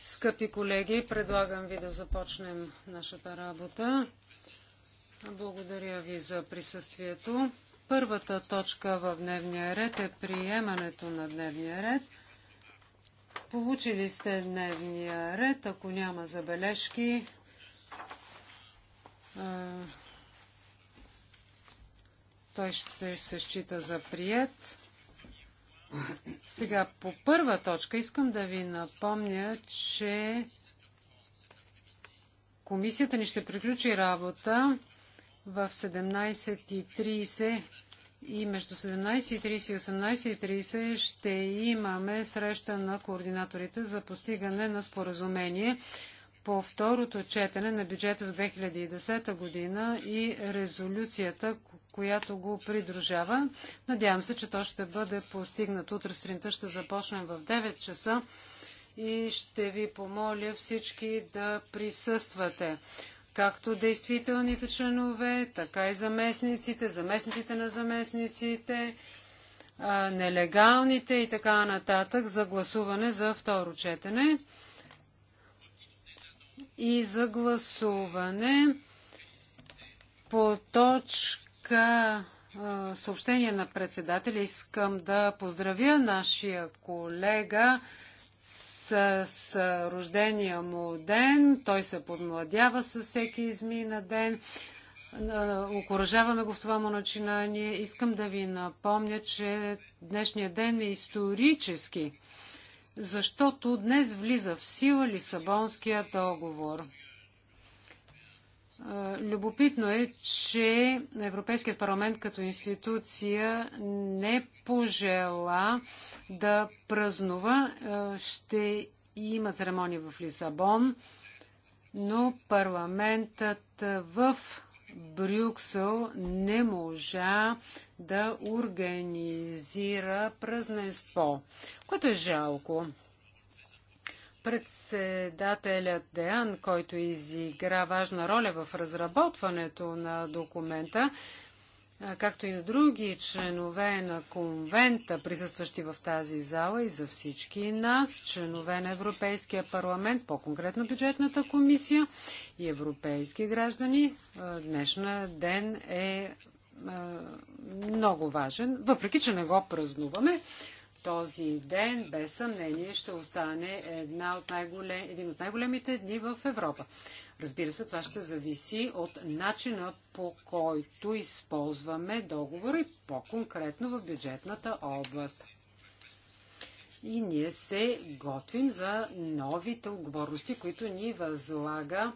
Скъпи колеги, предлагам ви да започнем нашата работа. Благодаря ви за присъствието. Първата точка в дневния ред е приемането на дневния ред. Получили сте дневния ред. Ако няма забележки, той ще се счита за прият. Сега, по първа точка искам да ви напомня, че комисията ни ще приключи работа в 17.30 и между 17.30 и 18.30 ще имаме среща на координаторите за постигане на споразумение по второто четене на бюджета за 2010 година и резолюцията, която го придружава. Надявам се, че то ще бъде постигнато. Утре сутринта ще започнем в 9 часа и ще ви помоля всички да присъствате. Както действителните членове, така и заместниците, заместниците на заместниците, нелегалните и така нататък за гласуване за второ четене и за гласуване по точка съобщение на председателя. Искам да поздравя нашия колега с, с рождения му ден. Той се подмладява с всеки измина ден. Окоръжаваме го в това му начинание. Искам да ви напомня, че днешният ден е исторически защото днес влиза в сила Лисабонския договор. Любопитно е, че Европейският парламент като институция не пожела да празнува. Ще има церемония в Лисабон, но парламентът в Брюксел не можа да организира празненство, което е жалко. Председателят Деан, който изигра важна роля в разработването на документа, както и на други членове на конвента, присъстващи в тази зала и за всички нас, членове на Европейския парламент, по-конкретно бюджетната комисия и европейски граждани. Днешна ден е много важен, въпреки че не го празнуваме. Този ден, без съмнение, ще остане една от един от най-големите дни в Европа. Разбира се, това ще зависи от начина по който използваме договори по-конкретно в бюджетната област. И ние се готвим за новите отговорности, които ни възлага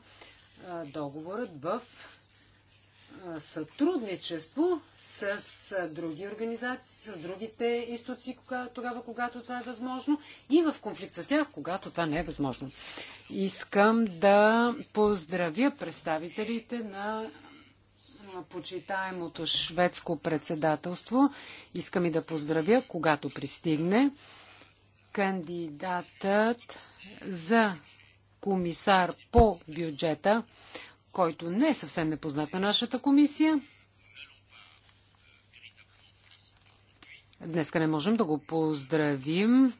договорът в сътрудничество с други организации, с другите институции, тогава, когато това е възможно и в конфликт с тях, когато това не е възможно. Искам да поздравя представителите на почитаемото шведско председателство. Искам и да поздравя, когато пристигне кандидатът за комисар по бюджета който не е съвсем непознат на нашата комисия. Днеска не можем да го поздравим,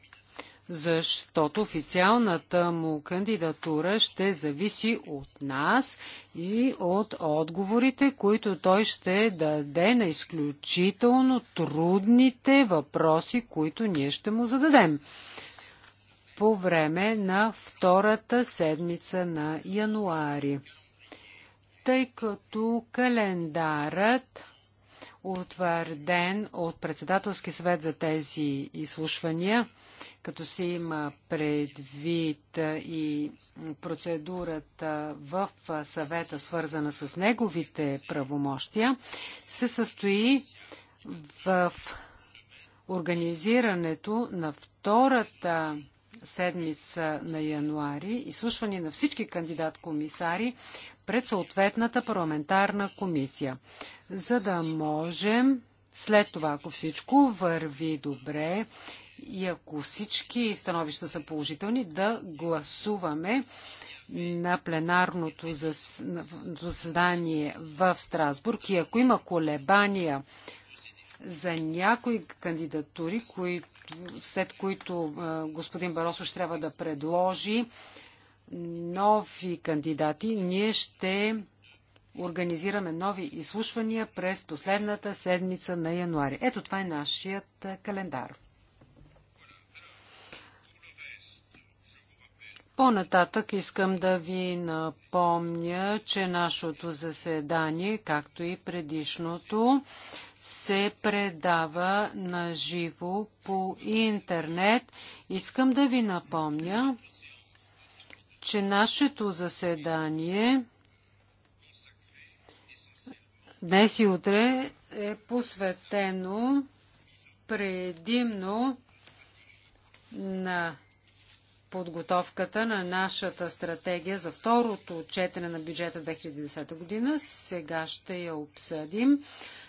защото официалната му кандидатура ще зависи от нас и от отговорите, които той ще даде на изключително трудните въпроси, които ние ще му зададем по време на втората седмица на януари тъй като календарът утвърден от председателски съвет за тези изслушвания, като се има предвид и процедурата в съвета, свързана с неговите правомощия, се състои в организирането на втората седмица на януари изслушване на всички кандидат-комисари пред съответната парламентарна комисия, за да можем след това, ако всичко върви добре и ако всички становища са положителни, да гласуваме на пленарното заседание в Страсбург. И ако има колебания за някои кандидатури, които, след които господин Баросов ще трябва да предложи нови кандидати, ние ще организираме нови изслушвания през последната седмица на януари. Ето това е нашият е, календар. По-нататък искам да ви напомня, че нашето заседание, както и предишното, се предава на живо по интернет. Искам да ви напомня, че нашето заседание днес и утре е посветено предимно на подготовката на нашата стратегия за второто четене на бюджета 2010 година. Сега ще я обсъдим.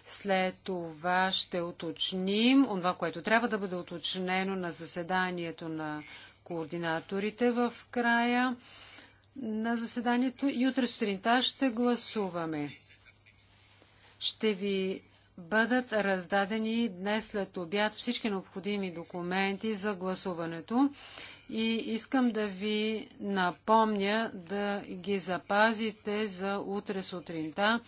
След това ще уточним това, което трябва да бъде уточнено на заседанието на координаторите в края на заседанието и утре сутринта ще гласуваме. Ще ви бъдат раздадени днес след обяд всички необходими документи за гласуването и искам да ви напомня да ги запазите за утре сутринта,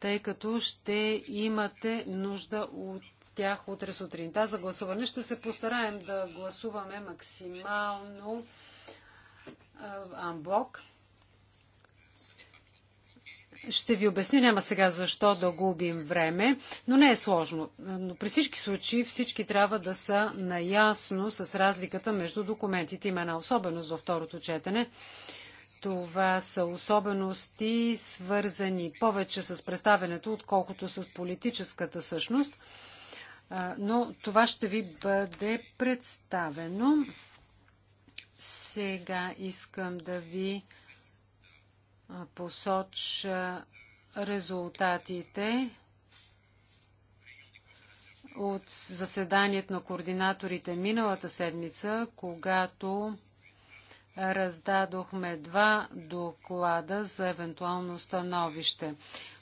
тъй като ще имате нужда от тях утре сутринта за гласуване. Ще се постараем да гласуваме максимално амблок. Ще ви обясня, няма сега защо да губим време, но не е сложно. Но при всички случаи всички трябва да са наясно с разликата между документите. Има една особеност във второто четене. Това са особености, свързани повече с представенето, отколкото с политическата същност но това ще ви бъде представено. Сега искам да ви посоча резултатите от заседанието на координаторите миналата седмица, когато раздадохме два доклада за евентуално становище.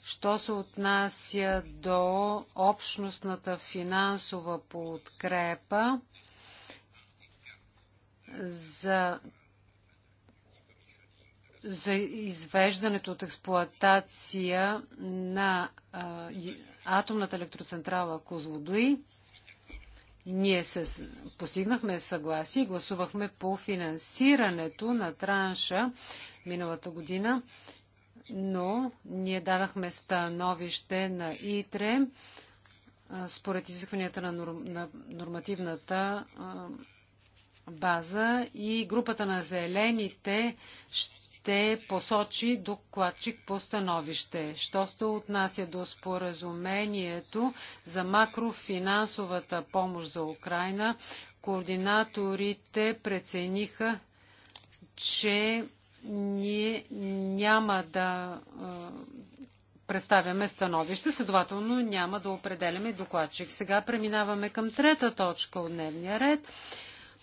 Що се отнася до общностната финансова подкрепа за за извеждането от експлоатация на а, атомната електроцентрала Козлодуи. Ние се постигнахме съгласие и гласувахме по финансирането на транша миналата година, но ние дадахме становище на ИТРЕ според изискванията на, норм, на нормативната база и групата на зелените ще ще посочи докладчик по становище. Що се отнася до споразумението за макрофинансовата помощ за Украина, координаторите прецениха, че ние няма да представяме становище, следователно няма да определяме докладчик. Сега преминаваме към трета точка от дневния ред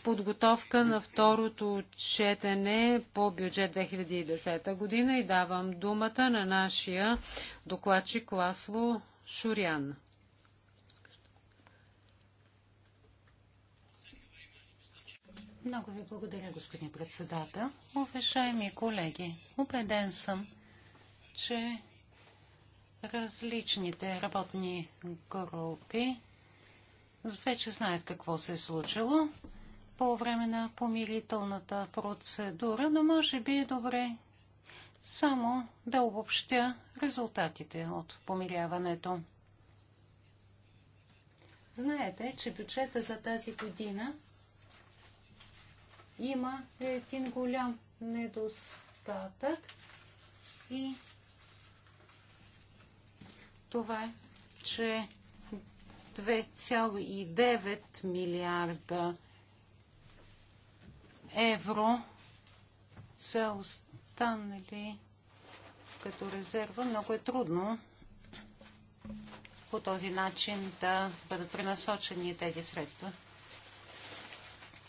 подготовка на второто четене по бюджет 2010 година и давам думата на нашия докладчик Ласло Шурян. Много ви благодаря, господин председател. Уважаеми колеги, убеден съм, че различните работни групи вече знаят какво се е случило по време на помирителната процедура, но може би е добре само да обобщя резултатите от помиряването. Знаете, че бюджета за тази година има един голям недостатък и това е, че 2,9 милиарда евро са останали като резерва. Много е трудно по този начин да бъдат пренасочени тези средства.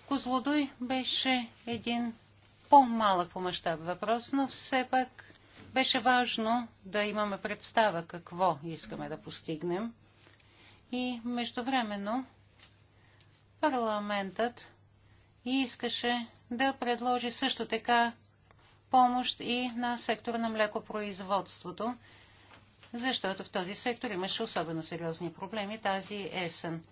Козлодой беше един по-малък по мащаб въпрос, но все пак беше важно да имаме представа какво искаме да постигнем. И междувременно парламентът и искаше да предложи също така помощ и на сектора на млекопроизводството, защото в този сектор имаше особено сериозни проблеми тази есен.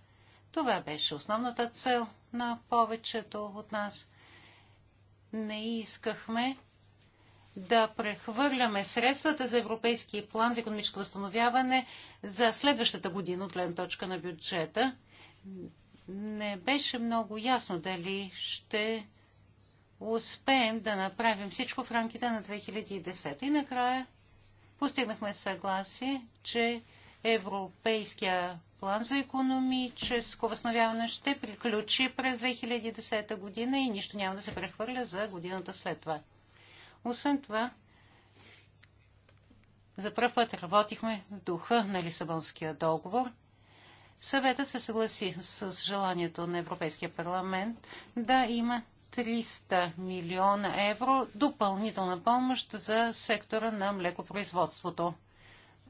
Това беше основната цел на повечето от нас. Не искахме да прехвърляме средствата за Европейския план за економическо възстановяване за следващата година от гледна точка на бюджета не беше много ясно дали ще успеем да направим всичко в рамките на 2010. И накрая постигнахме съгласие, че Европейския план за економическо възстановяване ще приключи през 2010 година и нищо няма да се прехвърля за годината след това. Освен това, за първ път работихме в духа на Лисабонския договор – Съветът се съгласи с желанието на Европейския парламент да има 300 милиона евро допълнителна помощ за сектора на млекопроизводството.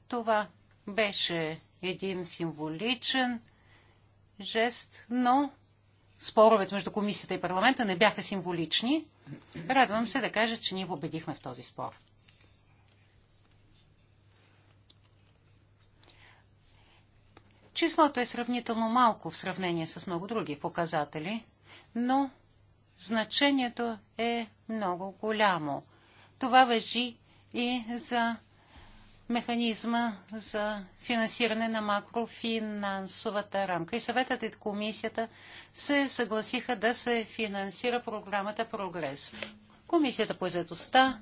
Това беше един символичен жест, но споровете между комисията и парламента не бяха символични. Радвам се да кажа, че ние победихме в този спор. Числото е сравнително малко в сравнение с много други показатели, но значението е много голямо. Това въжи и за механизма за финансиране на макрофинансовата рамка. И съветът и комисията се съгласиха да се финансира програмата Прогрес. Комисията по заедостта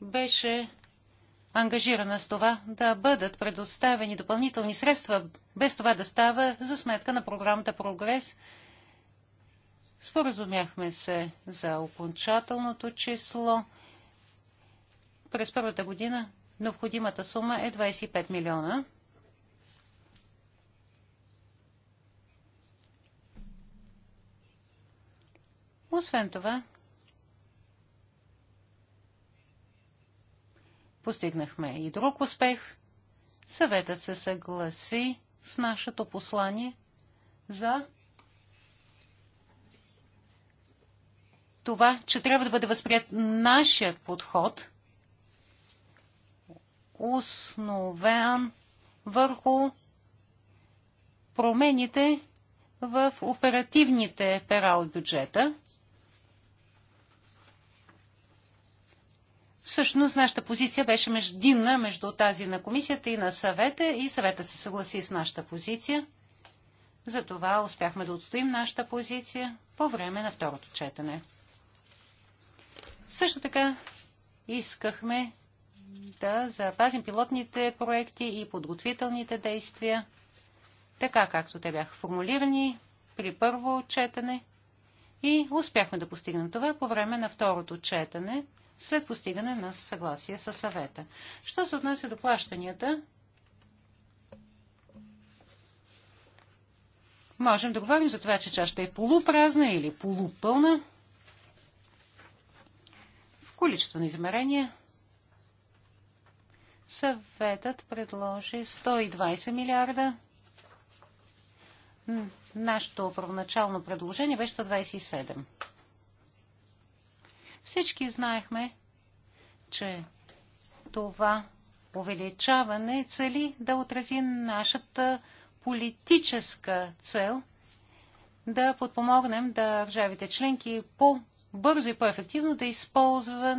беше ангажирана с това да бъдат предоставени допълнителни средства, без това да става за сметка на програмата Прогрес. Споразумяхме се за окончателното число. През първата година необходимата сума е 25 милиона. Освен това, Постигнахме и друг успех. Съветът се съгласи с нашето послание за това, че трябва да бъде възприят нашият подход, основен върху промените в оперативните пера от бюджета – Всъщност нашата позиция беше междинна между тази на комисията и на съвета и съвета се съгласи с нашата позиция. Затова успяхме да отстоим нашата позиция по време на второто четене. Също така искахме да запазим пилотните проекти и подготвителните действия, така както те бяха формулирани при първо четене. И успяхме да постигнем това по време на второто четене след постигане на съгласие със съвета. Що се отнася до плащанията, можем да говорим за това, че чашата е полупразна или полупълна. В количество на измерения съветът предложи 120 милиарда. Нашето първоначално предложение беше 127. Всички знаехме, че това увеличаване цели да отрази нашата политическа цел да подпомогнем държавите членки по-бързо и по-ефективно да използват,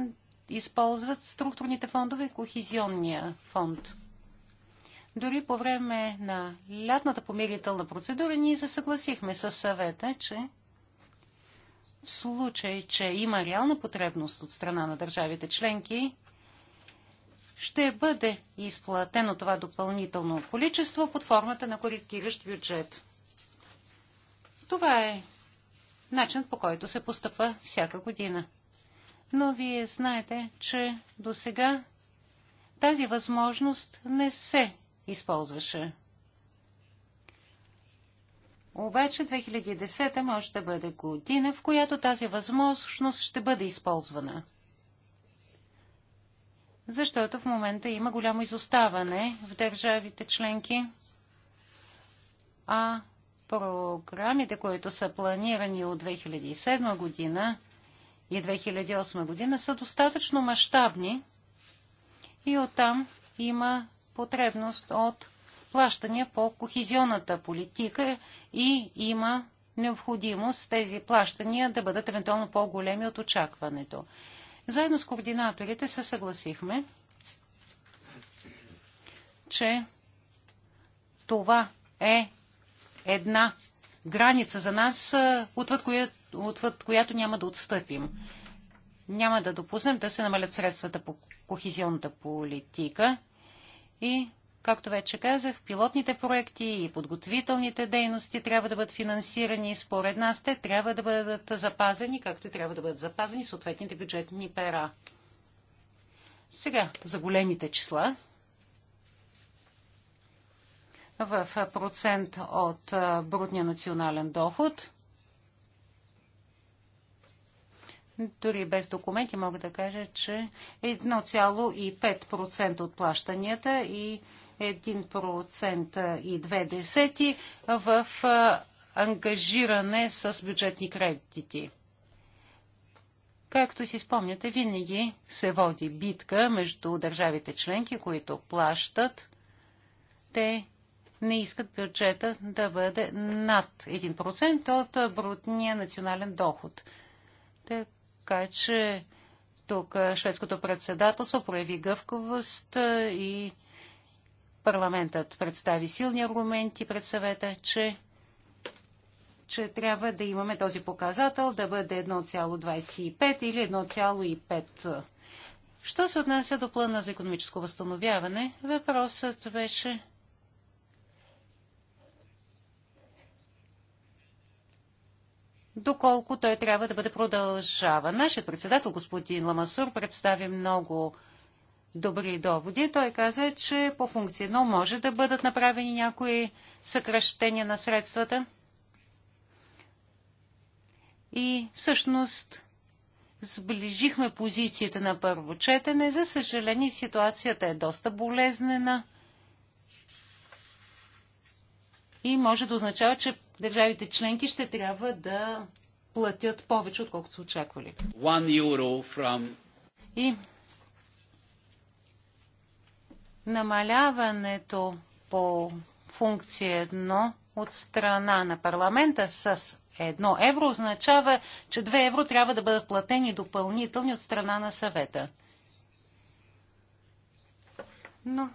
използват структурните фондове и кохизионния фонд. Дори по време на лятната помирителна процедура ние се съгласихме с съвета, че в случай, че има реална потребност от страна на държавите членки, ще бъде изплатено това допълнително количество под формата на коригиращ бюджет. Това е начинът по който се постъпва всяка година. Но вие знаете, че до сега тази възможност не се използваше. Обаче 2010 може да бъде година, в която тази възможност ще бъде използвана. Защото в момента има голямо изоставане в държавите членки, а програмите, които са планирани от 2007 година и 2008 година, са достатъчно мащабни и оттам има потребност от плащания по кохизионната политика и има необходимост тези плащания да бъдат евентуално по-големи от очакването. Заедно с координаторите се съгласихме, че това е една граница за нас, отвъд която, отвъд която няма да отстъпим. Няма да допуснем да се намалят средствата по кохезионната политика и Както вече казах, пилотните проекти и подготвителните дейности трябва да бъдат финансирани. Според нас те трябва да бъдат запазени, както и трябва да бъдат запазени съответните бюджетни пера. Сега за големите числа. В процент от брутния национален доход. Дори без документи мога да кажа, че 1,5% от плащанията и 1% и 2 в ангажиране с бюджетни кредити. Както си спомняте, винаги се води битка между държавите членки, които плащат. Те не искат бюджета да бъде над 1% от брутния национален доход. Така че тук шведското председателство прояви гъвковост и Парламентът представи силни аргументи пред съвета, че, че трябва да имаме този показател да бъде 1,25 или 1,5. Що се отнася до плана за економическо възстановяване, въпросът беше доколко той трябва да бъде продължава. Нашият председател, господин Ламасур, представи много добри доводи. Той каза, че по функция 1 може да бъдат направени някои съкръщения на средствата. И всъщност сближихме позицията на първо четене. За съжаление, ситуацията е доста болезнена и може да означава, че държавите членки ще трябва да платят повече, отколкото са очаквали. From... И намаляването по функция 1 от страна на парламента с едно евро означава, че 2 евро трябва да бъдат платени допълнителни от страна на съвета. Но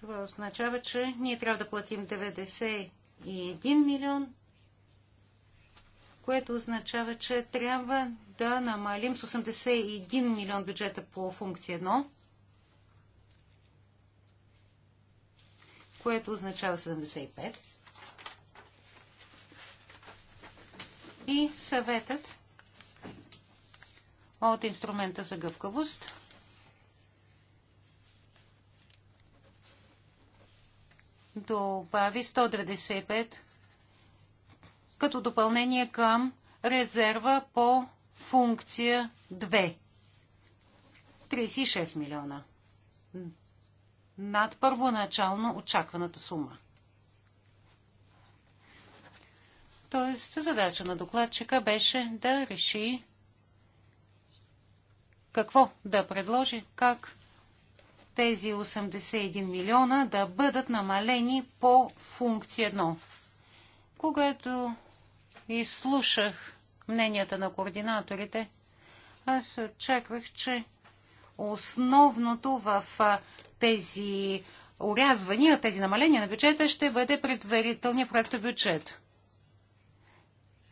това означава, че ние трябва да платим 91 милион, което означава, че трябва да намалим с 81 милион бюджета по функция 1. което означава 75. И съветът от инструмента за гъвкавост. Добави 195 като допълнение към резерва по функция 2. 36 милиона над първоначално очакваната сума. Тоест, задача на докладчика беше да реши какво да предложи, как тези 81 милиона да бъдат намалени по функция 1. Когато изслушах мненията на координаторите, аз очаквах, че основното в тези урязвания, тези намаления на бюджета ще бъде предварителния проект бюджет.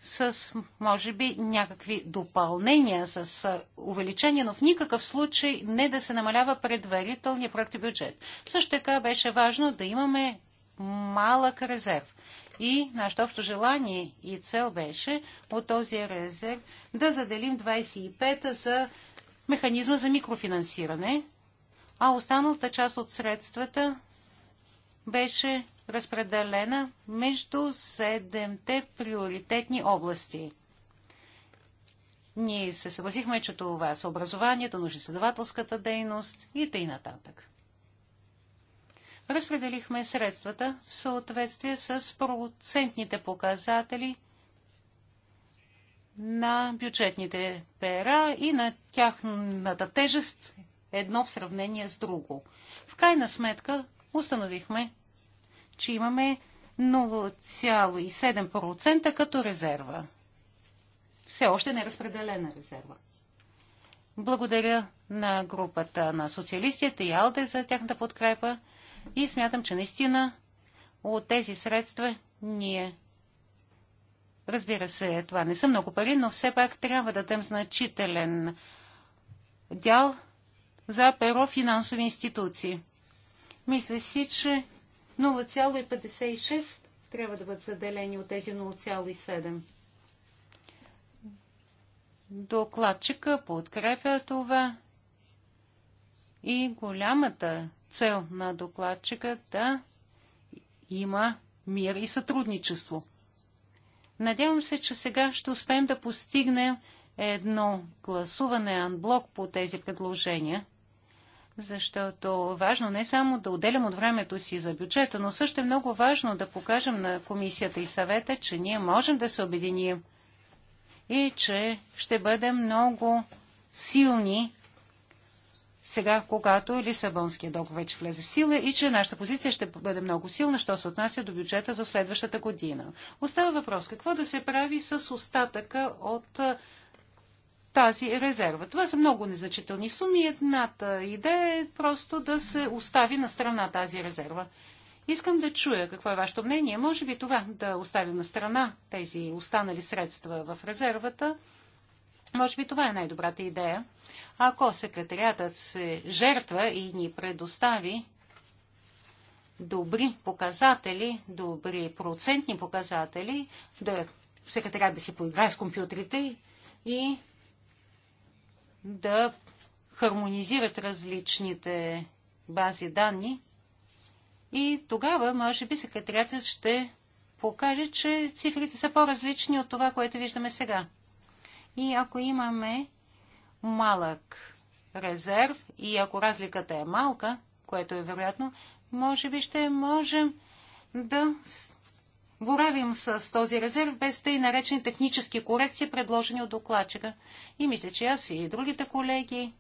С, може би, някакви допълнения, с увеличение, но в никакъв случай не да се намалява предварителния проект бюджет. Също така беше важно да имаме малък резерв. И нашето общо желание и цел беше от този резерв да заделим 25 за механизма за микрофинансиране, а останалата част от средствата беше разпределена между седемте приоритетни области. Ние се съгласихме, че това са образованието, научно-изследователската дейност и т.н. нататък. Разпределихме средствата в съответствие с процентните показатели на бюджетните пера и на тяхната тежест едно в сравнение с друго. В крайна сметка установихме, че имаме 0,7% като резерва. Все още не разпределена резерва. Благодаря на групата на социалистите и Алде за тяхната подкрепа и смятам, че наистина от тези средства ние Разбира се, това не са много пари, но все пак трябва да дадем значителен дял за перо финансови институции. Мисля си, че 0,56 трябва да бъдат заделени от тези 0,7. Докладчика подкрепя това и голямата цел на докладчика е да има мир и сътрудничество. Надявам се, че сега ще успеем да постигнем едно гласуване анблок по тези предложения защото важно не само да отделям от времето си за бюджета, но също е много важно да покажем на комисията и съвета, че ние можем да се обединим и че ще бъдем много силни сега, когато Лисабонския договор вече влезе в сила и че нашата позиция ще бъде много силна, що се отнася до бюджета за следващата година. Остава въпрос какво да се прави с остатъка от тази резерва. Това са много незначителни суми. Едната идея е просто да се остави на страна тази резерва. Искам да чуя какво е вашето мнение. Може би това да оставим на страна тези останали средства в резервата. Може би това е най-добрата идея. Ако секретариатът се жертва и ни предостави добри показатели, добри процентни показатели, да секретарят да си поиграе с компютрите и да хармонизират различните бази данни. И тогава, може би, секретарятът ще покаже, че цифрите са по-различни от това, което виждаме сега. И ако имаме малък резерв и ако разликата е малка, което е вероятно, може би ще можем да боравим с този резерв без тъй наречени технически корекции, предложени от докладчика. И мисля, че аз и другите колеги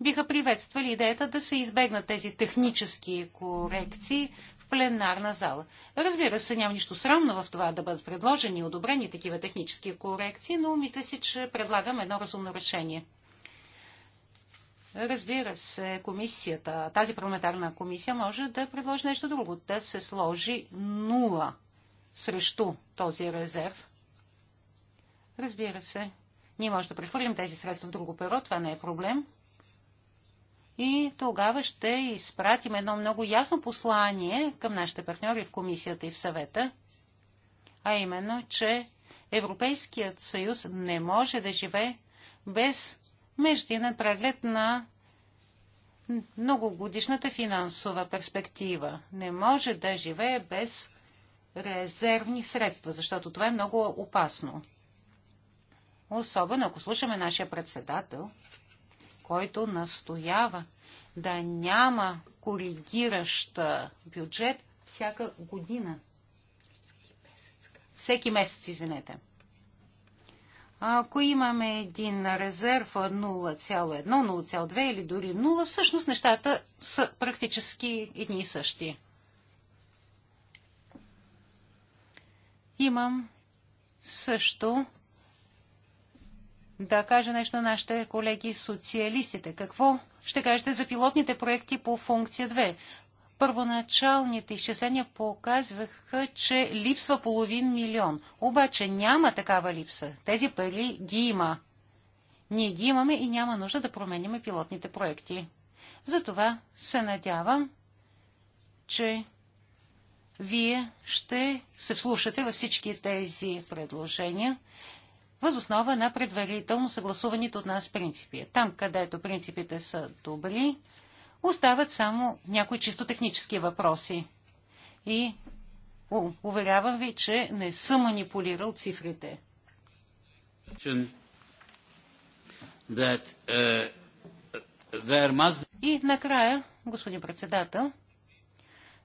биха приветствали идеята да се избегнат тези технически корекции в пленарна зала. Разбира се, няма нищо срамно в това да бъдат предложени и одобрени такива технически корекции, но мисля си, че предлагам едно разумно решение. Разбира се, комисията, тази парламентарна комисия може да предложи нещо друго, да се сложи нула срещу този резерв. Разбира се, ние може да прехвърлим тези средства в друго перо, това не е проблем. И тогава ще изпратим едно много ясно послание към нашите партньори в комисията и в съвета, а именно, че Европейският съюз не може да живее без междинен преглед на многогодишната финансова перспектива. Не може да живее без резервни средства, защото това е много опасно. Особено ако слушаме нашия председател, който настоява да няма коригиращ бюджет всяка година. Всеки месец, извинете. Ако имаме един резерв 0,1, 0,2 или дори 0, всъщност нещата са практически едни и същи. Имам също да кажа нещо на нашите колеги социалистите. Какво ще кажете за пилотните проекти по функция 2? Първоначалните изчисления показваха, че липсва половин милион. Обаче няма такава липса. Тези пари ги има. Ние ги имаме и няма нужда да променим пилотните проекти. Затова се надявам, че вие ще се вслушате във всички тези предложения възоснова на предварително съгласуваните от нас принципи. Там, където принципите са добри, остават само някои чисто технически въпроси. И у, уверявам ви, че не съм манипулирал цифрите. Uh, И накрая, господин председател,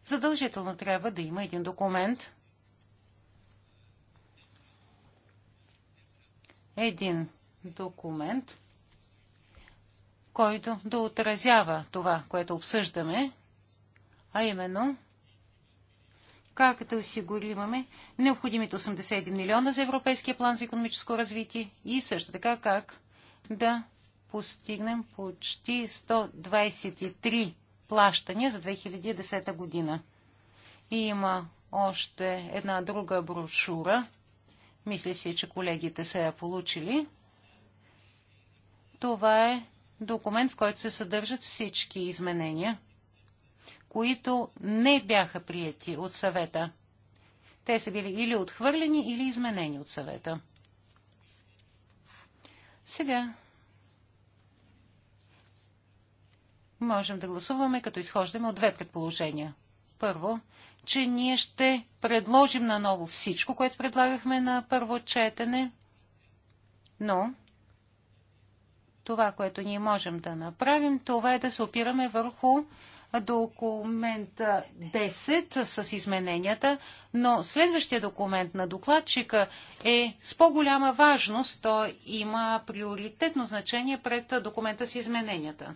задължително трябва да има един документ, един документ, който да отразява това, което обсъждаме, а именно как да осигуримаме необходимите 81 милиона за Европейския план за економическо развитие и също така как да постигнем почти 123 плащания за 2010 година. И има още една друга брошура. Мисля си, че колегите са я получили. Това е документ, в който се съдържат всички изменения, които не бяха прияти от съвета. Те са били или отхвърлени, или изменени от съвета. Сега можем да гласуваме, като изхождаме от две предположения. Първо, че ние ще предложим наново всичко, което предлагахме на първо четене, но това, което ние можем да направим, това е да се опираме върху документа 10 с измененията, но следващия документ на докладчика е с по-голяма важност. Той има приоритетно значение пред документа с измененията.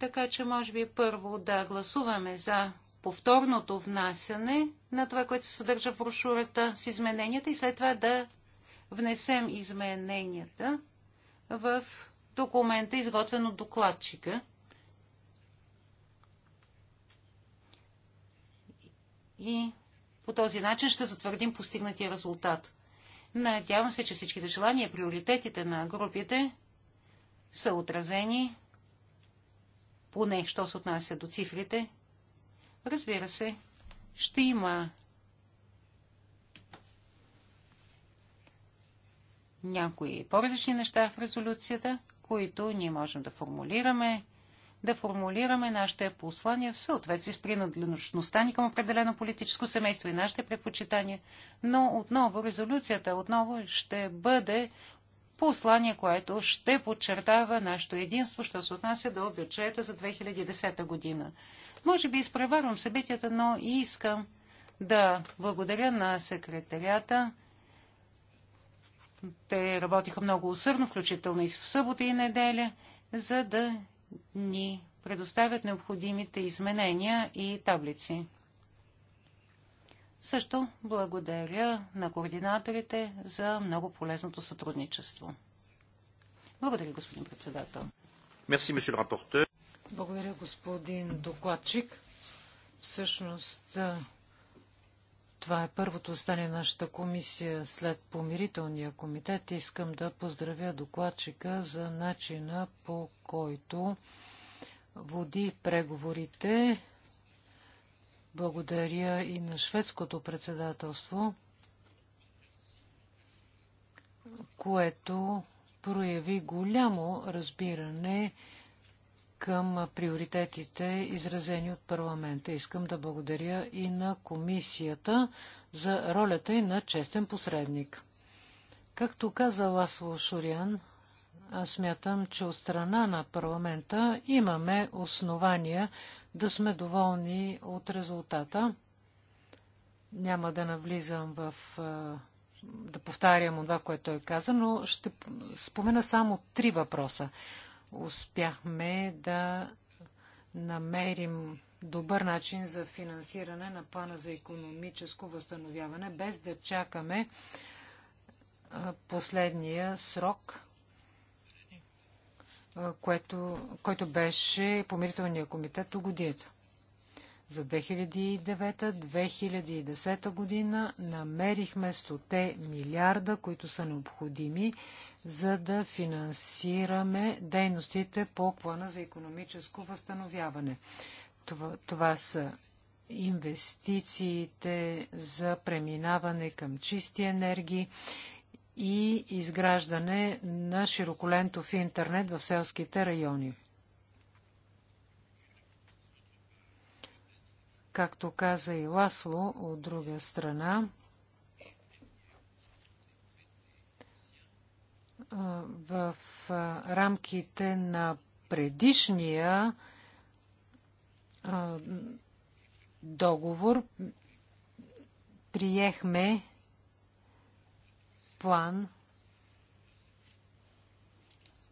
Така че може би първо да гласуваме за повторното внасяне на това, което се съдържа в брошурата с измененията и след това да внесем измененията в документа, изготвен от докладчика. И по този начин ще затвърдим постигнатия резултат. Надявам се, че всичките желания и приоритетите на групите са отразени поне що се отнася до цифрите. Разбира се, ще има някои по-различни неща в резолюцията, които ние можем да формулираме, да формулираме нашите послания в съответствие с принадлежността ни към определено политическо семейство и нашите предпочитания. Но отново резолюцията отново ще бъде послание, което ще подчертава нашето единство, що се отнася до бюджета за 2010 година. Може би изпреварвам събитията, но и искам да благодаря на секретарията. Те работиха много усърдно, включително и в събота и неделя, за да ни предоставят необходимите изменения и таблици. Също благодаря на координаторите за много полезното сътрудничество. Благодаря, господин председател. Мерси, Благодаря, господин докладчик. Всъщност, това е първото стане на нашата комисия след помирителния комитет. Искам да поздравя докладчика за начина по който води преговорите благодаря и на шведското председателство, което прояви голямо разбиране към приоритетите, изразени от парламента. Искам да благодаря и на комисията за ролята и на честен посредник. Както каза Ласло Шурян, аз смятам, че от страна на парламента имаме основания да сме доволни от резултата. Няма да навлизам в да повтарям това, което той каза, но ще спомена само три въпроса. Успяхме да намерим добър начин за финансиране на плана за економическо възстановяване, без да чакаме последния срок което, който беше помирителният комитет до годината. За 2009-2010 година намерихме 100 милиарда, които са необходими, за да финансираме дейностите по плана за економическо възстановяване. Това, това са инвестициите за преминаване към чисти енергии и изграждане на широколентов интернет в селските райони. Както каза и Ласло, от друга страна, в рамките на предишния договор приехме план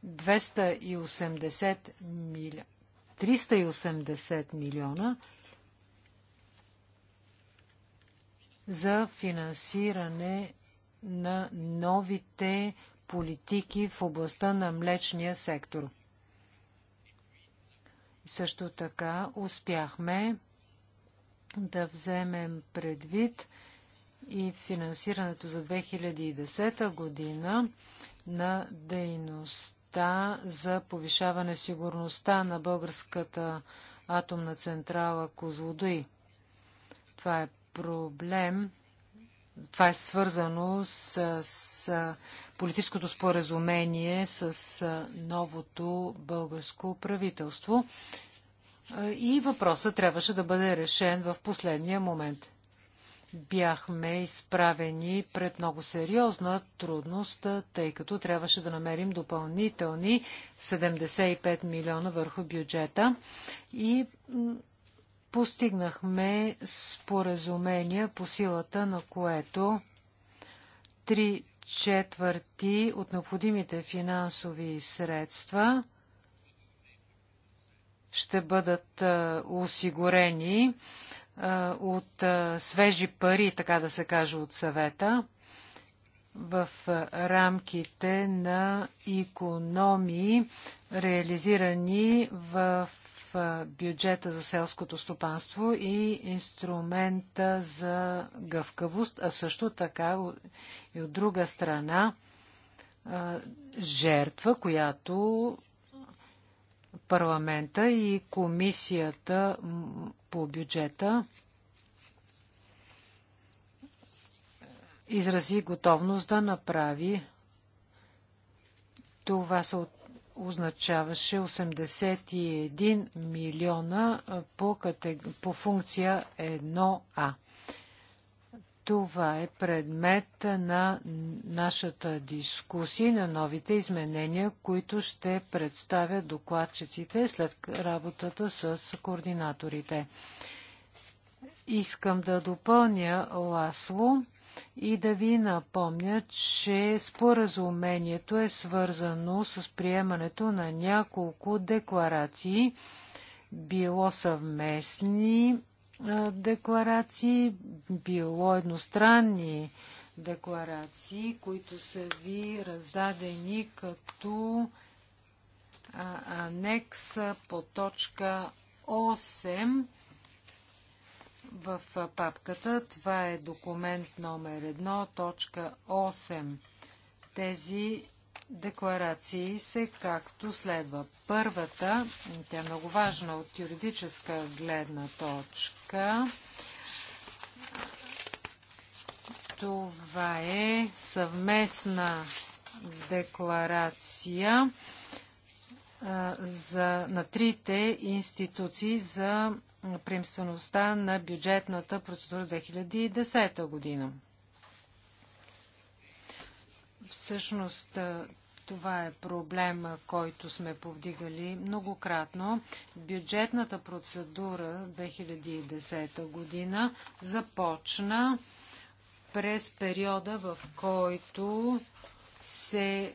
280 миля, 380 милиона за финансиране на новите политики в областта на млечния сектор. Също така успяхме да вземем предвид и финансирането за 2010 година на дейността за повишаване сигурността на българската атомна централа Козлодуй. Това е проблем. Това е свързано с, с политическото споразумение с новото българско правителство. И въпросът трябваше да бъде решен в последния момент бяхме изправени пред много сериозна трудност, тъй като трябваше да намерим допълнителни 75 милиона върху бюджета и постигнахме споразумения по силата на което три четвърти от необходимите финансови средства ще бъдат осигурени от свежи пари, така да се каже, от съвета в рамките на економии, реализирани в бюджета за селското стопанство и инструмента за гъвкавост, а също така и от друга страна жертва, която парламента и комисията по бюджета изрази готовност да направи. Това са от означаваше 81 милиона по, катег... по функция 1А. Това е предмет на нашата дискусия на новите изменения, които ще представят докладчиците след работата с координаторите. Искам да допълня Ласло и да ви напомня, че споразумението е свързано с приемането на няколко декларации, било съвместни декларации, било едностранни декларации, които са ви раздадени като анекс по точка 8 в папката. Това е документ номер 1, точка 8. Тези декларации се както следва. Първата, тя е много важна от юридическа гледна точка, това е съвместна декларация за, на трите институции за приемствеността на бюджетната процедура 2010 година. Всъщност това е проблем, който сме повдигали многократно. Бюджетната процедура 2010 година започна през периода, в който се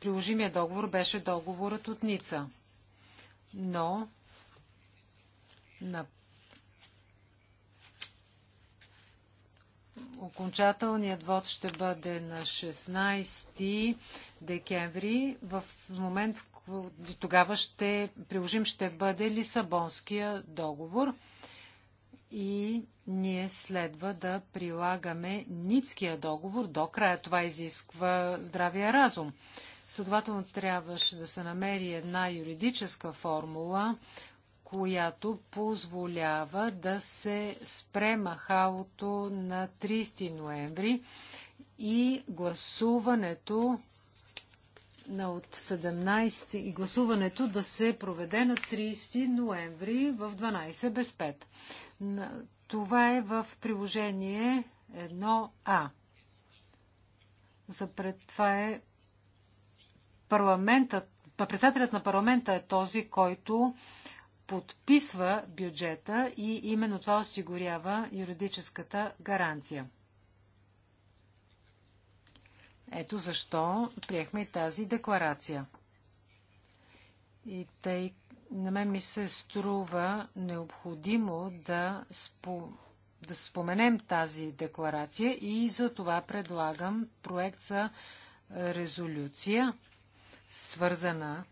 приложимия договор беше договорът от Ница. Но на окончателният вод ще бъде на 16 декември. В момент, тогава ще приложим, ще бъде Лисабонския договор и ние следва да прилагаме Ницкия договор до края. Това изисква здравия разум. Следователно трябваше да се намери една юридическа формула, която позволява да се спре махалото на 30 ноември и гласуването на от 17 и гласуването да се проведе на 30 ноември в 12 без 5. Това е в приложение 1А. Запред това е парламентът, председателят на парламента е този, който подписва бюджета и именно това осигурява юридическата гаранция. Ето защо приехме и тази декларация. И тъй на мен ми се струва необходимо да, спо, да споменем тази декларация и за това предлагам проект за резолюция, свързана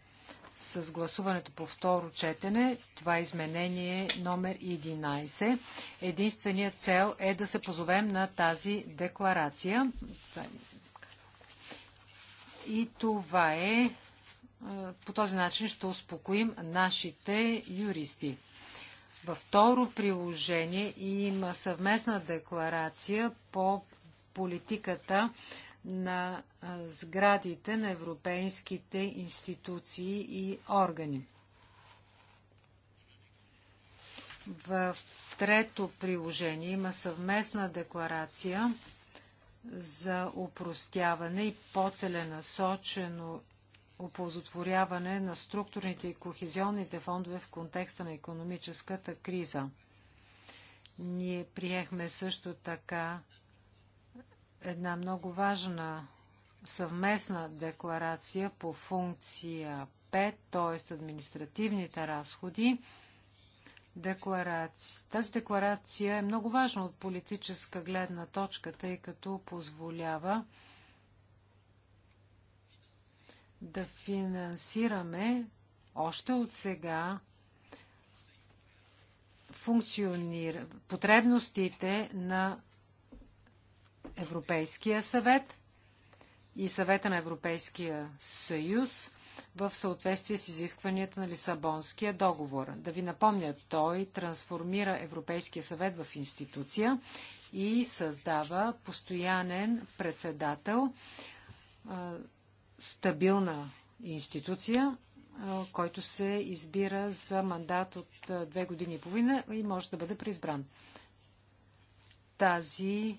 с гласуването по второ четене. Това е изменение номер 11. Единственият цел е да се позовем на тази декларация. И това е, е. По този начин ще успокоим нашите юристи. Във второ приложение има съвместна декларация по политиката на сградите на европейските институции и органи. В трето приложение има съвместна декларация за упростяване и по-целенасочено оползотворяване на структурните и кохезионните фондове в контекста на економическата криза. Ние приехме също така една много важна съвместна декларация по функция 5, т.е. административните разходи. Декларация. Тази декларация е много важна от политическа гледна точка, тъй като позволява да финансираме още от сега функционира, потребностите на Европейския съвет – и съвета на Европейския съюз в съответствие с изискванията на Лисабонския договор. Да ви напомня, той трансформира Европейския съвет в институция и създава постоянен председател, стабилна институция, който се избира за мандат от две години и половина и може да бъде преизбран. Тази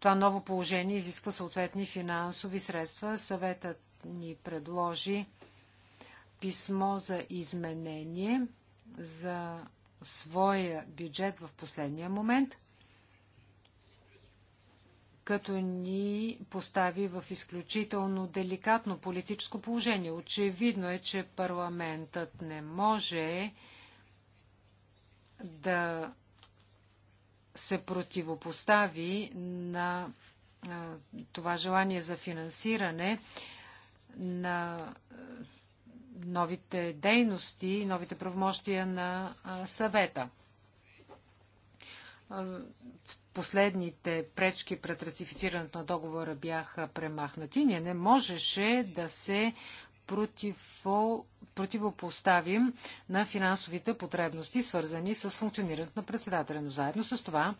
това ново положение изисква съответни финансови средства. Съветът ни предложи писмо за изменение за своя бюджет в последния момент, като ни постави в изключително деликатно политическо положение. Очевидно е, че парламентът не може да се противопостави на това желание за финансиране на новите дейности, новите правомощия на съвета. Последните пречки пред ратифицирането на договора бяха премахнати. Ние не можеше да се противопоставим на финансовите потребности, свързани с функционирането на председателя. Но заедно с това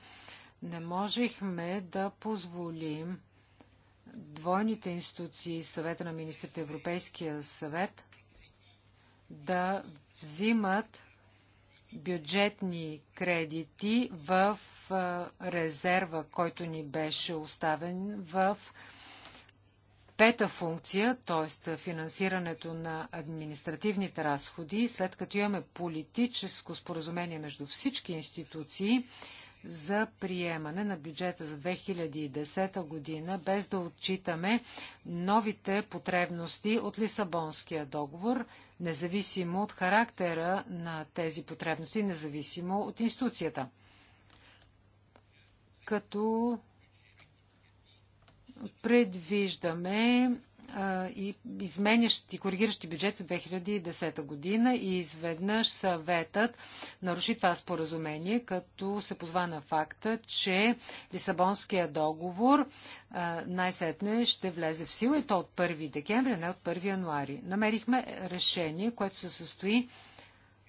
не можехме да позволим двойните институции, съвета на министрите, Европейския съвет, да взимат бюджетни кредити в резерва, който ни беше оставен в пета функция, т.е. финансирането на административните разходи, след като имаме политическо споразумение между всички институции за приемане на бюджета за 2010 година, без да отчитаме новите потребности от Лисабонския договор, независимо от характера на тези потребности, независимо от институцията. Като предвиждаме и изменящи, коригиращи бюджет за 2010 година и изведнъж съветът наруши това споразумение, като се позва на факта, че Лисабонския договор най-сетне ще влезе в сила и то от 1 декември, не от 1 януари. Намерихме решение, което се състои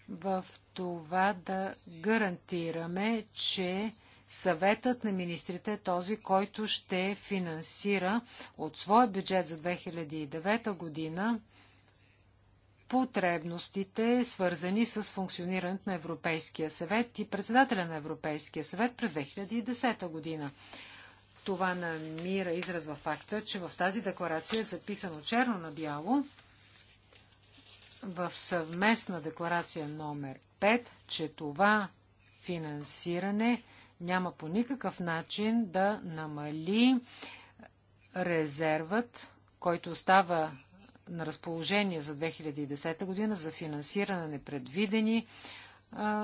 в това да гарантираме, че Съветът на министрите е този, който ще финансира от своя бюджет за 2009 година потребностите, свързани с функционирането на Европейския съвет и председателя на Европейския съвет през 2010 година. Това намира израз във факта, че в тази декларация е записано черно на бяло в съвместна декларация номер 5, че това финансиране няма по никакъв начин да намали резервът, който остава на разположение за 2010 година за финансиране на непредвидени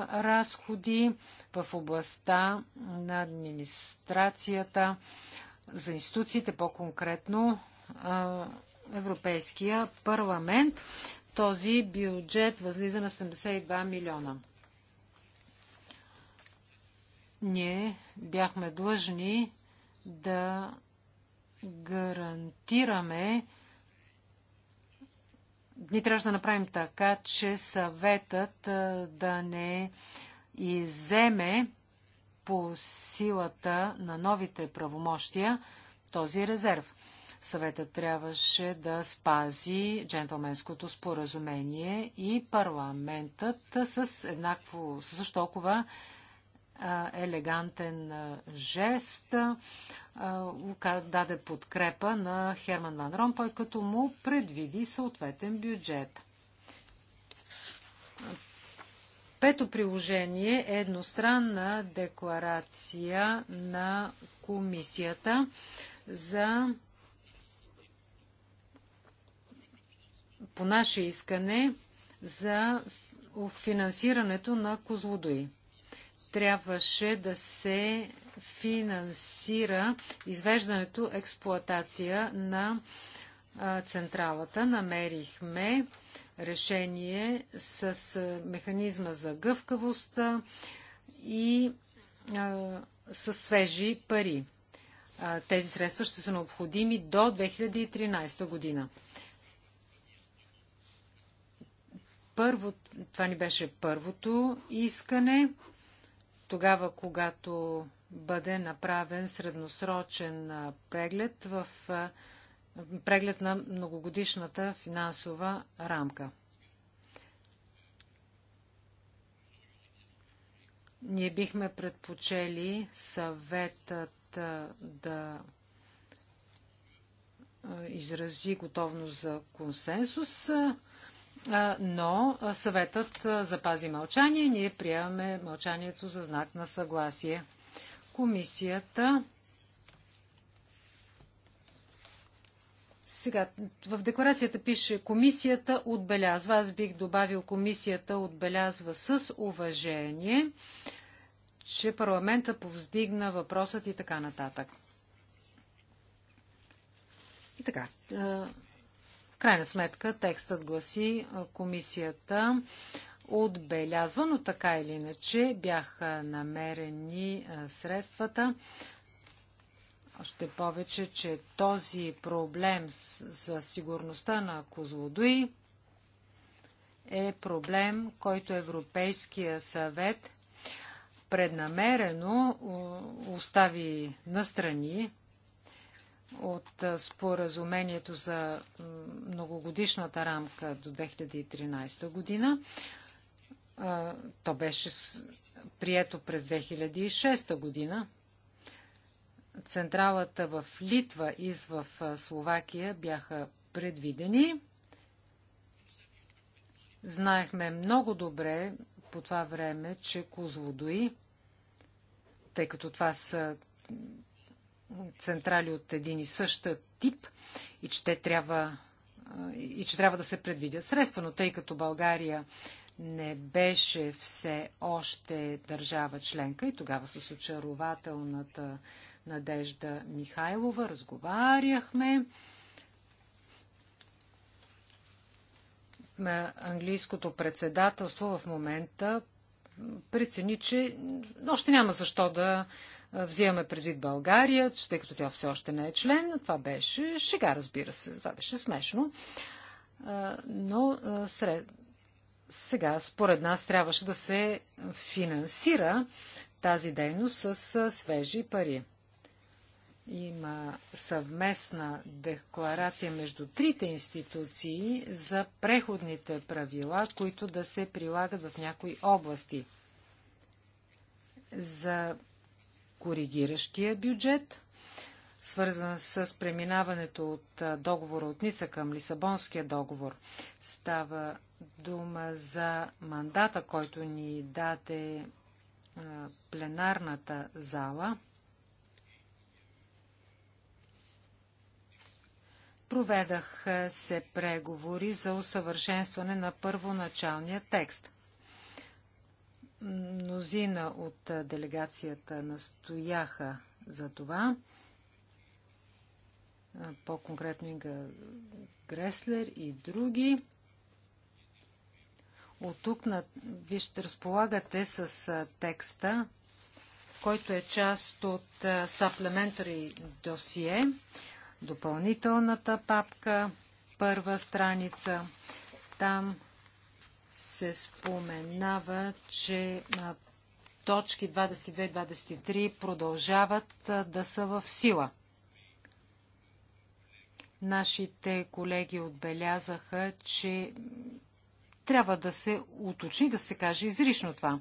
разходи в областта на администрацията за институциите, по-конкретно Европейския парламент. Този бюджет възлиза на 72 милиона ние бяхме длъжни да гарантираме, ние трябваше да направим така, че съветът да не иземе по силата на новите правомощия този резерв. Съветът трябваше да спази джентлменското споразумение и парламентът с еднакво, с толкова елегантен жест даде подкрепа на Херман Ван Ромпой, като му предвиди съответен бюджет. Пето приложение е едностранна декларация на комисията за по наше искане за финансирането на Козлодои трябваше да се финансира извеждането експлоатация на централата. Намерихме решение с механизма за гъвкавост и с свежи пари. Тези средства ще са необходими до 2013 година. Първо, това ни беше първото искане тогава, когато бъде направен средносрочен преглед в преглед на многогодишната финансова рамка. Ние бихме предпочели съветът да изрази готовност за консенсус но съветът запази мълчание. Ние приемаме мълчанието за знак на съгласие. Комисията. Сега, в декларацията пише комисията отбелязва. Аз бих добавил комисията отбелязва с уважение, че парламента повздигна въпросът и така нататък. И така. В крайна сметка текстът гласи комисията отбелязва, но така или иначе бяха намерени средствата. Още повече, че този проблем за сигурността на Козлодуи е проблем, който Европейския съвет преднамерено остави настрани от споразумението за многогодишната рамка до 2013 година. То беше прието през 2006 година. Централата в Литва и в Словакия бяха предвидени. Знаехме много добре по това време, че Козлодои, тъй като това са централи от един и съща тип и че те трябва и че трябва да се предвидят средства, но тъй като България не беше все още държава членка и тогава с очарователната Надежда Михайлова разговаряхме. Английското председателство в момента прецени, че още няма защо да взимаме предвид България, тъй като тя все още не е член. Това беше шега, разбира се. Това беше смешно. Но сред... сега, според нас, трябваше да се финансира тази дейност с свежи пари. Има съвместна декларация между трите институции за преходните правила, които да се прилагат в някои области. За коригиращия бюджет, свързан с преминаването от договора от Ница към Лисабонския договор. Става дума за мандата, който ни даде пленарната зала. Проведах се преговори за усъвършенстване на първоначалния текст. Мнозина от делегацията настояха за това. По-конкретно Инга Греслер и други. От тук на... ви ще разполагате с текста, който е част от Supplementary досие, допълнителната папка, първа страница. Там се споменава, че точки 22 и 23 продължават да са в сила. Нашите колеги отбелязаха, че трябва да се уточни, да се каже изрично това.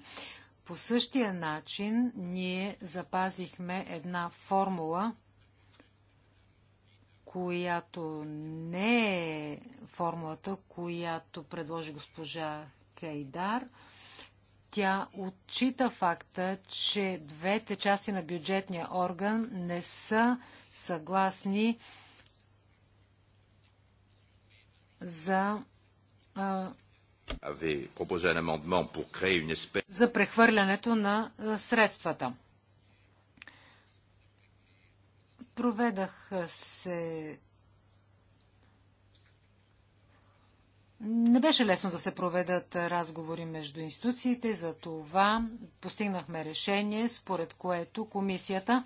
По същия начин ние запазихме една формула, която не е формулата, която предложи госпожа Кайдар. Тя отчита факта, че двете части на бюджетния орган не са съгласни за за прехвърлянето на средствата. Проведаха се. Не беше лесно да се проведат разговори между институциите, за това постигнахме решение, според което комисията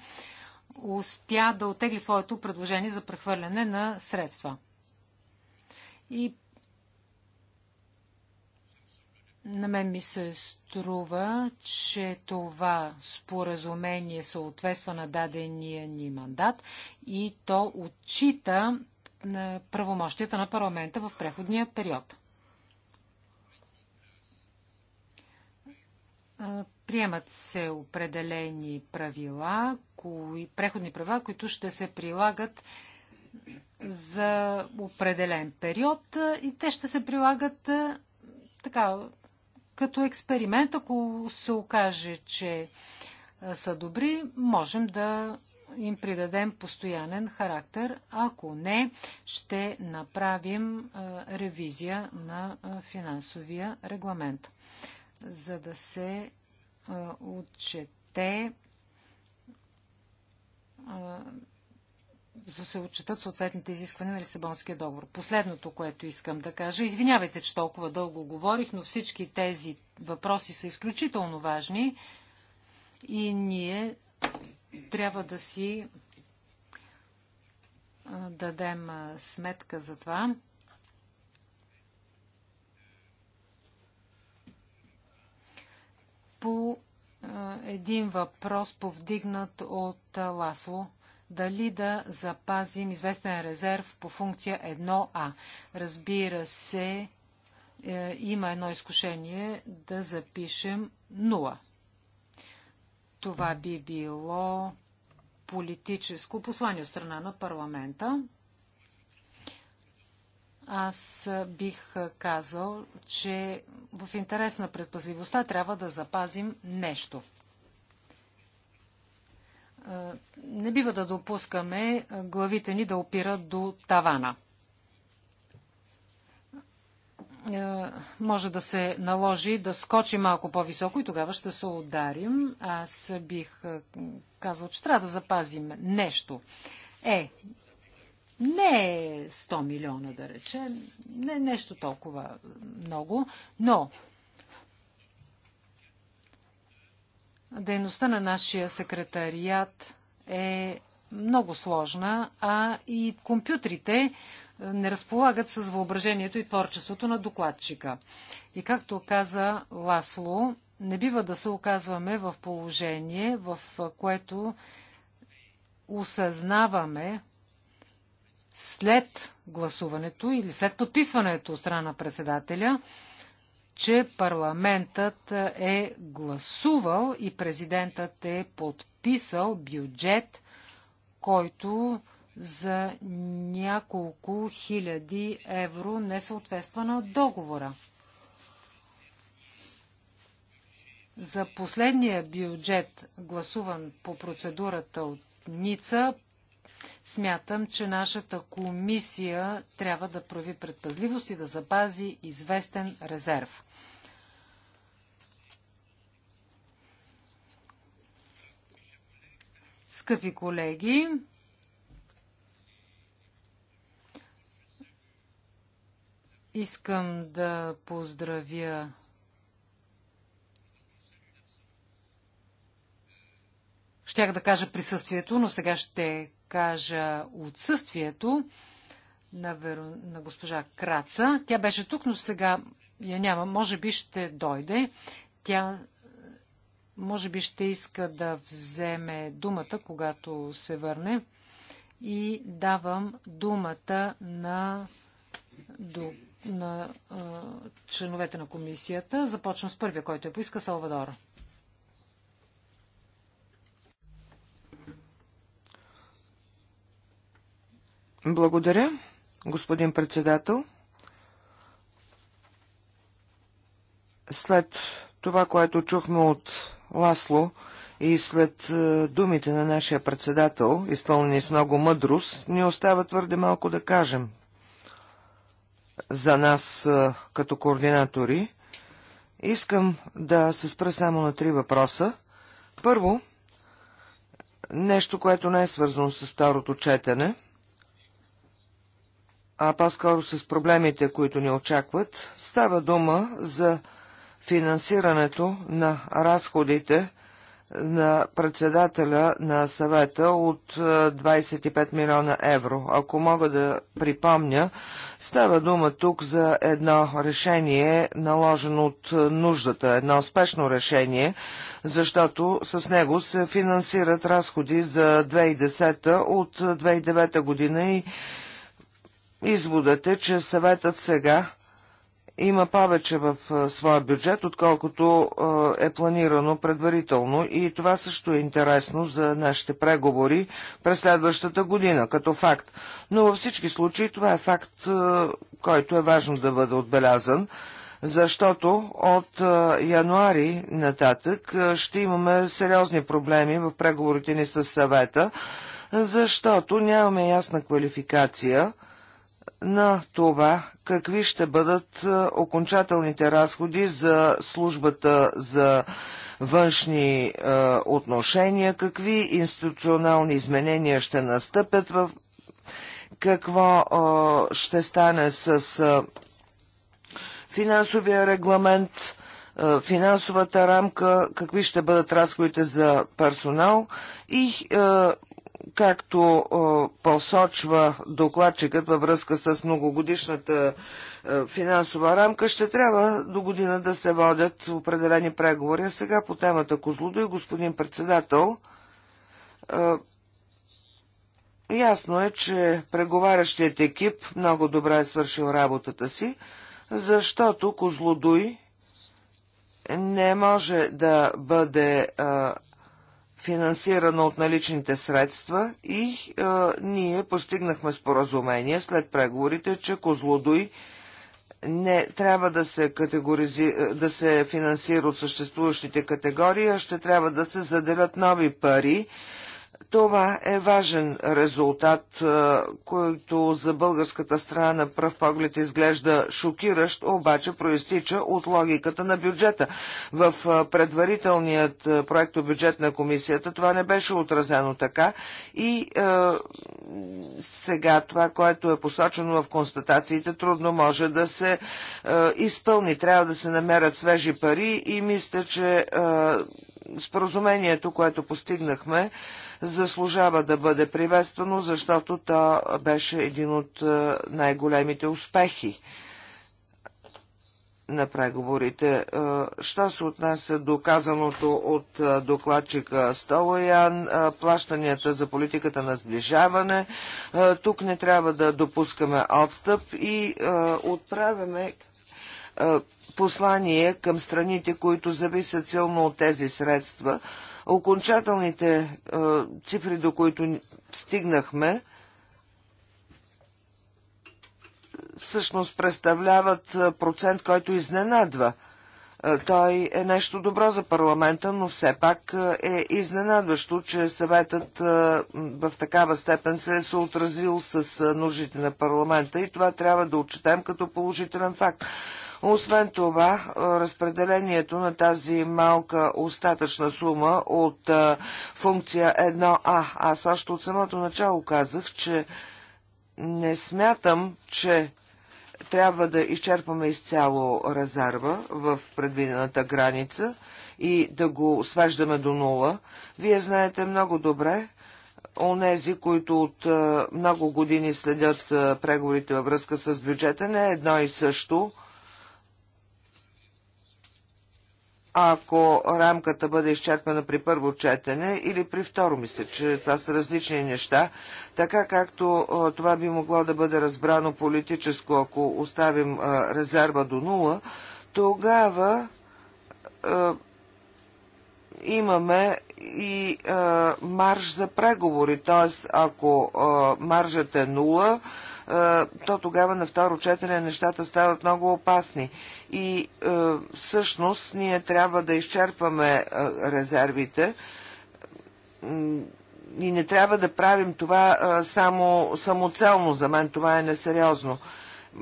успя да отегли своето предложение за прехвърляне на средства. И на мен ми се струва, че това споразумение съответства на дадения ни мандат и то отчита правомощията на парламента в преходния период. Приемат се определени правила, кои, преходни правила, които ще се прилагат за определен период и те ще се прилагат така като експеримент, ако се окаже, че са добри, можем да им придадем постоянен характер. Ако не, ще направим ревизия на финансовия регламент, за да се отчете се отчитат съответните изисквания на Лисабонския договор. Последното, което искам да кажа, извинявайте, че толкова дълго говорих, но всички тези въпроси са изключително важни и ние трябва да си дадем сметка за това. По един въпрос, повдигнат от Ласло дали да запазим известен резерв по функция 1А. Разбира се, е, има едно изкушение да запишем 0. Това би било политическо послание от страна на парламента. Аз бих казал, че в интерес на предпазливостта трябва да запазим нещо – не бива да допускаме главите ни да опират до тавана. Може да се наложи да скочи малко по-високо и тогава ще се ударим. Аз бих казал, че трябва да запазим нещо. Е, не 100 е милиона, да речем, не нещо толкова много, но Дейността на нашия секретариат е много сложна, а и компютрите е, не разполагат с въображението и творчеството на докладчика. И както каза Ласло, не бива да се оказваме в положение, в което осъзнаваме след гласуването или след подписването от страна на председателя, че парламентът е гласувал и президентът е подписал бюджет, който за няколко хиляди евро не съответства на договора. За последния бюджет, гласуван по процедурата от Ница, Смятам, че нашата комисия трябва да прави предпазливост и да запази известен резерв. Скъпи колеги, искам да поздравя Щях да кажа присъствието, но сега ще кажа отсъствието на, Веро... на госпожа Краца. Тя беше тук, но сега я няма. Може би ще дойде. Тя може би ще иска да вземе думата, когато се върне. И давам думата на, до, на а, членовете на комисията. Започвам с първия, който е поиска Салвадора. Благодаря, господин председател. След това, което чухме от Ласло и след е, думите на нашия председател, изпълнени с много мъдрост, ни остава твърде малко да кажем за нас е, като координатори. Искам да се спра само на три въпроса. Първо, нещо, което не е свързано с второто четене – а по-скоро с проблемите, които ни очакват. Става дума за финансирането на разходите на председателя на съвета от 25 е, милиона евро. Ако мога да припомня, става дума тук за едно решение, наложено от е, нуждата, едно успешно решение, защото с него се финансират разходи за 2010 от 2009 е, година и Изводът е, че съветът сега има повече в своя бюджет, отколкото е планирано предварително и това също е интересно за нашите преговори през следващата година като факт. Но във всички случаи това е факт, който е важно да бъде отбелязан, защото от януари нататък ще имаме сериозни проблеми в преговорите ни с съвета, защото нямаме ясна квалификация – на това какви ще бъдат е, окончателните разходи за службата за външни е, отношения, какви институционални изменения ще настъпят, в какво е, ще стане с е, финансовия регламент, е, финансовата рамка, какви ще бъдат разходите за персонал и е, Както посочва докладчикът във връзка с многогодишната финансова рамка, ще трябва до година да се водят определени преговори. А сега по темата Козлудо и господин председател, ясно е, че преговарящият екип много добре е свършил работата си, защото Козлодой не може да бъде а, финансирана от наличните средства и а, ние постигнахме споразумение след преговорите, че Козлодуй не трябва да се, категоризи... да се финансира от съществуващите категории, а ще трябва да се заделят нови пари това е важен резултат, който за българската страна на пръв поглед изглежда шокиращ, обаче проистича от логиката на бюджета. В предварителният проект бюджет на комисията това не беше отразено така и е, сега това, което е посочено в констатациите, трудно може да се е, изпълни. Трябва да се намерят свежи пари и мисля, че е, споразумението, което постигнахме, заслужава да бъде приветствано, защото то беше един от е, най-големите успехи на преговорите. Е, що се отнася до казаното от е, докладчика Столоян, плащанията за политиката на сближаване, тук не трябва да допускаме отстъп и отправяме послание към страните, които зависят силно от тези средства – Окончателните цифри, до които стигнахме, всъщност представляват процент, който изненадва. Той е нещо добро за парламента, но все пак е изненадващо, че съветът в такава степен се е съотразил с нуждите на парламента и това трябва да отчетем като положителен факт. Освен това, е, разпределението на тази малка остатъчна сума от е, функция 1А. Аз още от самото начало казах, че не смятам, че трябва да изчерпаме изцяло резерва в предвидената граница и да го свеждаме до нула. Вие знаете много добре, онези, които от е, много години следят преговорите във връзка с бюджета, не е едно и също – ако рамката бъде изчерпана при първо четене или при второ. Мисля, че това са различни неща, така както това би могло да бъде разбрано политическо, ако оставим резерва до нула, тогава имаме и марж марш за преговори. Т.е. ако маржът е нула, то тогава на второ четене нещата стават много опасни. И всъщност ние трябва да изчерпаме резервите и не трябва да правим това само самоцелно. За мен това е несериозно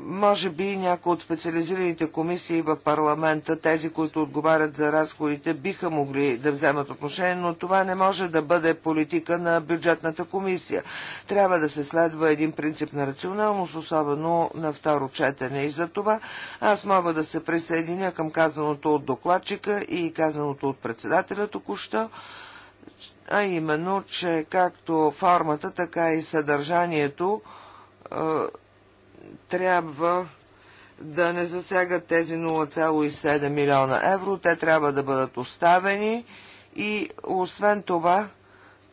може би някои от специализираните комисии в парламента, тези, които отговарят за разходите, биха могли да вземат отношение, но това не може да бъде политика на бюджетната комисия. Трябва да се следва един принцип на рационалност, особено на второ четене. И за това аз мога да се присъединя към казаното от докладчика и казаното от председателя току-що, а именно, че както формата, така и съдържанието е, трябва да не засягат тези 0,7 милиона евро. Те трябва да бъдат оставени и освен това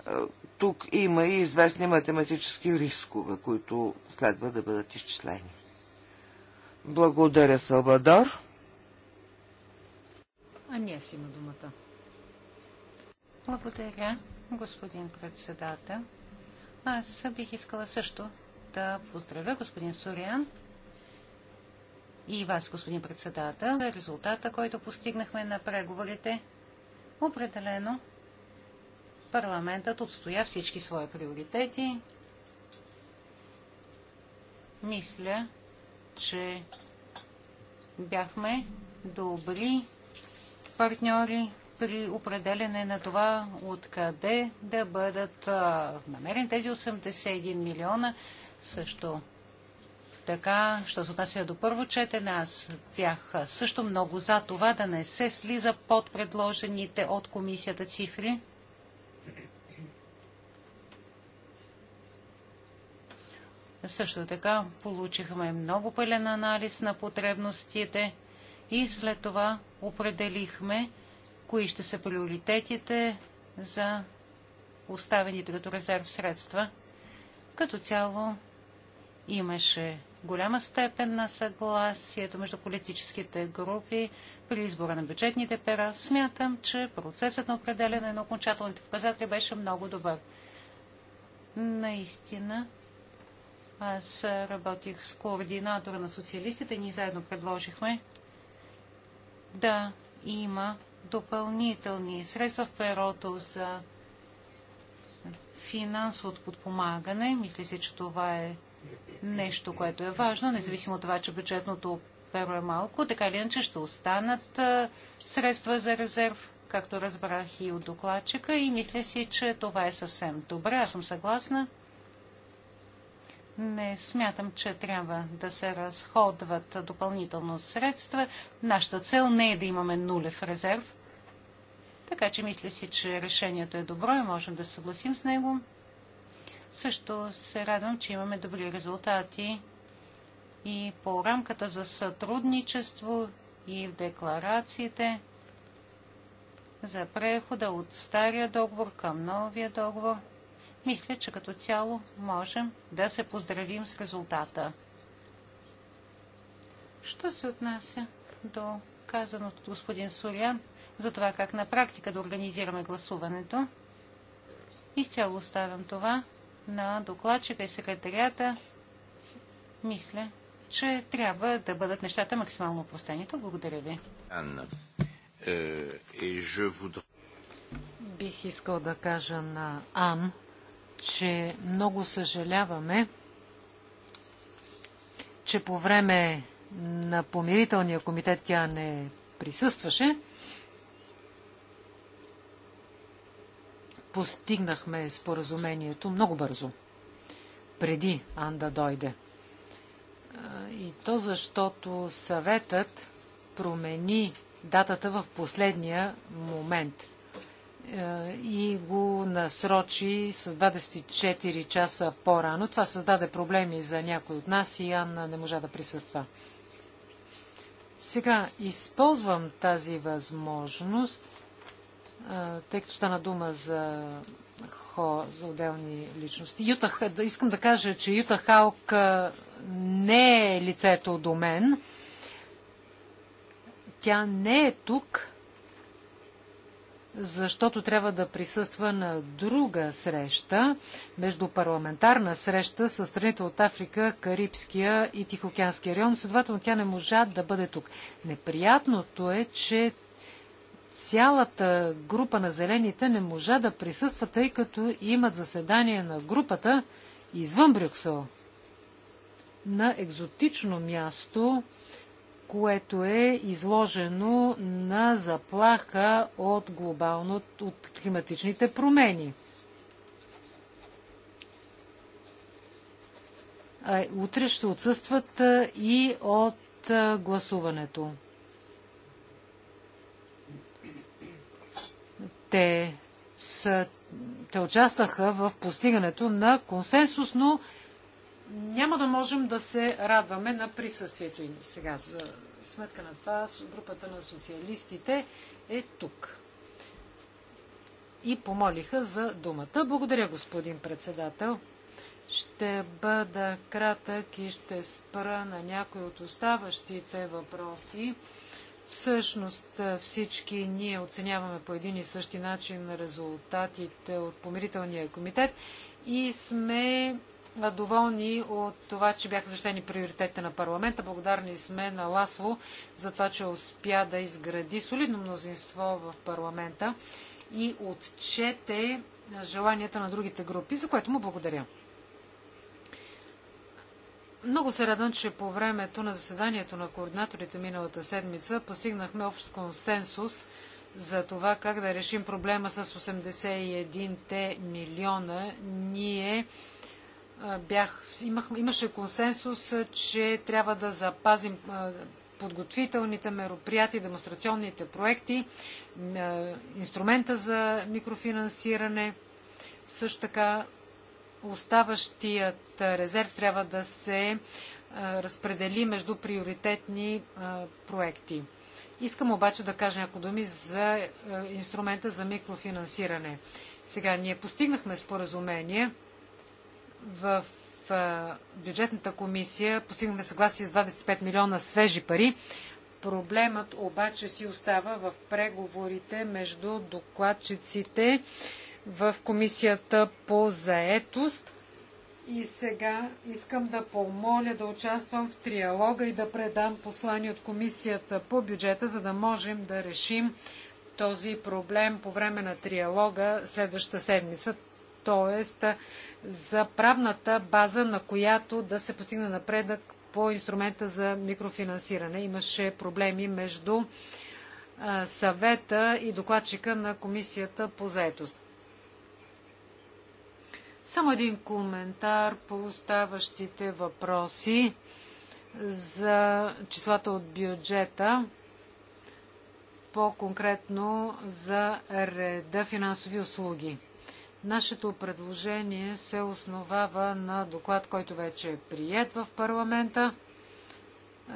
е, тук има и известни математически рискове, които следва да бъдат изчислени. Благодаря, Салвадор. А ние си има думата. Благодаря, господин председател. Аз бих искала също да поздравя господин Сориан и вас, господин председател, е резултата, който постигнахме на преговорите. Определено парламентът отстоя всички свои приоритети. Мисля, че бяхме добри партньори при определене на това откъде да бъдат намерени тези 81 милиона също така, що се отнася до първо четене, аз бях също много за това да не се слиза под предложените от комисията цифри. Също така получихме много пълен анализ на потребностите и след това определихме кои ще са приоритетите за оставените като резерв средства. Като цяло Имаше голяма степен на съгласието между политическите групи при избора на бюджетните пера. Смятам, че процесът на определяне на окончателните показатели беше много добър. Наистина, аз работих с координатора на социалистите, ние заедно предложихме да има допълнителни средства в перото за финансовото подпомагане. Мисля се, че това е нещо, което е важно, независимо от това, че бюджетното перо е малко, така или иначе ще останат средства за резерв, както разбрах и от докладчика и мисля си, че това е съвсем добре. Аз съм съгласна. Не смятам, че трябва да се разходват допълнително средства. Нашата цел не е да имаме нулев резерв. Така че мисля си, че решението е добро и можем да се съгласим с него. Също се радвам, че имаме добри резултати и по рамката за сътрудничество и в декларациите за прехода от стария договор към новия договор. Мисля, че като цяло можем да се поздравим с резултата. Що се отнася до казаното от господин Сурян за това как на практика да организираме гласуването, изцяло оставям това на докладчика и секретарията, мисля, че трябва да бъдат нещата максимално упростени. Благодаря ви. Анна, е, е, Бих искал да кажа на Ан, че много съжаляваме, че по време на помирителния комитет тя не присъстваше. постигнахме споразумението много бързо, преди Ан да дойде. И то защото съветът промени датата в последния момент и го насрочи с 24 часа по-рано. Това създаде проблеми за някой от нас и Анна не можа да присъства. Сега използвам тази възможност тъй като стана дума за, хо, за отделни личности. Юта, искам да кажа, че Юта Халк не е лицето до мен. Тя не е тук, защото трябва да присъства на друга среща, междупарламентарна среща с страните от Африка, Карибския и Тихоокеанския район. Следователно тя не можа да бъде тук. Неприятното е, че цялата група на зелените не можа да присъства, тъй като имат заседание на групата извън Брюксел. На екзотично място, което е изложено на заплаха от глобално от климатичните промени. Утре ще отсъстват и от гласуването. те, са, те участваха в постигането на консенсус, но няма да можем да се радваме на присъствието им. Сега, за сметка на това, групата на социалистите е тук. И помолиха за думата. Благодаря, господин председател. Ще бъда кратък и ще спра на някои от оставащите въпроси Всъщност всички ние оценяваме по един и същи начин резултатите от помирителния комитет и сме доволни от това, че бяха защитени приоритетите на парламента. Благодарни сме на Ласло за това, че успя да изгради солидно мнозинство в парламента и отчете желанията на другите групи, за което му благодаря. Много се радвам, че по времето на заседанието на координаторите миналата седмица постигнахме общ консенсус за това как да решим проблема с 81-те милиона. Ние бях, имах, имаше консенсус, че трябва да запазим подготвителните мероприятия, демонстрационните проекти, инструмента за микрофинансиране, също така Оставащият резерв трябва да се разпредели между приоритетни проекти. Искам обаче да кажа няколко думи за инструмента за микрофинансиране. Сега, ние постигнахме споразумение в бюджетната комисия, постигнахме съгласие с 25 милиона свежи пари. Проблемът обаче си остава в преговорите между докладчиците в комисията по заетост. И сега искам да помоля да участвам в триалога и да предам послание от комисията по бюджета, за да можем да решим този проблем по време на триалога следващата седмица, т.е. за правната база, на която да се постигне напредък по инструмента за микрофинансиране. Имаше проблеми между съвета и докладчика на комисията по заетост. Само един коментар по оставащите въпроси за числата от бюджета, по-конкретно за реда финансови услуги. Нашето предложение се основава на доклад, който вече е прият в парламента. Е,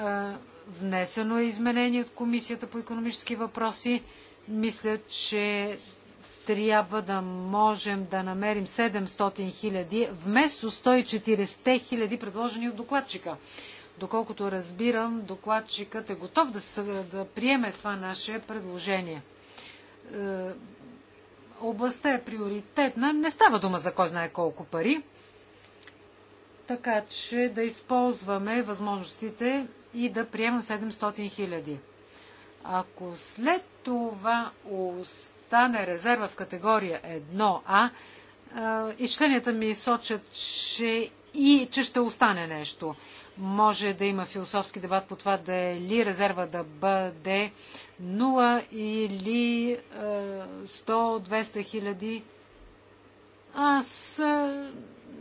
внесено е изменение от Комисията по економически въпроси. Мисля, че трябва да можем да намерим 700 хиляди вместо 140 хиляди предложени от докладчика. Доколкото разбирам, докладчикът е готов да, се, да приеме това наше предложение. Е, областта е приоритетна. Не става дума за кой знае колко пари. Така че да използваме възможностите и да приемем 700 хиляди. Ако след това остане стане е резерва в категория 1А, изчленията ми сочат, че и че ще остане нещо. Може да има философски дебат по това да е ли резерва да бъде 0 или 100-200 хиляди. Аз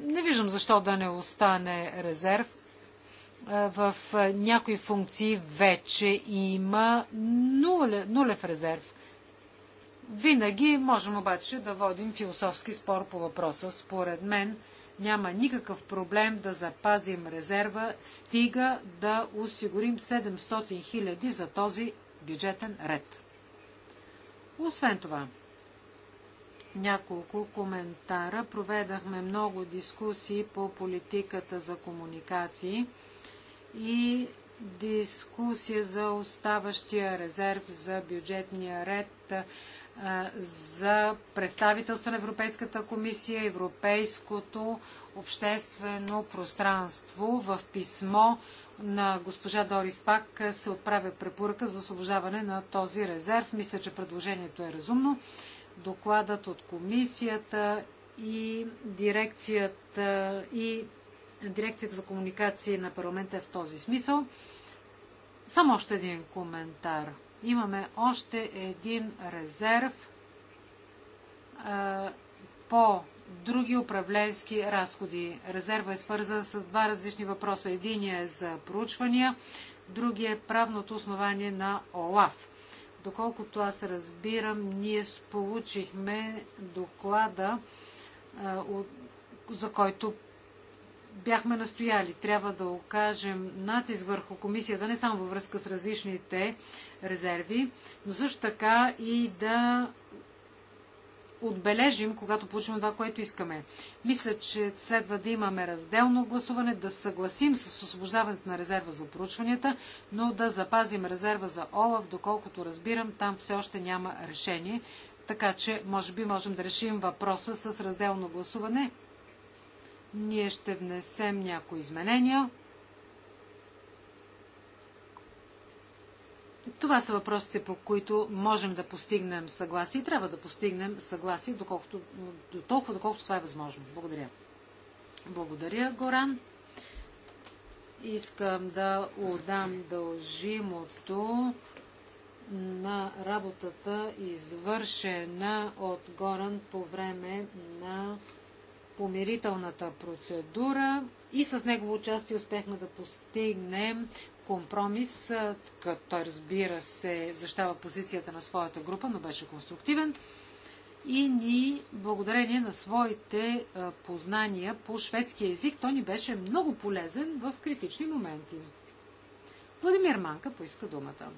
не виждам защо да не остане резерв. В някои функции вече има нулев резерв. Винаги можем обаче да водим философски спор по въпроса. Според мен няма никакъв проблем да запазим резерва, стига да осигурим 700 хиляди за този бюджетен ред. Освен това, няколко коментара. Проведахме много дискусии по политиката за комуникации и дискусия за оставащия резерв за бюджетния ред за представителство на Европейската комисия, Европейското обществено пространство. В писмо на госпожа Дорис Пак се отправя препоръка за освобождаване на този резерв. Мисля, че предложението е разумно. Докладът от комисията и дирекцията, и дирекцията за комуникации на парламента е в този смисъл. Само още един коментар – Имаме още един резерв по други управленски разходи. Резерва е свързан с два различни въпроса. Единият е за проучвания, другият е правното основание на ОЛАФ. Доколкото аз разбирам, ние получихме доклада, за който бяхме настояли. Трябва да окажем натиск върху комисията, не само във връзка с различните резерви, но също така и да отбележим, когато получим това, което искаме. Мисля, че следва да имаме разделно гласуване, да съгласим с освобождаването на резерва за проучванията, но да запазим резерва за ОЛАВ, доколкото разбирам, там все още няма решение. Така че, може би, можем да решим въпроса с разделно гласуване ние ще внесем някои изменения. Това са въпросите, по които можем да постигнем съгласие и трябва да постигнем съгласие доколкото, до толкова, доколкото това е възможно. Благодаря. Благодаря, Горан. Искам да отдам дължимото на работата, извършена от Горан по време на помирителната процедура и с негово участие успехме да постигнем компромис, като той разбира се защава позицията на своята група, но беше конструктивен и ни, благодарение на своите познания по шведски язик, той ни беше много полезен в критични моменти. Владимир Манка поиска думата.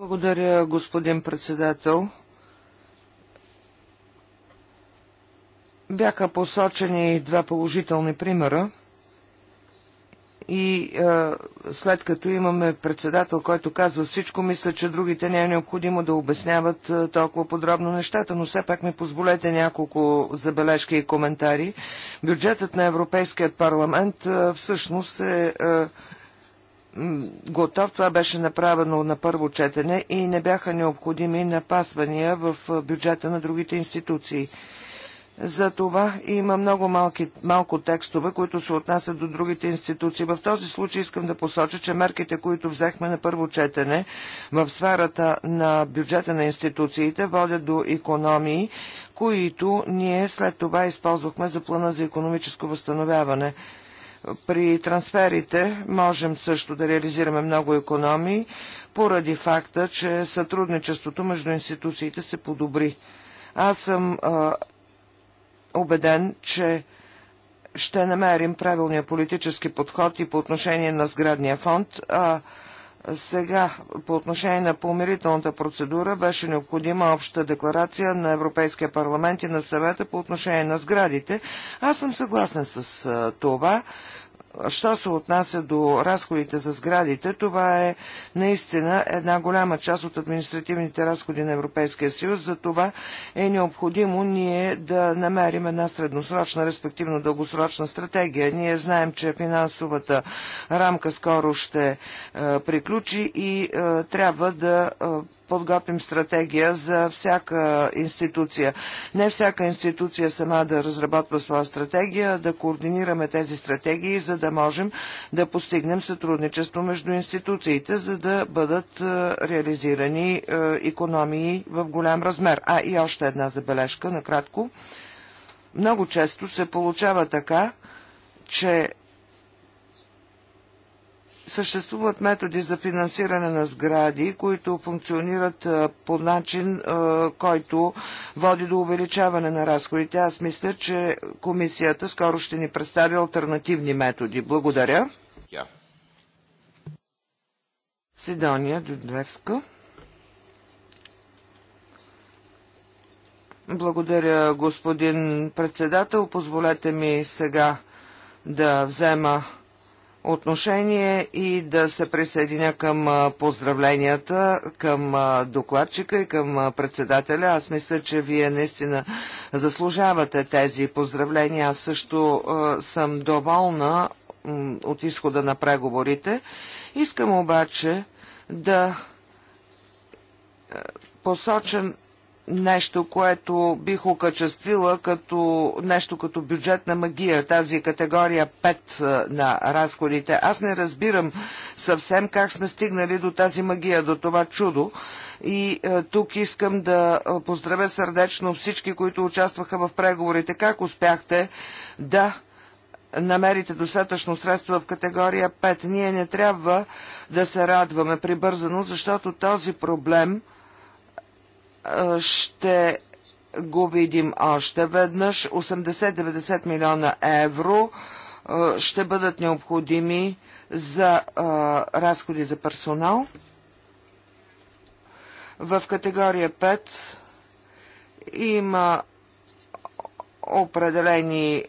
Благодаря, господин председател. Бяха посочени два положителни примера и е, след като имаме председател, който казва всичко, мисля, че другите не е необходимо да обясняват е, толкова подробно нещата, но все пак ми позволете няколко забележки и коментари. Бюджетът на Европейския парламент е, всъщност е, е готов. Това беше направено на първо четене и не бяха необходими напасвания в бюджета на другите институции. За това има много малки, малко текстове, които се отнасят до другите институции. В този случай искам да посоча, че мерките, които взехме на първо четене в сферата на бюджета на институциите, водят до економии, които ние след това използвахме за плана за економическо възстановяване. При трансферите можем също да реализираме много економии, поради факта, че сътрудничеството между институциите се подобри. Аз съм а, убеден, че ще намерим правилния политически подход и по отношение на сградния фонд. А, сега, по отношение на помирителната процедура, беше необходима обща декларация на Европейския парламент и на съвета по отношение на сградите. Аз съм съгласен с а, това. Що се отнася до разходите за сградите, това е наистина една голяма част от административните разходи на Европейския съюз. За това е необходимо ние да намерим една средносрочна, респективно дългосрочна стратегия. Ние знаем, че финансовата рамка скоро ще е, приключи и е, трябва да е, подготвим стратегия за всяка институция. Не всяка институция сама да разработва своя стратегия, да координираме тези стратегии, за да можем да постигнем сътрудничество между институциите, за да бъдат е, реализирани економии в голям размер. А и още една забележка, накратко. Много често се получава така, че съществуват методи за финансиране на сгради, които функционират по начин, който води до увеличаване на разходите. Аз мисля, че комисията скоро ще ни представи альтернативни методи. Благодаря. Сидония Дюдлевска. Благодаря, господин председател. Позволете ми сега да взема отношение и да се присъединя към поздравленията към докладчика и към председателя. Аз мисля, че вие наистина заслужавате тези поздравления. Аз също съм доволна от изхода на преговорите. Искам обаче да посочен нещо, което бих окачествила като нещо като бюджетна магия, тази категория 5 е, на разходите. Аз не разбирам съвсем как сме стигнали до тази магия, до това чудо. И е, тук искам да е, поздравя сърдечно всички, които участваха в преговорите. Как успяхте да намерите достатъчно средства в категория 5? Ние не трябва да се радваме прибързано, защото този проблем – ще го видим още веднъж. 80-90 милиона евро ще бъдат необходими за разходи за персонал. В категория 5 има определени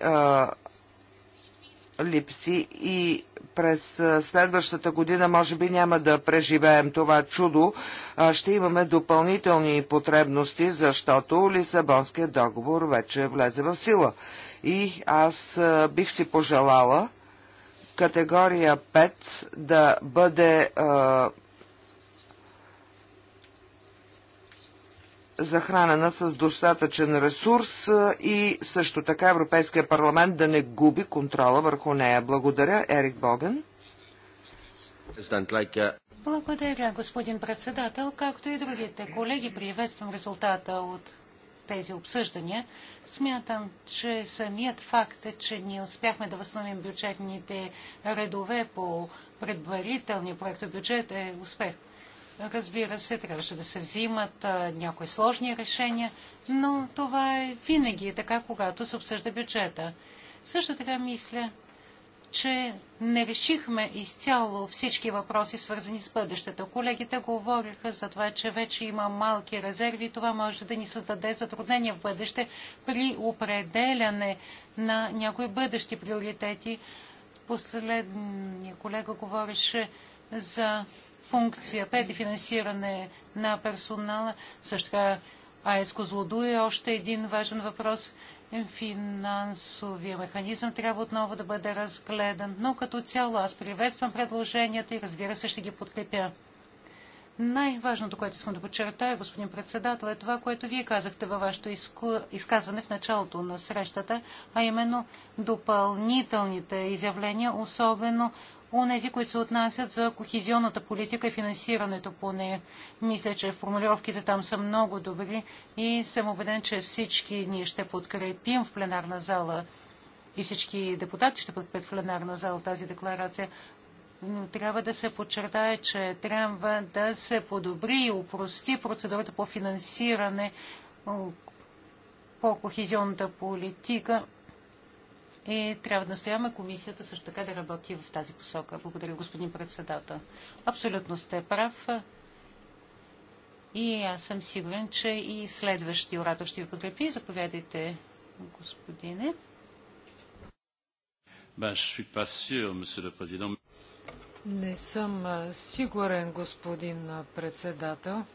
липси и през следващата година може би няма да преживеем това чудо, а ще имаме допълнителни потребности, защото Лисабонският договор вече влезе в сила. И аз бих си пожелала категория 5 да бъде а, захранена с достатъчен ресурс и също така Европейския парламент да не губи контрола върху нея. Благодаря, Ерик Боген. Благодаря, господин председател. Както и другите колеги, приветствам резултата от тези обсъждания. Смятам, че самият факт е, че ние успяхме да възстановим бюджетните редове по предварителния проект бюджет е успех. Разбира се, трябваше да се взимат някои сложни решения, но това е винаги е така, когато се обсъжда бюджета. Също така мисля, че не решихме изцяло всички въпроси, свързани с бъдещето. Колегите говориха за това, че вече има малки резерви и това може да ни създаде затруднения в бъдеще при определяне на някои бъдещи приоритети. Последния колега говореше за функция преди финансиране на персонала. Също така АЕС Козлоду е още един важен въпрос. Финансовия механизъм трябва отново да бъде разгледан. Но като цяло аз приветствам предложенията и разбира се ще ги подкрепя. Най-важното, което искам да подчертая, господин председател, е това, което вие казахте във вашето изказване в началото на срещата, а именно допълнителните изявления, особено онези, които се отнасят за кохизионната политика и финансирането по нея. Мисля, че формулировките там са много добри и съм убеден, че всички ние ще подкрепим в пленарна зала и всички депутати ще подкрепят в пленарна зала тази декларация. Но трябва да се подчертае, че трябва да се подобри и упрости процедурата по финансиране по кохезионната политика и е, трябва да настояваме комисията също така да работи в тази посока. Благодаря, господин председател. Абсолютно сте прав. И аз съм сигурен, че и следващия оратор ще ви подкрепи. Заповядайте, господине. Не съм сигурен, господин председател.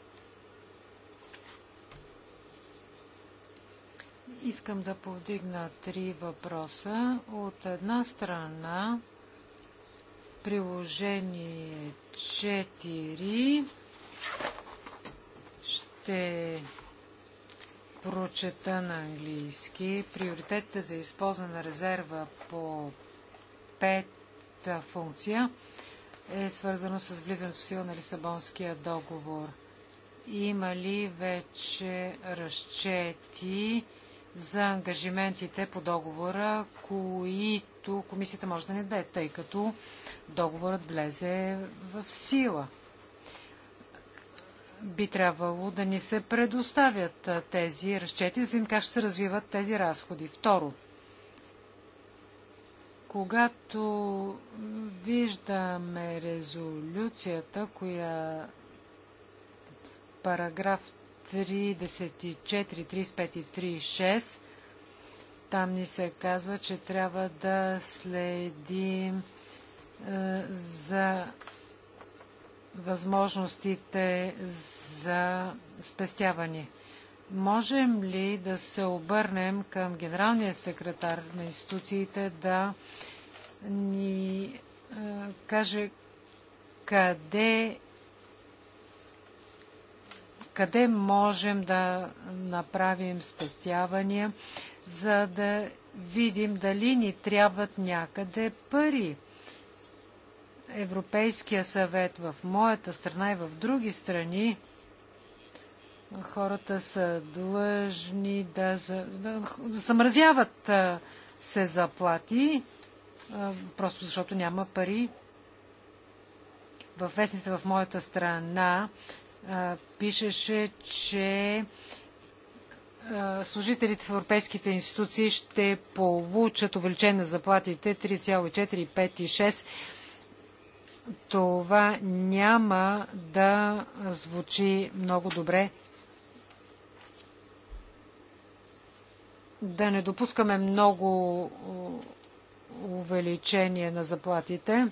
Искам да повдигна три въпроса. От една страна, приложение 4 ще прочета на английски. Приоритетите за използване на резерва по пета функция е свързано с влизането в сила на Лисабонския договор. Има ли вече разчети за ангажиментите по договора, които комисията може да не даде, тъй като договорът влезе в сила. Би трябвало да ни се предоставят тези разчети, за им как ще се развиват тези разходи. Второ, когато виждаме резолюцията, коя параграф 34, 35 и 36. Там ни се казва, че трябва да следим е, за възможностите за спестяване. Можем ли да се обърнем към генералния секретар на институциите да ни е, каже къде къде можем да направим спестявания, за да видим дали ни трябват някъде пари. Европейския съвет в моята страна и в други страни хората са длъжни да, за... да замразяват се заплати, просто защото няма пари. В вестница в моята страна пишеше, че служителите в европейските институции ще получат увеличение на заплатите 3,4, 5 и 6. Това няма да звучи много добре. Да не допускаме много увеличение на заплатите.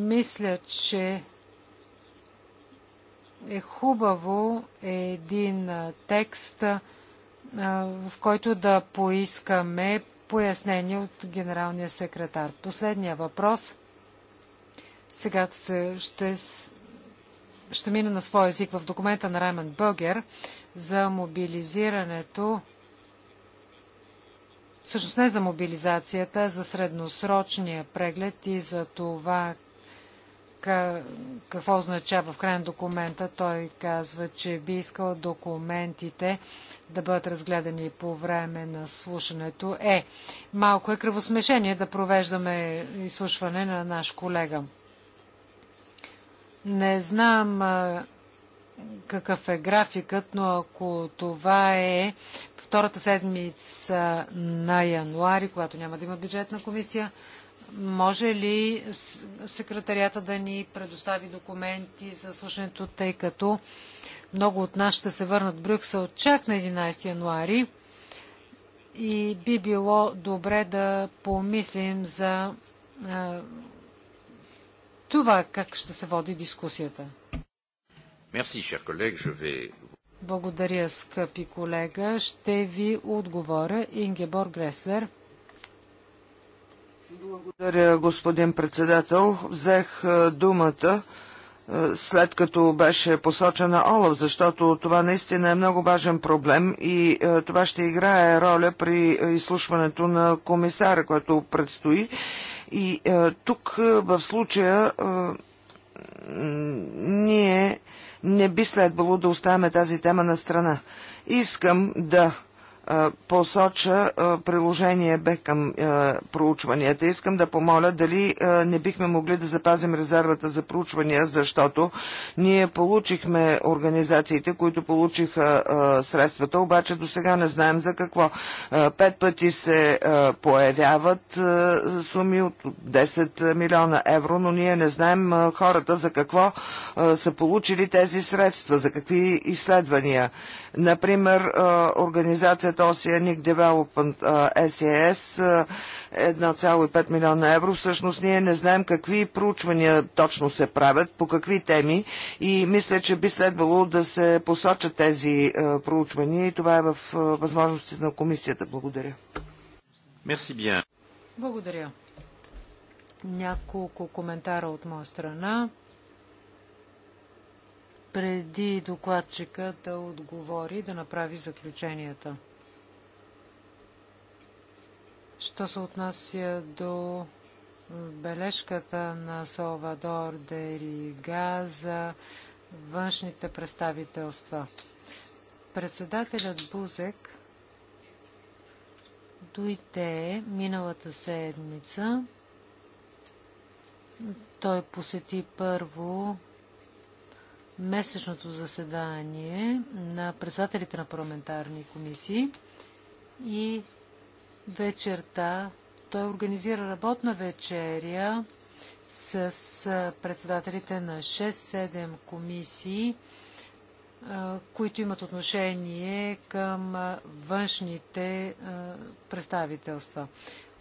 Мисля, че е хубаво е един текст, в който да поискаме пояснение от генералния секретар. Последния въпрос. Сега ще, ще мина на своя език в документа на Раймонд Бъгер за мобилизирането всъщност не за мобилизацията, а за средносрочния преглед и за това какво означава в край документа. Той казва, че би искал документите да бъдат разгледани по време на слушането. Е, малко е кръвосмешение да провеждаме изслушване на наш колега. Не знам какъв е графикът, но ако това е втората седмица на януари, когато няма да има бюджетна комисия, може ли секретарията да ни предостави документи за слушането, тъй като много от нас ще се върнат в Брюксел чак на 11 януари и би било добре да помислим за а, това как ще се води дискусията. Благодаря, скъпи колега. Ще ви отговоря Ингебор Греслер. Благодаря, господин председател. Взех е, думата е, след като беше посочена Олаф, защото това наистина е много важен проблем и е, това ще играе роля при изслушването на комисара, което предстои. И тук в случая ние не би следвало да оставяме тази тема на страна. Искам да посоча приложение Б към проучванията. Искам да помоля дали не бихме могли да запазим резервата за проучвания, защото ние получихме организациите, които получиха средствата, обаче до сега не знаем за какво. Пет пъти се появяват суми от 10 милиона евро, но ние не знаем хората за какво са получили тези средства, за какви изследвания. Например, организацията Oceanic Development SES 1,5 милиона евро. Всъщност ние не знаем какви проучвания точно се правят, по какви теми и мисля, че би следвало да се посочат тези проучвания и това е в възможностите на комисията. Благодаря. Благодаря. Няколко коментара от моя страна преди докладчика да отговори, да направи заключенията. Що се отнася до бележката на Салвадор Дерига за външните представителства. Председателят Бузек дойде миналата седмица. Той посети първо месечното заседание на председателите на парламентарни комисии и вечерта той организира работна вечеря с председателите на 6-7 комисии, които имат отношение към външните представителства.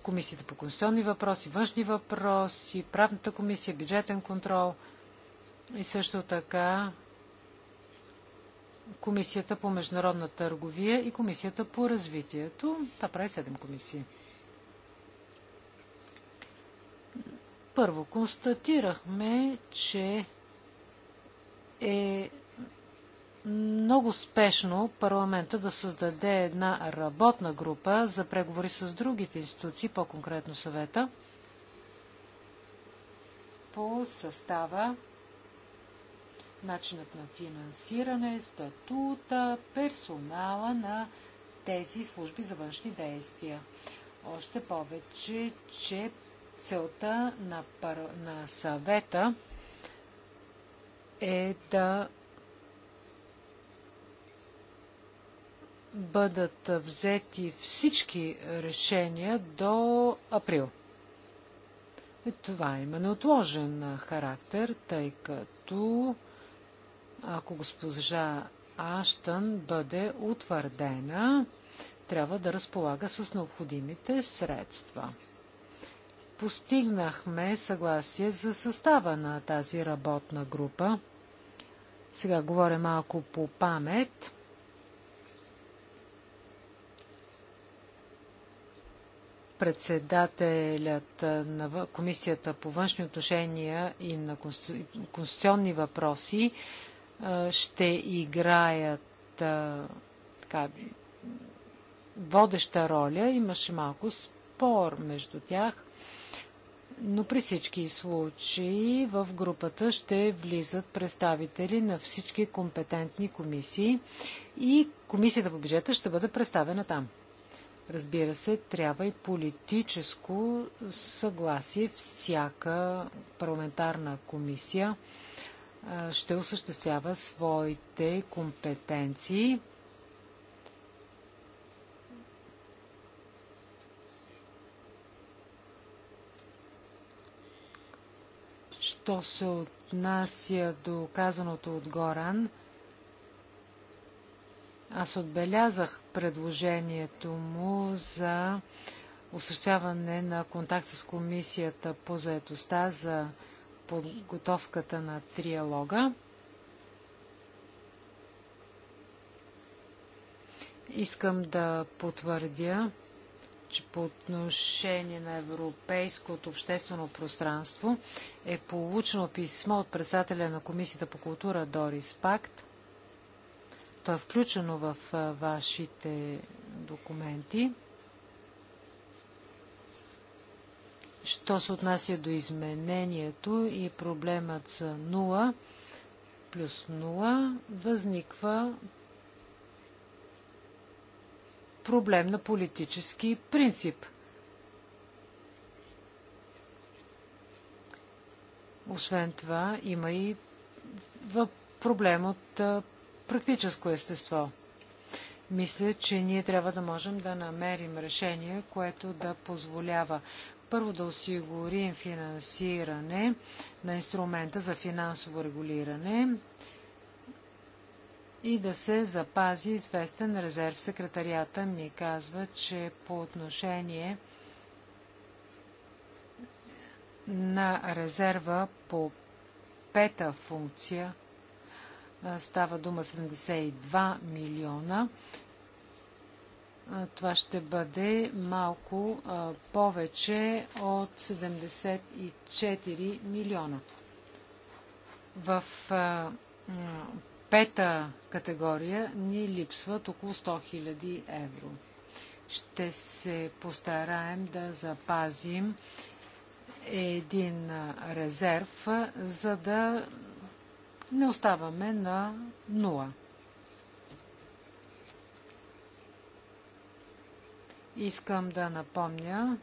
Комисията по конституционни въпроси, външни въпроси, правната комисия, бюджетен контрол – и също така Комисията по международна търговия и Комисията по развитието. Та прави 7 комисии. Първо, констатирахме, че е много спешно парламента да създаде една работна група за преговори с другите институции, по-конкретно съвета, по състава начинът на финансиране, статута, персонала на тези служби за външни действия. Още повече, че целта на, пар... на съвета е да бъдат взети всички решения до април. И това е има неотложен характер, тъй като ако госпожа Аштън бъде утвърдена, трябва да разполага с необходимите средства. Постигнахме съгласие за състава на тази работна група. Сега говоря малко по памет. Председателят на Комисията по външни отношения и на конституционни въпроси ще играят така, водеща роля. Имаше малко спор между тях, но при всички случаи в групата ще влизат представители на всички компетентни комисии и комисията по бюджета ще бъде представена там. Разбира се, трябва и политическо съгласие всяка парламентарна комисия ще осъществява своите компетенции. Що се отнася до казаното от Горан, аз отбелязах предложението му за осъществяване на контакт с комисията по заедостта за подготовката на триалога. Искам да потвърдя, че по отношение на европейското обществено пространство е получено писмо от председателя на Комисията по култура Дорис Пакт. То е включено в вашите документи. Що се отнася до изменението и проблемът с 0 плюс 0, възниква проблем на политически принцип. Освен това, има и проблем от практическо естество. Мисля, че ние трябва да можем да намерим решение, което да позволява първо да осигурим финансиране на инструмента за финансово регулиране и да се запази известен резерв. Секретарията ми казва, че по отношение на резерва по пета функция става дума 72 милиона това ще бъде малко а, повече от 74 милиона. В а, пета категория ни липсват около 100 000 евро. Ще се постараем да запазим един резерв, за да не оставаме на нула. Искам да напомня,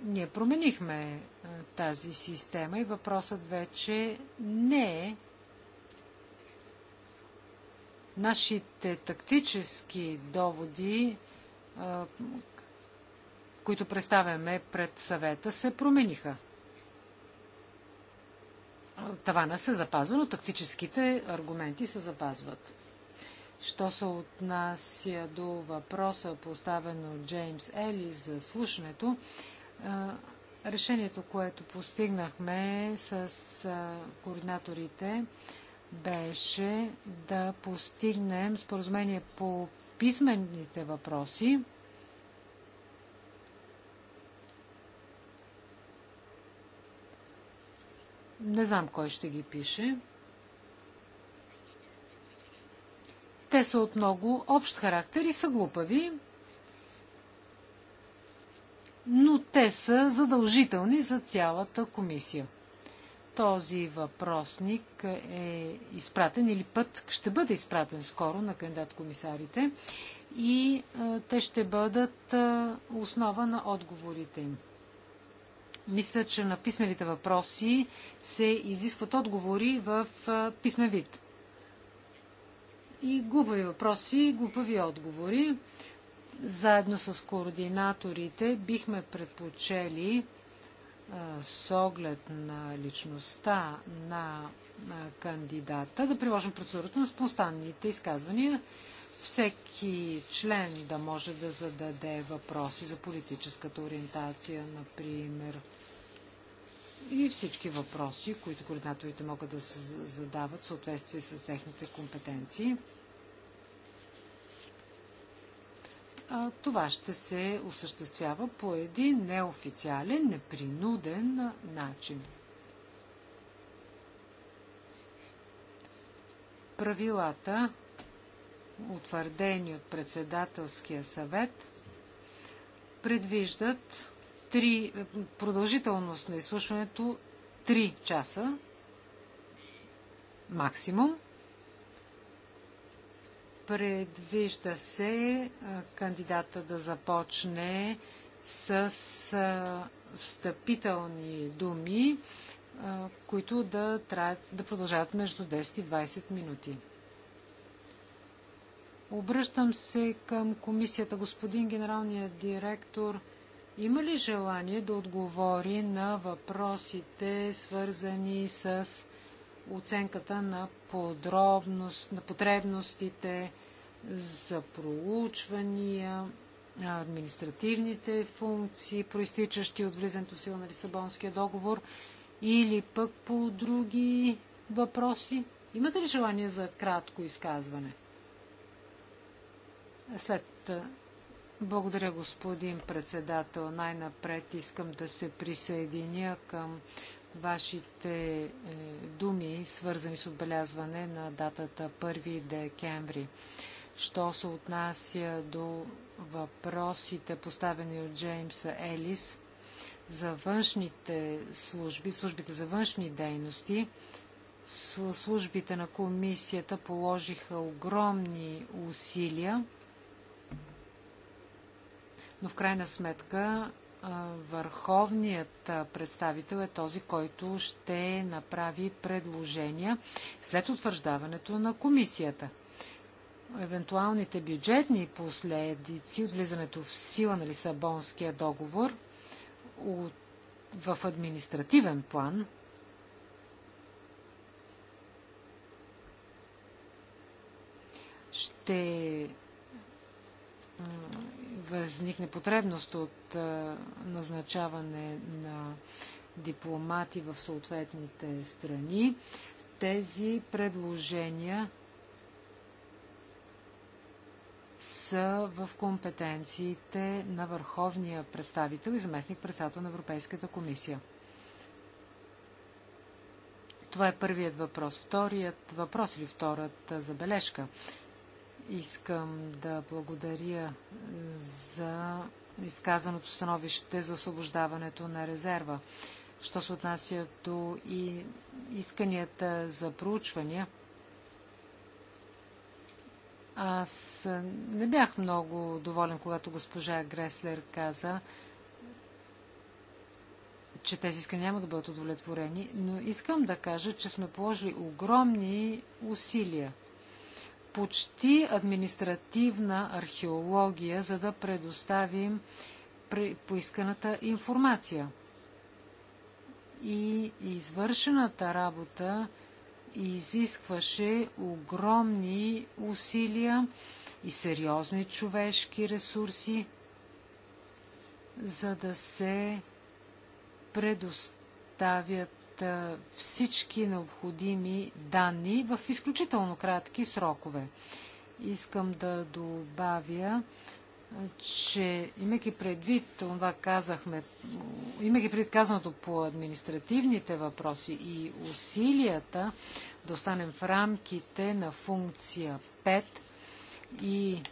ние променихме е, тази система и въпросът вече не е нашите тактически доводи, е, които представяме пред съвета, се промениха. Тавана се запазва, но тактическите аргументи се запазват. Що се отнася до въпроса, поставен от Джеймс Ели за слушането, решението, което постигнахме с координаторите, беше да постигнем споразумение по писмените въпроси, Не знам кой ще ги пише. Те са от много общ характер и са глупави, но те са задължителни за цялата комисия. Този въпросник е изпратен или път ще бъде изпратен скоро на кандидат-комисарите и те ще бъдат основа на отговорите им. Мисля, че на писмените въпроси се изискват отговори в писмен вид и глупави въпроси, и глупави отговори. Заедно с координаторите бихме предпочели с оглед на личността на кандидата да приложим процедурата на спонтанните изказвания. Всеки член да може да зададе въпроси за политическата ориентация, например, и всички въпроси, които координаторите могат да се задават в съответствие с техните компетенции. това ще се осъществява по един неофициален, непринуден начин. Правилата, утвърдени от председателския съвет, предвиждат три, продължителност на изслушването 3 часа максимум. Предвижда се кандидата да започне с встъпителни думи, които да, траят, да продължават между 10 и 20 минути. Обръщам се към комисията. Господин генералният директор, има ли желание да отговори на въпросите, свързани с оценката на подробност, на потребностите за проучвания, административните функции, проистичащи от влизането в сила на Лисабонския договор, или пък по други въпроси. Имате ли желание за кратко изказване? След благодаря, господин председател. Най-напред искам да се присъединя към вашите е, думи, свързани с отбелязване на датата 1 декември. Що се отнася до въпросите, поставени от Джеймс Елис за външните служби, службите за външни дейности, службите на комисията положиха огромни усилия, но в крайна сметка върховният представител е този, който ще направи предложения след утвърждаването на комисията. Евентуалните бюджетни последици от влизането в сила на Лисабонския договор от, в административен план ще възникне потребност от назначаване на дипломати в съответните страни. Тези предложения са в компетенциите на върховния представител и заместник председател на Европейската комисия. Това е първият въпрос. Вторият въпрос или втората забележка Искам да благодаря за изказаното становище за освобождаването на резерва. Що се отнася до и исканията за проучвания, аз не бях много доволен, когато госпожа Греслер каза, че тези искания няма да бъдат удовлетворени, но искам да кажа, че сме положили огромни усилия почти административна археология, за да предоставим поисканата информация. И извършената работа изискваше огромни усилия и сериозни човешки ресурси, за да се предоставят всички необходими данни в изключително кратки срокове. Искам да добавя, че имайки предвид това казахме, имайки предвид казаното по административните въпроси и усилията да останем в рамките на функция 5 и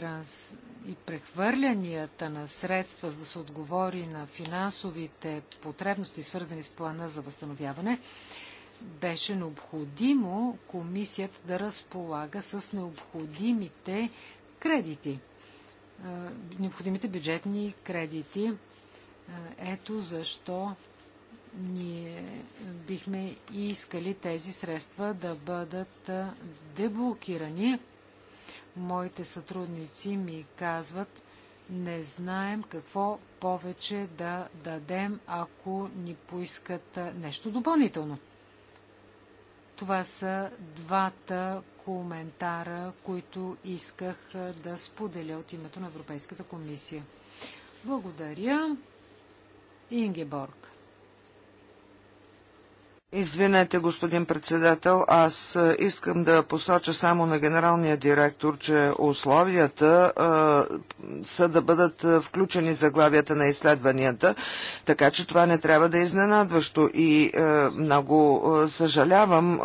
транс... и прехвърлянията на средства, за да се отговори на финансовите потребности, свързани с плана за възстановяване, беше необходимо комисията да разполага с необходимите кредити, необходимите бюджетни кредити. Ето защо ние бихме искали тези средства да бъдат деблокирани Моите сътрудници ми казват, не знаем какво повече да дадем, ако ни поискат нещо допълнително. Това са двата коментара, които исках да споделя от името на Европейската комисия. Благодаря. Ингеборг. Извинете, господин председател, аз искам да посоча само на генералния директор, че условията са да бъдат включени заглавията на изследванията, така че това не трябва да е изненадващо и много съжалявам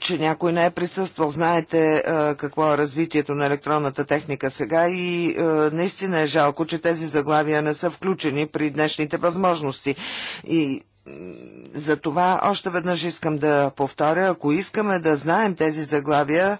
че някой не е присъствал. Знаете е, какво е развитието на електронната техника сега и е, наистина е жалко, че тези заглавия не са включени при днешните възможности. И за това още веднъж искам да повторя, ако искаме да знаем тези заглавия, е,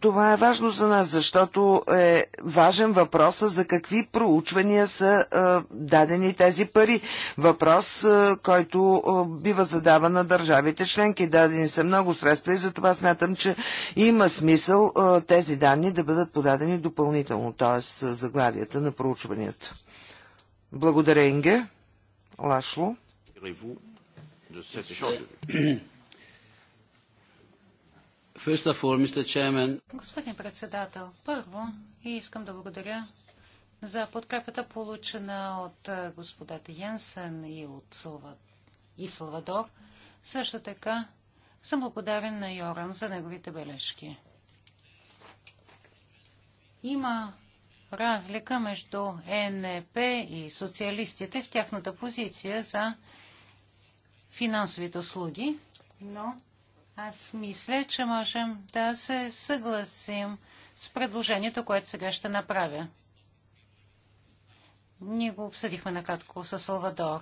това е важно за нас, защото е важен въпрос за какви проучвания са е, дадени тези пари. Въпрос, е, който бива задаван на държавите членки. Дадени са много средства и за това смятам, че има смисъл тези данни да бъдат подадени допълнително, т.е. заглавията на проучванията. Благодаря, Инге. Лашло inspirez-vous de cet échange de vues First of all, Mr. Chairman. Господин председател, първо искам да благодаря за подкрепата, получена от господата Янсен и от Салва... и Салвадор. Също така съм благодарен на Йоран за неговите бележки. Има разлика между ЕНП и социалистите в тяхната позиция за финансовите услуги, но аз мисля, че можем да се съгласим с предложението, което сега ще направя. Ние го обсъдихме накратко с Салвадор.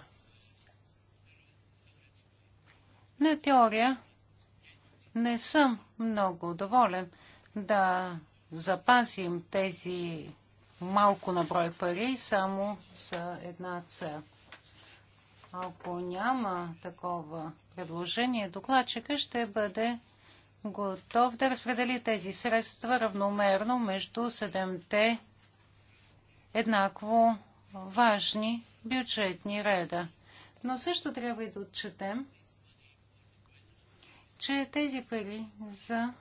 На теория не съм много доволен да запазим тези малко наброй пари само за една цел. Ако няма такова предложение, докладчика ще бъде готов да разпредели тези средства равномерно между седемте еднакво важни бюджетни реда. Но също трябва и да отчетем, че тези пари за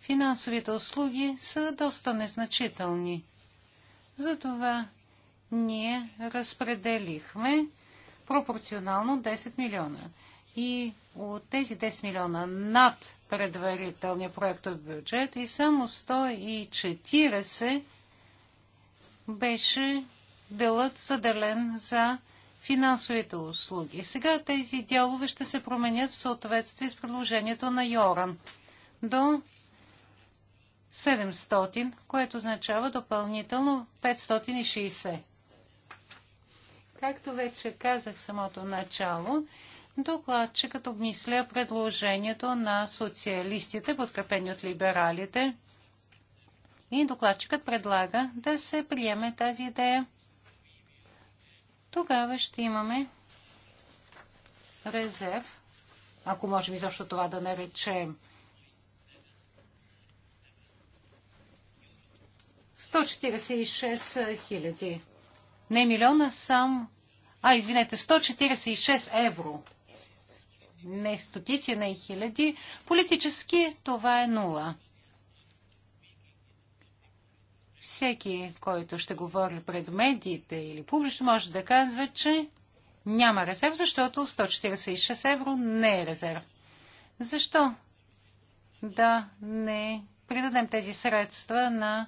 финансовите услуги са доста незначителни. Затова ние разпределихме пропорционално 10 милиона. И от тези 10 милиона над предварителния проект от бюджет и само 140 беше делът заделен за финансовите услуги. Сега тези дялове ще се променят в съответствие с предложението на Йоран до 700, което означава допълнително 560. Както вече казах в самото начало, докладчикът обмисля предложението на социалистите, подкрепени от либералите. И докладчикът предлага да се приеме тази идея. Тогава ще имаме резерв, ако можем изобщо това да наречем 146 хиляди не милиона, сам, а извинете, 146 евро. Не стотици, не хиляди. Политически това е нула. Всеки, който ще говори пред медиите или публично, може да казва, че няма резерв, защото 146 евро не е резерв. Защо да не придадем тези средства на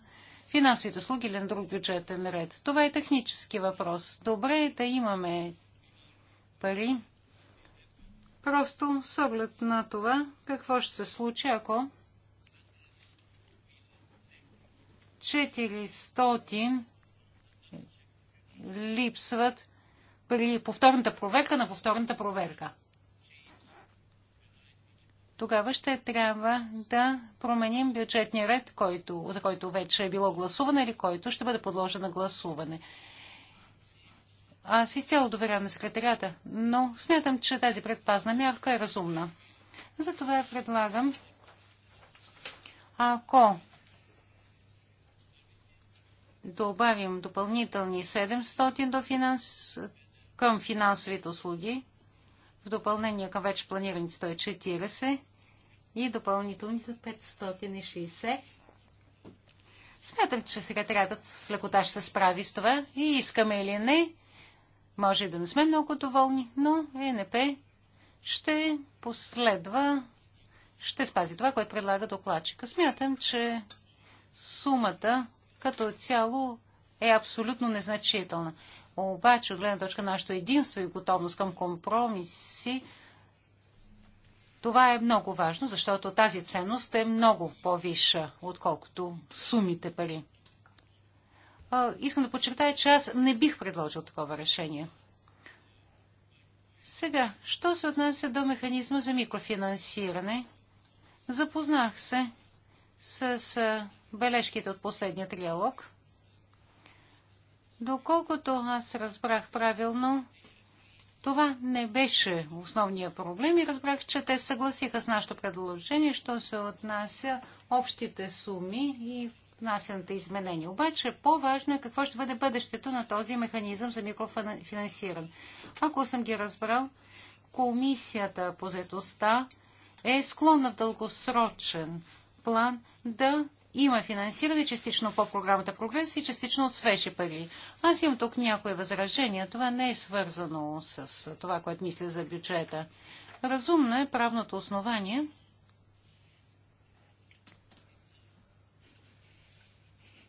финансовите услуги или на друг бюджетен ред. Това е технически въпрос. Добре е да имаме пари. Просто с оглед на това, какво ще се случи, ако 400 липсват при повторната проверка на повторната проверка тогава ще трябва да променим бюджетния ред, който, за който вече е било гласуване или който ще бъде подложен на гласуване. Аз изцяло доверявам на секретарята, но смятам, че тази предпазна мярка е разумна. Затова предлагам, ако добавим допълнителни 700 до финанс... към финансовите услуги, в допълнение към вече планираните 140, и допълнителните 560. Смятам, че секретарятът с лекота ще се справи с това и искаме или не. Може да не сме много доволни, но ЕНП ще последва, ще спази това, което предлага докладчика. Смятам, че сумата като цяло е абсолютно незначителна. Обаче, от гледна точка на нашето единство и готовност към компромиси, това е много важно, защото тази ценност е много по-виша, отколкото сумите пари. Искам да подчертая, че аз не бих предложил такова решение. Сега, що се отнася до механизма за микрофинансиране? Запознах се с бележките от последния триалог. Доколкото аз разбрах правилно, това не беше основния проблем и разбрах, че те съгласиха с нашето предложение, що се отнася общите суми и внасяната изменения. Обаче по-важно е какво ще бъде бъдещето на този механизъм за микрофинансиране. Ако съм ги разбрал, комисията по заедостта е склонна в дългосрочен план да има финансиране частично по програмата Прогрес и частично от свежи пари. Аз имам тук някои възражения. Това не е свързано с това, което мисля за бюджета. Разумно е правното основание.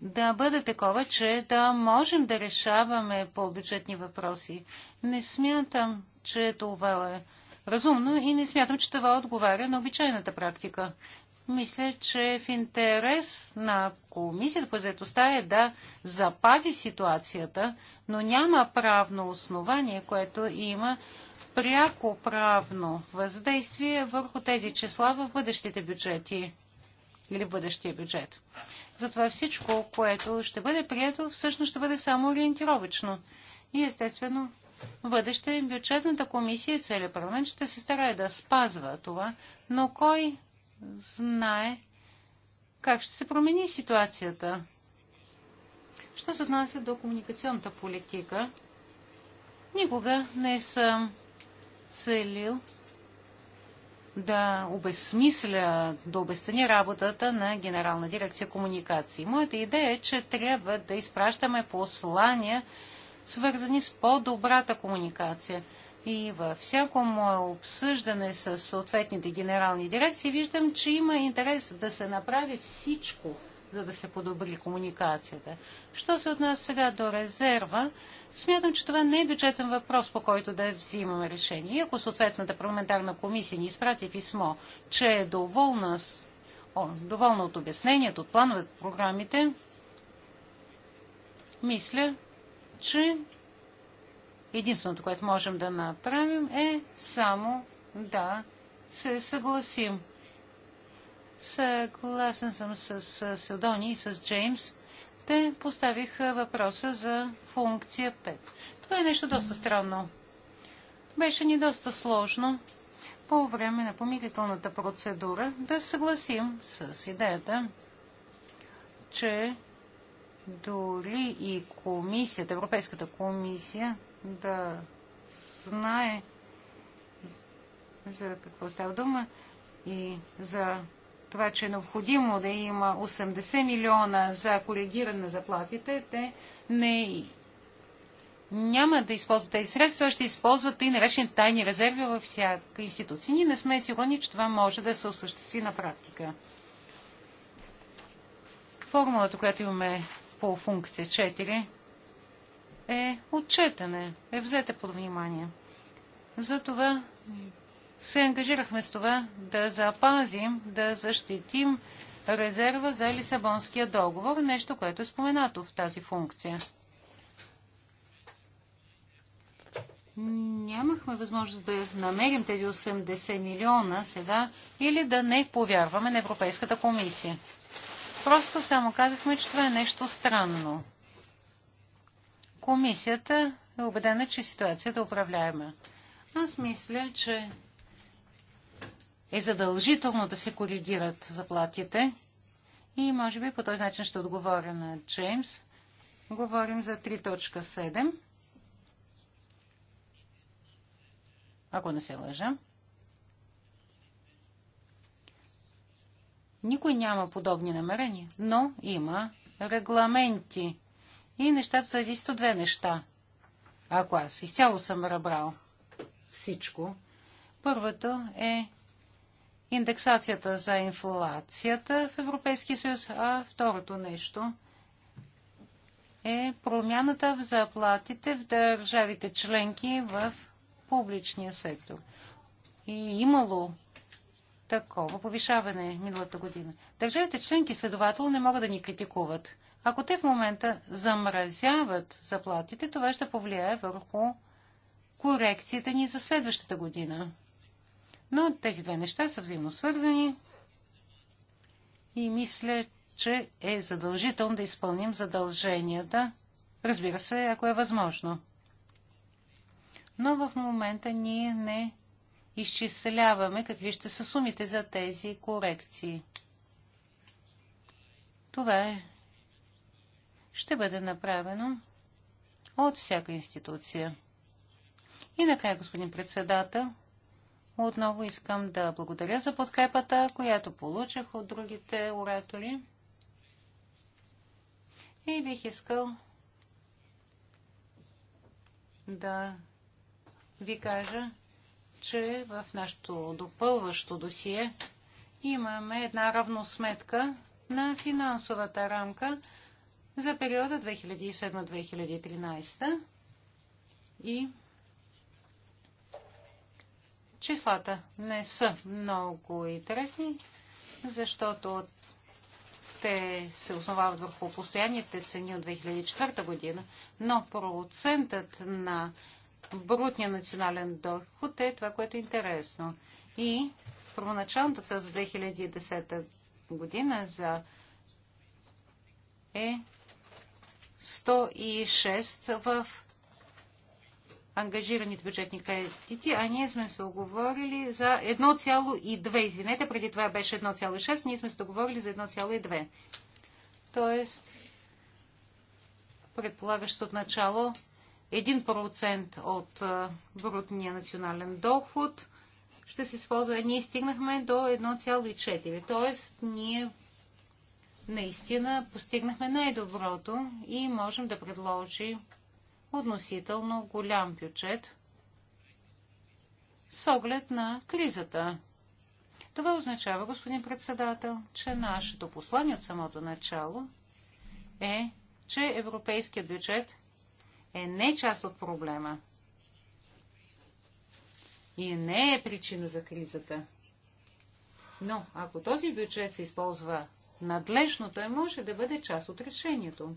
да бъде такова, че да можем да решаваме по бюджетни въпроси. Не смятам, че това е разумно и не смятам, че това отговаря на обичайната практика. Мисля, че в интерес на комисията по заедостта е да запази ситуацията, но няма правно основание, което има пряко правно въздействие върху тези числа в бъдещите бюджети или бъдещия бюджет. Затова всичко, което ще бъде прието, всъщност ще бъде само ориентировачно. И естествено, бъдеще бюджетната комисия и целият парламент ще се старае да спазва това, но кой знае как ще се промени ситуацията. Що се отнася до комуникационната политика, никога не съм целил да обезсмисля, да обесценя работата на Генерална дирекция комуникации. Моята идея е, че трябва да изпращаме послания, свързани с по-добрата комуникация. И във всяко мое обсъждане с съответните генерални дирекции виждам, че има интерес да се направи всичко, за да се подобри комуникацията. Що се отнася сега до резерва, смятам, че това не е бюджетен въпрос, по който да взимаме решение. И ако съответната парламентарна комисия ни изпрати писмо, че е доволна, с... О, доволна от обяснението, от плановете, програмите, мисля, че Единственото, което можем да направим е само да се съгласим. Съгласен съм с, Седони и с Джеймс. Те поставиха въпроса за функция 5. Това е нещо доста странно. Беше ни доста сложно по време на помирителната процедура да съгласим с идеята, че дори и комисията, Европейската комисия, да знае за какво става дума и за това, че е необходимо да има 80 милиона за коригиране на заплатите, те не няма да използват тези средства, ще използват и наречени тайни резерви във всяка институция. Ние не сме сигурни, че това може да се осъществи на практика. Формулата, която имаме по функция 4, е отчетане, е взете под внимание. Затова се ангажирахме с това да запазим, да защитим резерва за Лисабонския договор, нещо, което е споменато в тази функция. Нямахме възможност да намерим тези 80 милиона сега или да не повярваме на Европейската комисия. Просто само казахме, че това е нещо странно. Комисията е убедена, че ситуацията е управляема. Аз мисля, че е задължително да се коригират заплатите и може би по този начин ще отговоря на Джеймс. Говорим за 3.7. Ако не се лъжа. Никой няма подобни намерения, но има регламенти и нещата зависят от две неща. Ако аз изцяло съм разбрал всичко, първото е индексацията за инфлацията в Европейския съюз, а второто нещо е промяната в заплатите в държавите членки в публичния сектор. И имало такова повишаване миналата година. Държавите членки следователно не могат да ни критикуват. Ако те в момента замразяват заплатите, това ще повлияе върху корекцията ни за следващата година. Но тези две неща са взаимно свързани и мисля, че е задължително да изпълним задълженията, разбира се, ако е възможно. Но в момента ние не изчисляваме какви ще са сумите за тези корекции. Това е ще бъде направено от всяка институция. И накрая, господин председател, отново искам да благодаря за подкрепата, която получих от другите оратори. И бих искал да ви кажа, че в нашото допълващо досие имаме една равносметка на финансовата рамка за периода 2007-2013 и числата не са много интересни, защото те се основават върху постоянните цени от 2004 година, но процентът на брутния национален доход е това, което е интересно. И първоначалната цел за 2010 година за е 106 в ангажираните бюджетни кредити, а ние сме се оговорили за 1,2. Извинете, преди това беше 1,6, ние сме се договорили за 1,2. Тоест, предполагащ от начало 1% от брутния национален доход ще се използва. Ние стигнахме до 1,4. Тоест, ние наистина постигнахме най-доброто и можем да предложи относително голям бюджет с оглед на кризата. Това означава, господин председател, че нашето послание от самото начало е, че европейският бюджет е не част от проблема и не е причина за кризата. Но ако този бюджет се използва надлежно, той е, може да бъде част от решението.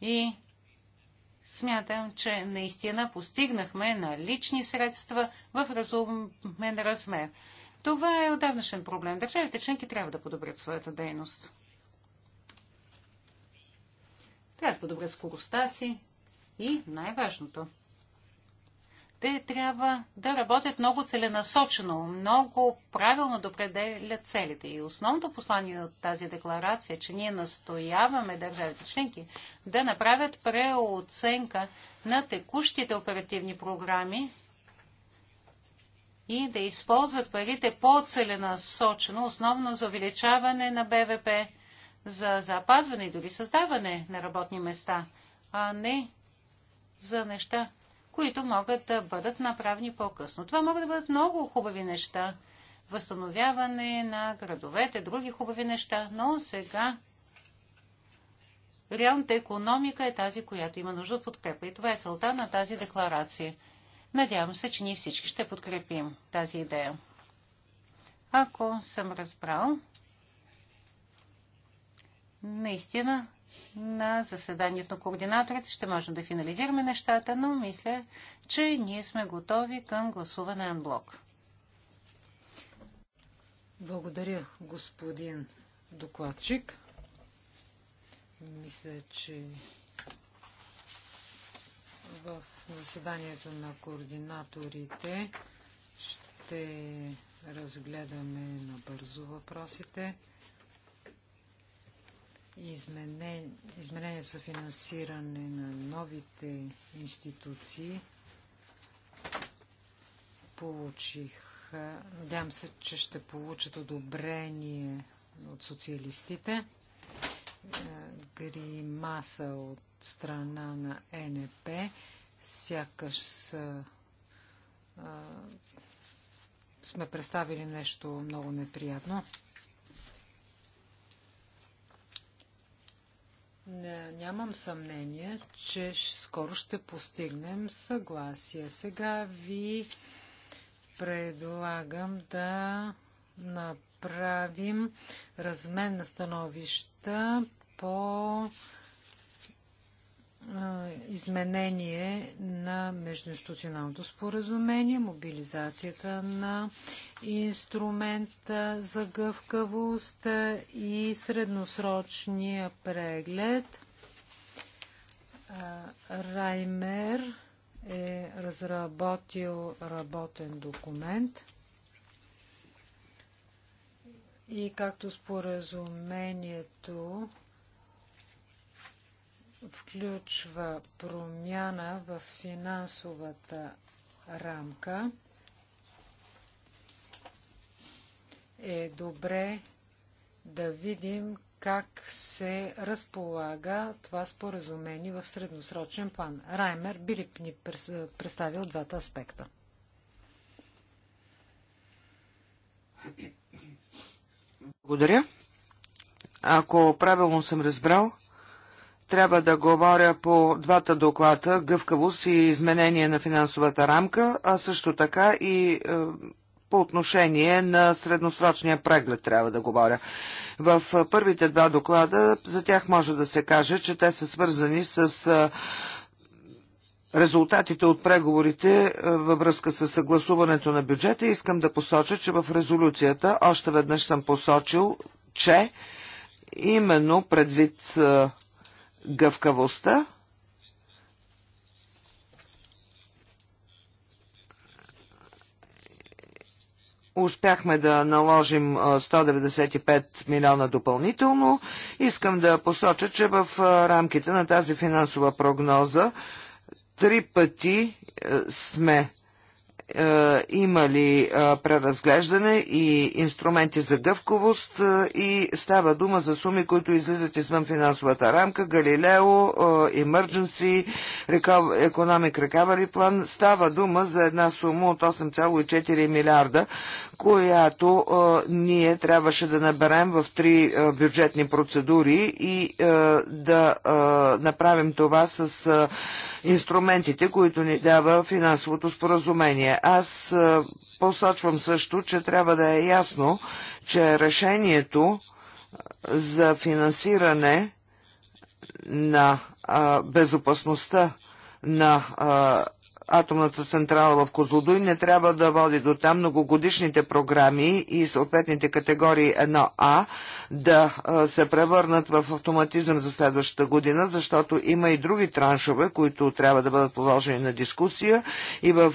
И смятам, че наистина постигнахме на лични средства в разумен размер. Това е отдавнашен проблем. Държавите членки трябва да подобрят своята дейност. Трябва да подобрят скоростта си и най-важното – те трябва да работят много целенасочено, много правилно да определят целите. И основното послание от тази декларация е, че ние настояваме държавите членки да направят преоценка на текущите оперативни програми и да използват парите по-целенасочено, основно за увеличаване на БВП, за запазване и дори създаване на работни места, а не за неща, които могат да бъдат направени по-късно. Това могат да бъдат много хубави неща. Възстановяване на градовете, други хубави неща, но сега реалната економика е тази, която има нужда от подкрепа. И това е целта на тази декларация. Надявам се, че ние всички ще подкрепим тази идея. Ако съм разбрал, наистина на заседанието на координаторите ще можем да финализираме нещата, но мисля, че ние сме готови към гласуване на блок. Благодаря, господин докладчик. Мисля, че в заседанието на координаторите ще разгледаме набързо въпросите изменен... изменения за финансиране на новите институции получих. Надявам се, че ще получат одобрение от социалистите. Е, гримаса от страна на НП сякаш са, сме представили нещо много неприятно. Не, нямам съмнение, че скоро ще постигнем съгласие. Сега ви предлагам да направим размен на становища по изменение на междуинституционалното споразумение, мобилизацията на инструмента за гъвкавост и средносрочния преглед. Раймер е разработил работен документ и както споразумението включва промяна в финансовата рамка. Е добре да видим как се разполага това споразумение в средносрочен план. Раймер би ли ни представил двата аспекта? Благодаря. Ако правилно съм разбрал, трябва да говоря по двата доклада гъвкавост и изменение на финансовата рамка, а също така и е, по отношение на средносрочния преглед трябва да говоря. В е, първите два доклада за тях може да се каже, че те са свързани с е, резултатите от преговорите във връзка с съгласуването на бюджета. Искам да посоча, че в резолюцията още веднъж съм посочил, че именно предвид гъвкавостта. Успяхме да наложим 195 милиона допълнително. Искам да посоча, че в рамките на тази финансова прогноза три пъти сме е, има ли е, преразглеждане и инструменти за гъвковост е, и става дума за суми, които излизат извън финансовата рамка, Галилео, Emergency, Economic Recovery Plan. Става дума за една сума от 8,4 милиарда, която ние трябваше да наберем в три бюджетни процедури и да направим това с инструментите, които ни дава финансовото споразумение аз посочвам също, че трябва да е ясно, че решението за финансиране на безопасността на атомната централа в Козлодуй не трябва да води до там многогодишните програми и съответните категории 1А да се превърнат в автоматизъм за следващата година, защото има и други траншове, които трябва да бъдат положени на дискусия и в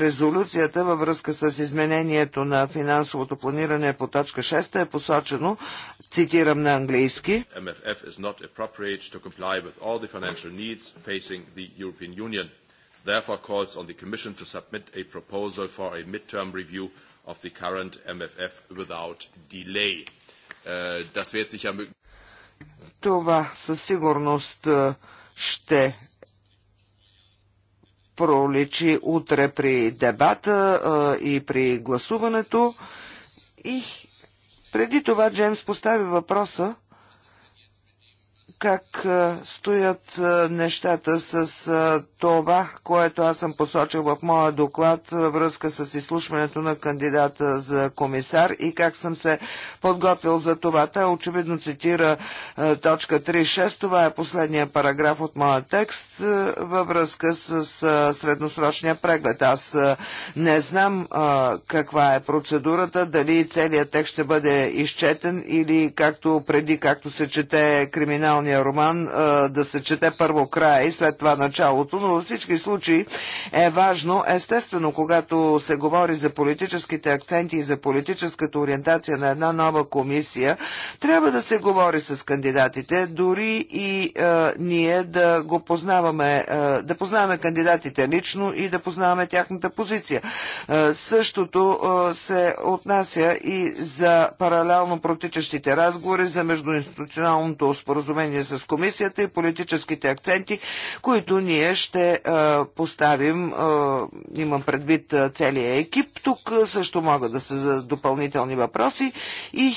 резолюцията във връзка с изменението на финансовото планиране по точка 6 е посочено, цитирам на английски, MFF is not appropriate to comply with all the financial needs facing the European Union therefore calls on the Commission to submit a proposal for a mid term review of the current MFF without delay. Това със сигурност ще проличи утре при дебата и при гласуването. И преди това Джеймс постави въпроса как стоят нещата с това, което аз съм посочил в моя доклад във връзка с изслушването на кандидата за комисар и как съм се подготвил за това. Той очевидно цитира точка 3.6. Това е последния параграф от моя текст във връзка с средносрочния преглед. Аз не знам каква е процедурата, дали целият текст ще бъде изчетен или както преди, както се чете криминалния оригиналния роман да се чете първо края и след това началото, но във всички случаи е важно, естествено, когато се говори за политическите акценти и за политическата ориентация на една нова комисия, трябва да се говори с кандидатите, дори и е, ние да го познаваме, е, да познаваме кандидатите лично и да познаваме тяхната позиция. Е, същото е, се отнася и за паралелно протичащите разговори за междуинституционалното споразумение споразумение с комисията и политическите акценти, които ние ще е, поставим, е, имам предвид е, целия екип. Тук също могат да се допълнителни въпроси и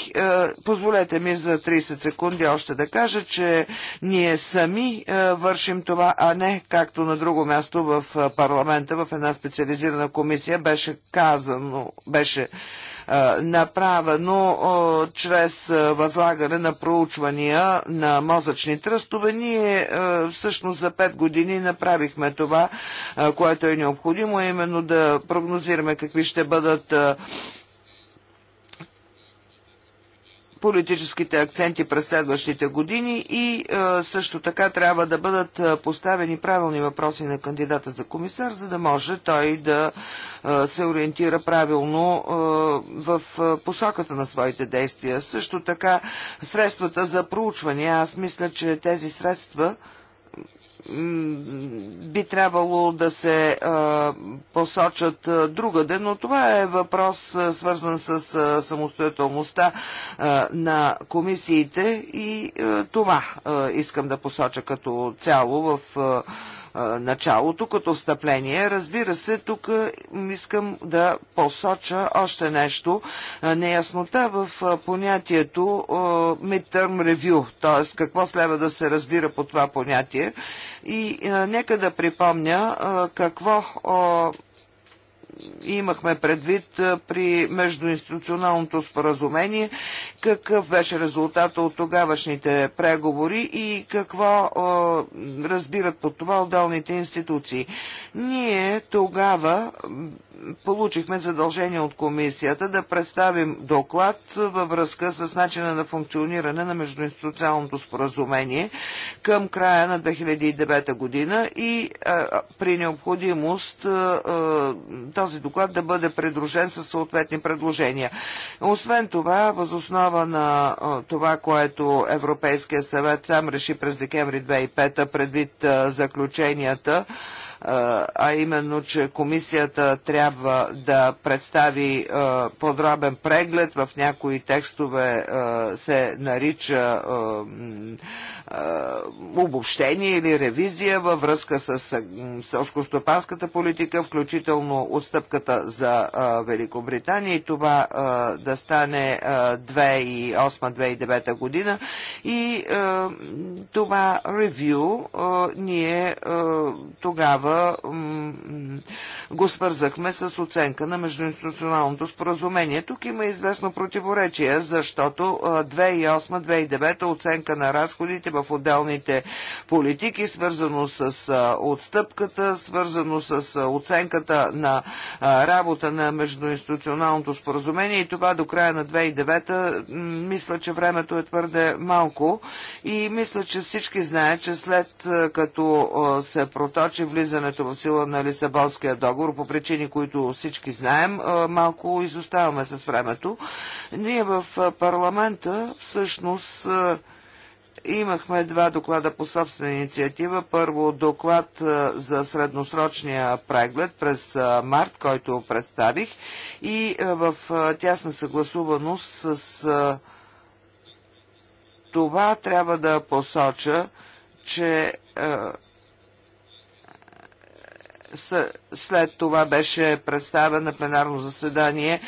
позволете ми за 30 секунди още да кажа, че ние сами вършим това, а не както на друго място в парламента, в една специализирана комисия беше казано, беше направено чрез възлагане на проучвания на мозъчни тръстове. Ние всъщност за 5 години направихме това, което е необходимо, именно да прогнозираме какви ще бъдат политическите акценти през следващите години и е, също така трябва да бъдат е, поставени правилни въпроси на кандидата за комисар, за да може той да е, се ориентира правилно в посоката на своите действия. Също така средствата за проучване. Аз мисля, че тези средства би трябвало да се а, посочат другаде, но това е въпрос а, свързан с самостоятелността на комисиите и това искам да посоча като цяло в началото, като встъпление. Разбира се, тук искам да посоча още нещо. Неяснота в понятието midterm review, т.е. какво следва да се разбира по това понятие. И нека да припомня какво имахме предвид при междуинституционалното споразумение, какъв беше резултата от тогавашните преговори и какво разбират под това отделните институции. Ние тогава получихме задължение от комисията да представим доклад във връзка с начина на функциониране на междуинституционалното споразумение към края на 2009 година и а, е, при необходимост а, е, е, този доклад да бъде придружен със съответни предложения. Освен това, възоснова на а, това, което Европейския съвет сам реши през декември 2005 предвид заключенията, а именно, че комисията трябва да представи подробен преглед. В някои текстове се нарича обобщение или ревизия във връзка с селскостопанската политика, включително отстъпката за Великобритания и това да стане 2008-2009 година. И това ревю ние тогава тогава го свързахме с оценка на междуинституционалното споразумение. Тук има известно противоречие, защото 2008-2009 оценка на разходите в отделните политики, свързано с отстъпката, свързано с оценката на работа на междуинституционалното споразумение и това до края на 2009 мисля, че времето е твърде малко и мисля, че всички знаят, че след като се проточи влизане влизането в сила на Лисабонския договор, по причини, които всички знаем, малко изоставаме с времето. Ние в парламента всъщност имахме два доклада по собствена инициатива. Първо доклад за средносрочния преглед през март, който представих и в тясна съгласуваност с това трябва да посоча, че са след това беше представен на пленарно заседание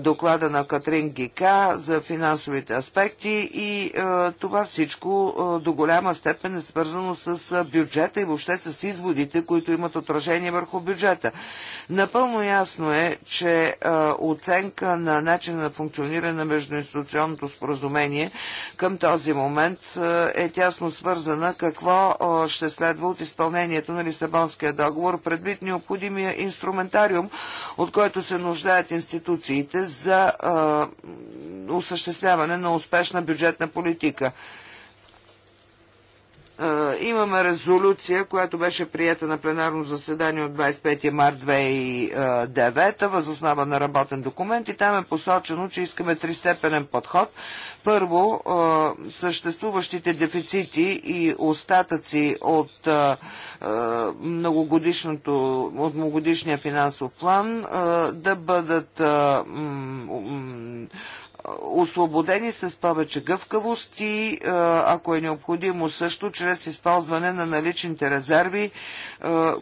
доклада на Катрин Гика за финансовите аспекти и това всичко до голяма степен е свързано с бюджета и въобще с изводите, които имат отражение върху бюджета. Напълно ясно е, че оценка на начина на функциониране на междуинституционното споразумение към този момент е тясно свързана какво ще следва от изпълнението на Лисабонския договор предвид необходимост необходимия инструментариум, от който се нуждаят институциите за осъществяване на успешна бюджетна политика. Имаме резолюция, която беше прията на пленарно заседание от 25 март 2009, възоснова на работен документ и там е посочено, че искаме тристепенен подход. Първо, съществуващите дефицити и остатъци от многогодишното, от многогодишния финансов план да бъдат освободени с повече гъвкавост и, ако е необходимо също, чрез използване на наличните резерви,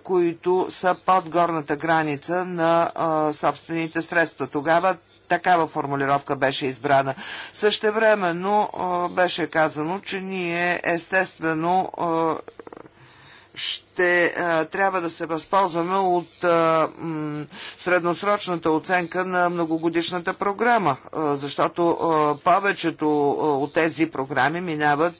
които са под горната граница на собствените средства. Тогава такава формулировка беше избрана. Същевременно беше казано, че ние естествено ще ще трябва да се възползваме от средносрочната оценка на многогодишната програма, защото повечето от тези програми минават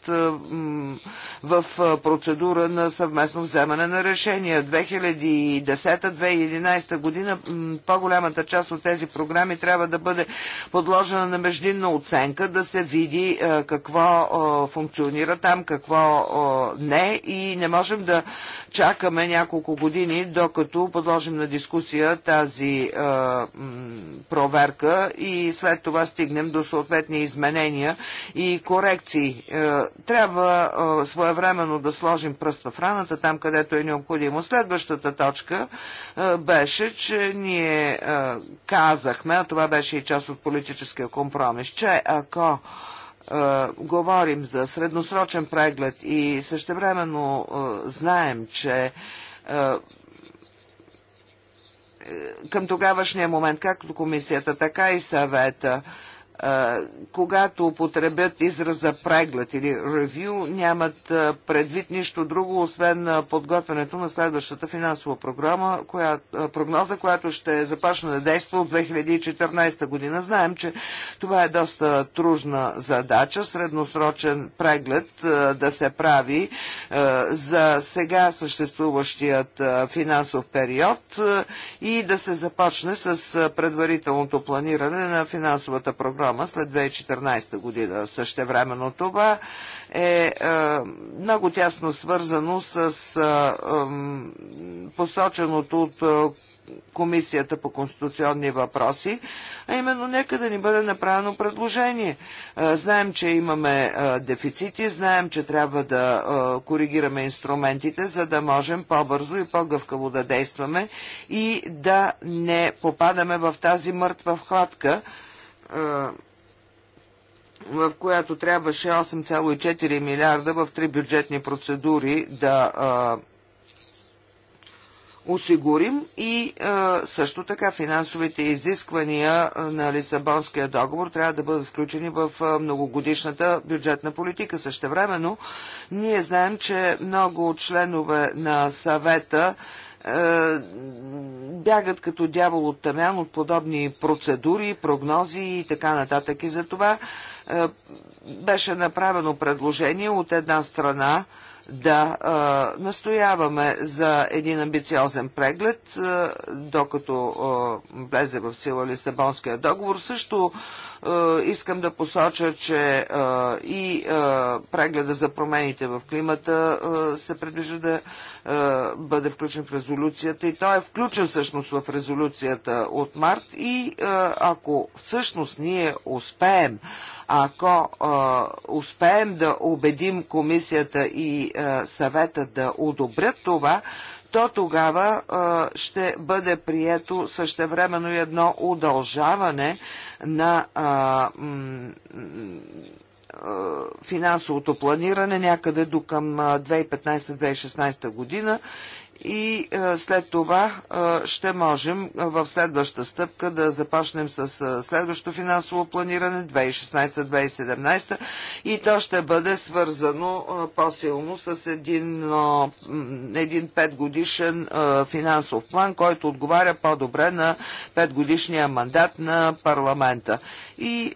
в процедура на съвместно вземане на решения. 2010-2011 година по-голямата част от тези програми трябва да бъде подложена на междинна оценка, да се види какво функционира там, какво не и не можем да чакаме няколко години, докато подложим на дискусия тази е, проверка и след това стигнем до съответни изменения и корекции. Е, трябва е, своевременно да сложим пръст в раната, там където е необходимо. Следващата точка е, беше, че ние е, казахме, а това беше и част от политическия компромис, че ако е, е, говорим за средносрочен преглед и същевременно е, знаем, че е, към тогавашния момент, както комисията, така и съвета, когато употребят израза преглед или ревю, нямат предвид нищо друго, освен подготвянето на следващата финансова програма, коя, прогноза, която ще започне да действа от 2014 година. Знаем, че това е доста тружна задача, средносрочен преглед да се прави за сега съществуващият финансов период и да се започне с предварителното планиране на финансовата програма Рома след 2014 година. също времено това е, е много тясно свързано с е, посоченото от е, Комисията по конституционни въпроси, а именно нека да ни бъде направено предложение. Е, знаем, че имаме е, дефицити, знаем, че трябва да коригираме инструментите, за да можем по-бързо и по-гъвкаво да действаме и да не попадаме в тази мъртва вхватка в която трябваше 8,4 милиарда в три бюджетни процедури да а, осигурим и а, също така финансовите изисквания на Лисабонския договор трябва да бъдат включени в а, многогодишната бюджетна политика. Същевременно ние знаем, че много от членове на съвета а, е, бягат като дявол от тъмян от подобни процедури, прогнози и така нататък. И за това е, беше направено предложение от една страна да е, настояваме за един амбициозен преглед, докато влезе в сила Лисабонския договор. Също е, искам да посоча, че е, и е, прегледа за промените в климата се предвижда да бъде включен в резолюцията и той е включен всъщност в резолюцията от март и ако всъщност ние успеем, ако успеем да убедим комисията и съвета да одобрят това, то тогава а, ще бъде прието същевременно и едно удължаване на а, финансовото планиране някъде до към 2015-2016 година и е, след това е, ще можем е, в следваща стъпка да започнем с следващото финансово планиране 2016-2017 и то ще бъде свързано по-силно с един, един 5 годишен финансов план, който отговаря по-добре на 5 годишния мандат на парламента. И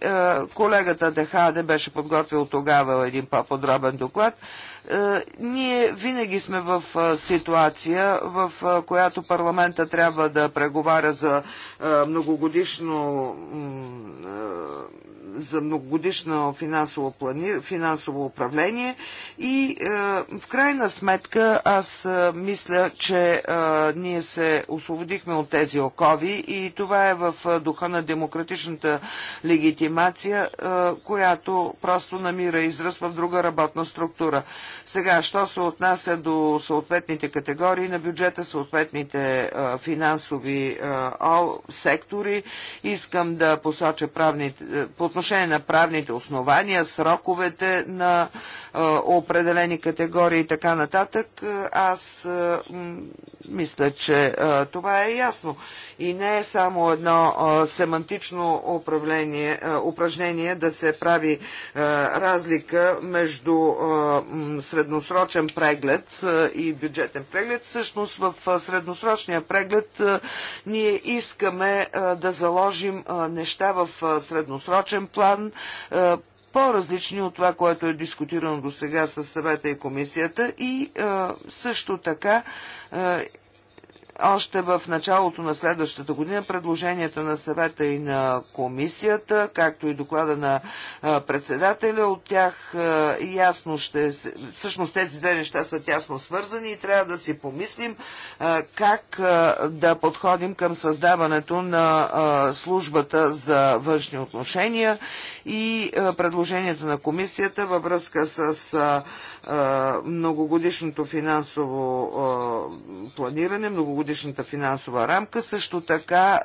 колегата Дехаде беше подготвил тогава един по-подробен доклад. Е, ние винаги сме в е, ситуация, в е, която парламента трябва да преговаря за многогодишно за многогодишно финансово, плани... финансово управление и е, в крайна сметка аз е, мисля, че е, ние се освободихме от тези окови и това е в духа на демократичната легитимация, която просто намира израз в друга работна структура. Сега, що се отнася до съответните категории на бюджета, съответните финансови сектори, искам да посоча правните, по отношение на правните основания, сроковете на определени категории и така нататък, аз мисля, че това е ясно. И не е само едно семантично упражнение да се прави разлика между средносрочен преглед и бюджетен преглед. Всъщност в средносрочния преглед ние искаме да заложим неща в средносрочен план по-различни от това, което е дискутирано до сега с съвета и комисията и също така още в началото на следващата година предложенията на съвета и на комисията, както и доклада на председателя, от тях ясно ще... Всъщност тези две неща са тясно свързани и трябва да си помислим как да подходим към създаването на службата за външни отношения и предложенията на комисията във връзка с многогодишното финансово планиране, многогодишната финансова рамка. Също така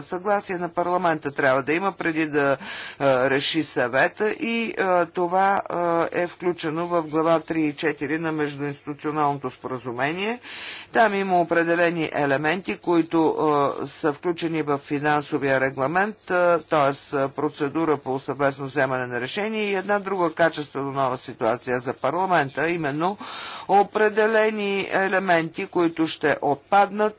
съгласие на парламента трябва да има преди да реши съвета и това е включено в глава 3 и 4 на междуинституционалното споразумение. Там има определени елементи, които са включени в финансовия регламент, т.е. процедура по съвместно вземане на решение и една друга качествено нова ситуация за парламент момента, именно определени елементи, които ще отпаднат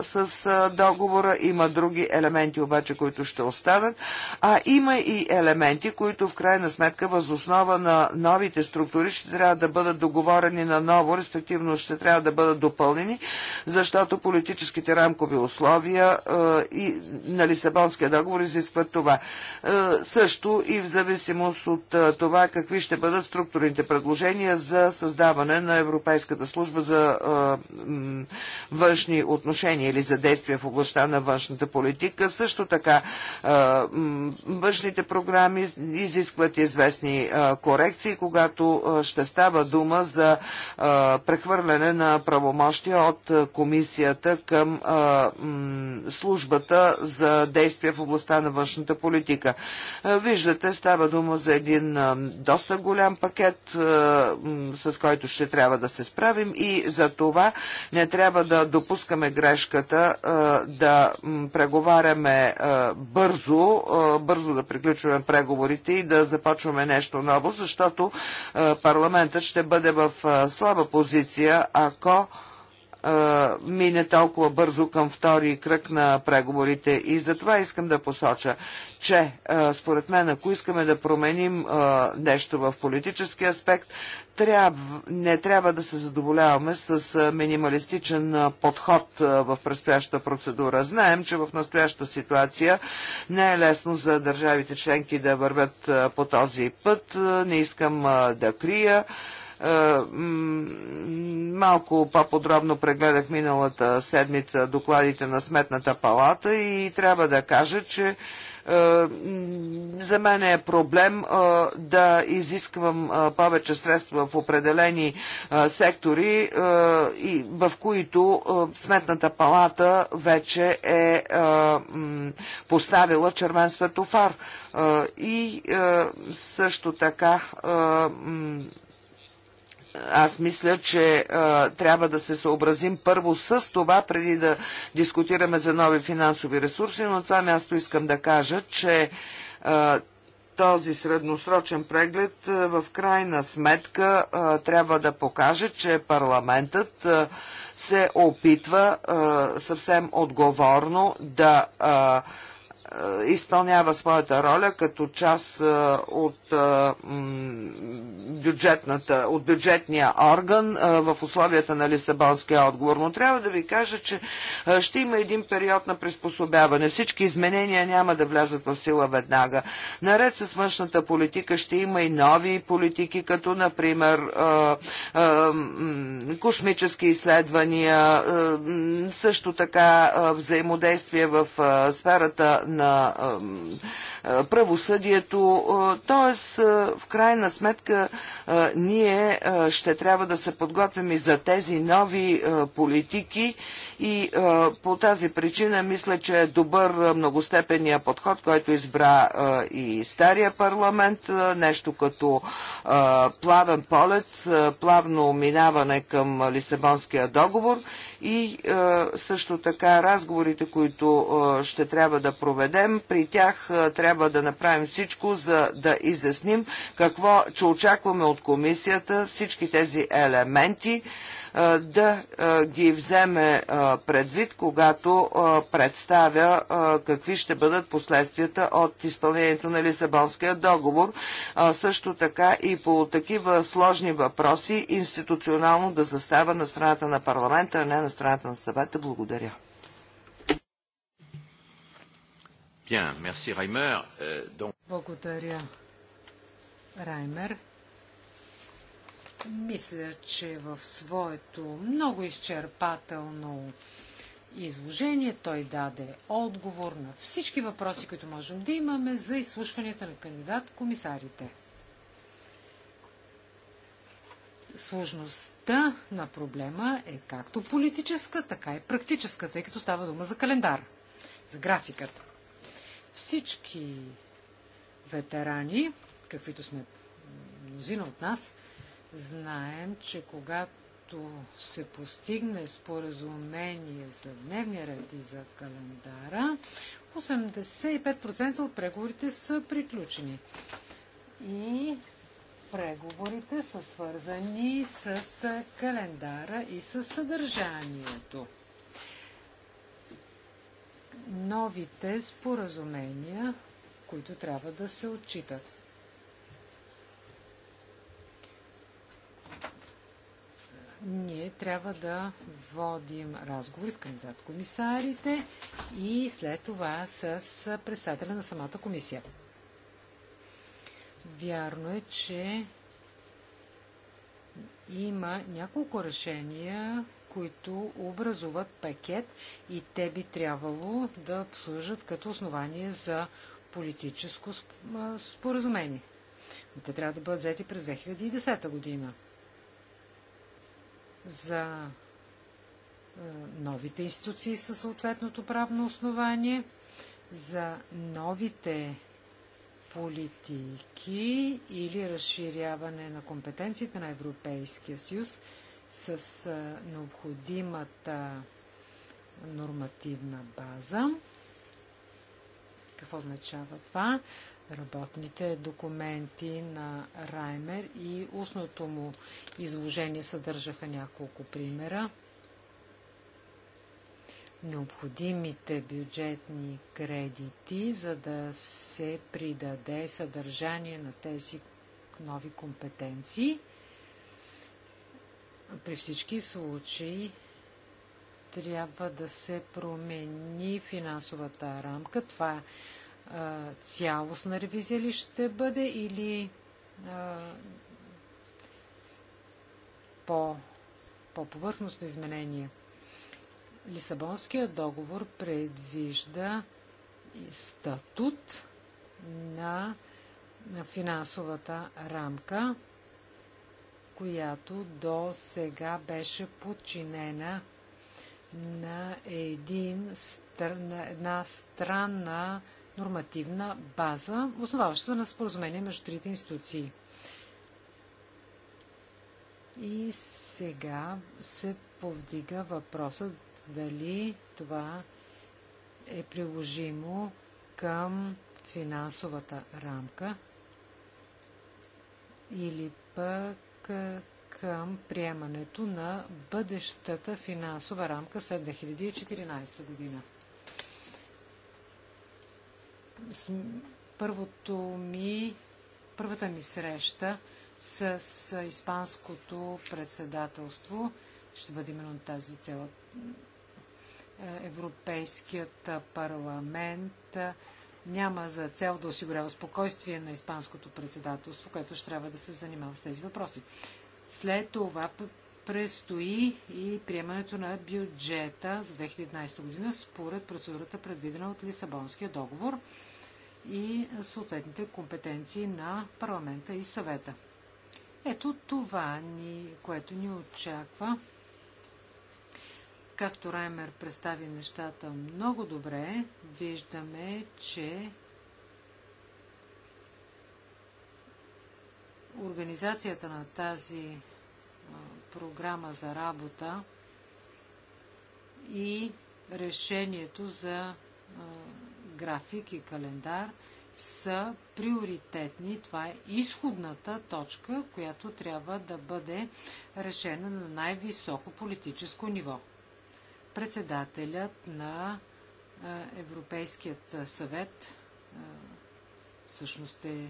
с договора, има други елементи обаче, които ще останат, а има и елементи, които в крайна сметка възоснова на новите структури ще трябва да бъдат договорени на ново, респективно ще трябва да бъдат допълнени, защото политическите рамкови условия и на Лисабонския договор изискват това. Също и в зависимост от това какви ще бъдат структурните предложения за създаване на Европейската служба за външни отношения или за действия в областта на външната политика. Също така външните програми изискват известни корекции, когато ще става дума за прехвърляне на правомощия от комисията към службата за действия в областта на външната политика. Виждате, става дума за един доста голям пакет, с който ще трябва да се справим и за това не трябва да допускаме грешката да преговаряме бързо, бързо да приключваме преговорите и да започваме нещо ново, защото парламентът ще бъде в слаба позиция, ако мине толкова бързо към втори кръг на преговорите. И затова искам да посоча, че според мен, ако искаме да променим нещо в политически аспект, не трябва да се задоволяваме с минималистичен подход в предстоящата процедура. Знаем, че в настояща ситуация не е лесно за държавите членки да вървят по този път. Не искам да крия е, малко по-подробно прегледах миналата седмица докладите на Сметната палата и трябва да кажа, че е, за мен е проблем е, да изисквам повече средства в определени сектори, в които Сметната палата вече е поставила червен светофар. И също така аз мисля, че а, трябва да се съобразим първо с това, преди да дискутираме за нови финансови ресурси, но това място искам да кажа, че а, този средносрочен преглед в крайна сметка а, трябва да покаже, че парламентът а, се опитва а, съвсем отговорно да а, е, изпълнява своята роля като част е, от е, бюджетната, от бюджетния орган в условията на Лисабонския отговор. Но трябва да ви кажа, че ще има един период на приспособяване. Всички изменения няма да влязат в сила веднага. Наред с външната политика ще има и нови политики, като например космически изследвания, също така взаимодействие в сферата на на правосъдието. Тоест, в крайна сметка, ние ще трябва да се подготвим и за тези нови политики и по тази причина мисля, че е добър многостепенния подход, който избра и стария парламент, нещо като плавен полет, плавно минаване към Лисабонския договор и също така разговорите, които ще трябва да проведем, при тях трябва трябва да направим всичко, за да изясним какво, че очакваме от комисията всички тези елементи да ги вземе предвид, когато представя какви ще бъдат последствията от изпълнението на Лисабонския договор. Също така и по такива сложни въпроси институционално да застава на страната на парламента, а не на страната на съвета. Благодаря. Bien, merci euh, Donc... Благодаря, Раймер. Мисля, че в своето много изчерпателно изложение той даде отговор на всички въпроси, които можем да имаме за изслушванията на кандидат-комисарите. Сложността на проблема е както политическа, така и практическа, тъй като става дума за календар, за графиката. Всички ветерани, каквито сме мнозина от нас, знаем, че когато се постигне споразумение за дневния ред и за календара, 85% от преговорите са приключени. И преговорите са свързани с календара и с съдържанието новите споразумения, които трябва да се отчитат. Ние трябва да водим разговори с кандидат-комисарите и след това с председателя на самата комисия. Вярно е, че има няколко решения, които образуват пакет и те би трябвало да служат като основание за политическо споразумение. Но те трябва да бъдат взети през 2010 година. За новите институции със съответното правно основание, за новите политики или разширяване на компетенциите на Европейския съюз – с необходимата нормативна база. Какво означава това? Работните документи на Раймер и устното му изложение съдържаха няколко примера. Необходимите бюджетни кредити, за да се придаде съдържание на тези нови компетенции – при всички случаи трябва да се промени финансовата рамка. Това е цялостна ревизия ли ще бъде или а, по, по-повърхностно изменение? Лисабонският договор предвижда статут на, на финансовата рамка която до сега беше подчинена на, един, на една странна нормативна база, основаваща се на споразумение между трите институции. И сега се повдига въпросът дали това е приложимо към финансовата рамка или пък стъпка към приемането на бъдещата финансова рамка след 2014 година. Първото ми, първата ми среща с Испанското председателство ще бъде именно тази цел. Европейският парламент няма за цел да осигурява спокойствие на Испанското председателство, което ще трябва да се занимава с тези въпроси. След това предстои и приемането на бюджета за 2011 година според процедурата предвидена от Лисабонския договор и съответните компетенции на парламента и съвета. Ето това, ни, което ни очаква Както Раймер представи нещата много добре, виждаме, че организацията на тази програма за работа и решението за график и календар са приоритетни. Това е изходната точка, която трябва да бъде решена на най-високо политическо ниво. Председателят на Европейският съвет всъщност е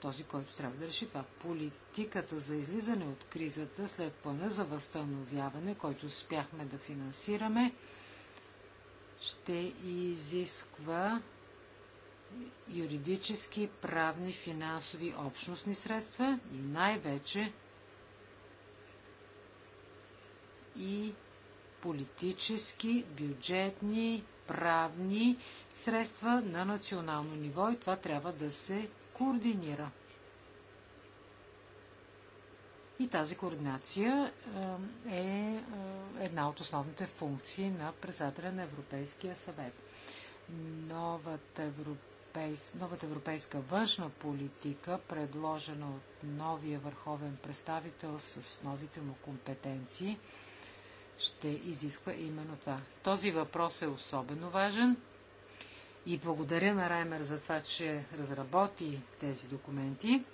този, който трябва да реши това. Политиката за излизане от кризата след плана за възстановяване, който успяхме да финансираме, ще изисква юридически, правни, финансови, общностни средства и най-вече и политически, бюджетни, правни средства на национално ниво и това трябва да се координира. И тази координация е, е една от основните функции на председателя на Европейския съвет. Новата, европейс... новата европейска външна политика, предложена от новия върховен представител с новите му компетенции, ще изисква именно това. Този въпрос е особено важен и благодаря на Раймер за това, че разработи тези документи.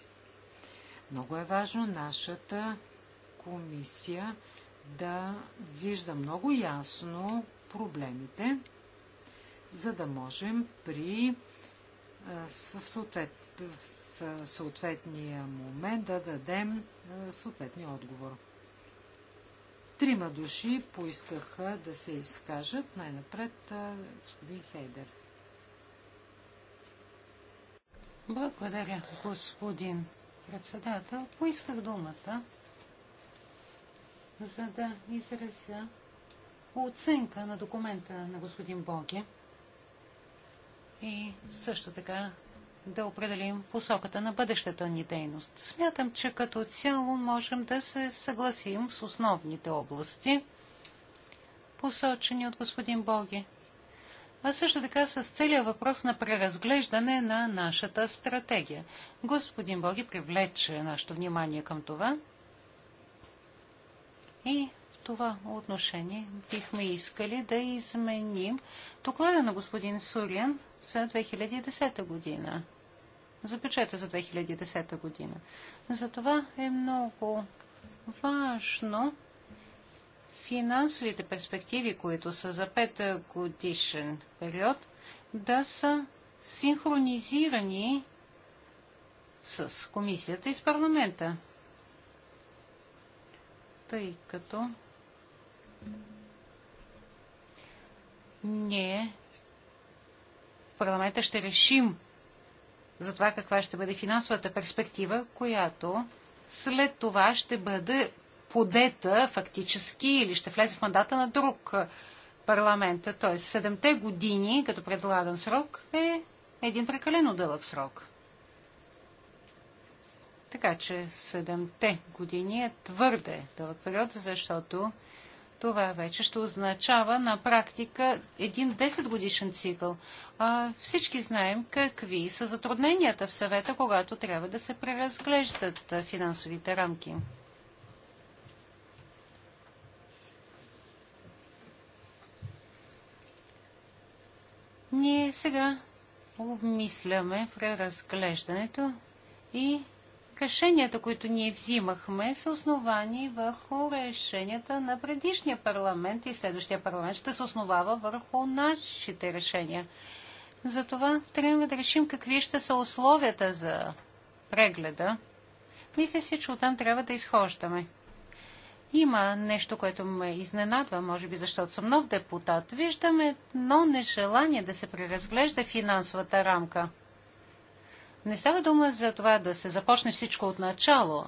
Много е важно нашата комисия да вижда много ясно проблемите, за да можем при в, съответ, в съответния момент да дадем съответния отговор. Трима души поискаха да се изкажат. Най-напред господин Хейдер. Благодаря, господин председател. Поисках думата, за да изразя оценка на документа на господин Боги и също така да определим посоката на бъдещата ни дейност. Смятам, че като цяло можем да се съгласим с основните области, посочени от господин Боги. А също така с целият въпрос на преразглеждане на нашата стратегия. Господин Боги привлече нашето внимание към това. И в това отношение бихме искали да изменим доклада на господин Сурян за 2010 година за бюджета за 2010 година. Затова е много важно финансовите перспективи, които са за 5 годишен период, да са синхронизирани с комисията и с парламента. Тъй като ние в парламента ще решим за това каква ще бъде финансовата перспектива, която след това ще бъде подета фактически или ще влезе в мандата на друг парламент. Т.е. седемте години като предлаган срок е един прекалено дълъг срок. Така че седемте години е твърде дълъг период, защото това вече ще означава на практика един 10 годишен цикъл. А, всички знаем какви са затрудненията в съвета, когато трябва да се преразглеждат финансовите рамки. Ние сега обмисляме преразглеждането и решенията, които ние взимахме, са основани върху решенията на предишния парламент и следващия парламент ще се основава върху нашите решения. Затова трябва да решим какви ще са условията за прегледа. Мисля си, че оттам трябва да изхождаме. Има нещо, което ме изненадва, може би защото съм нов депутат. Виждаме едно нежелание да се преразглежда финансовата рамка – не става дума за това да се започне всичко от начало.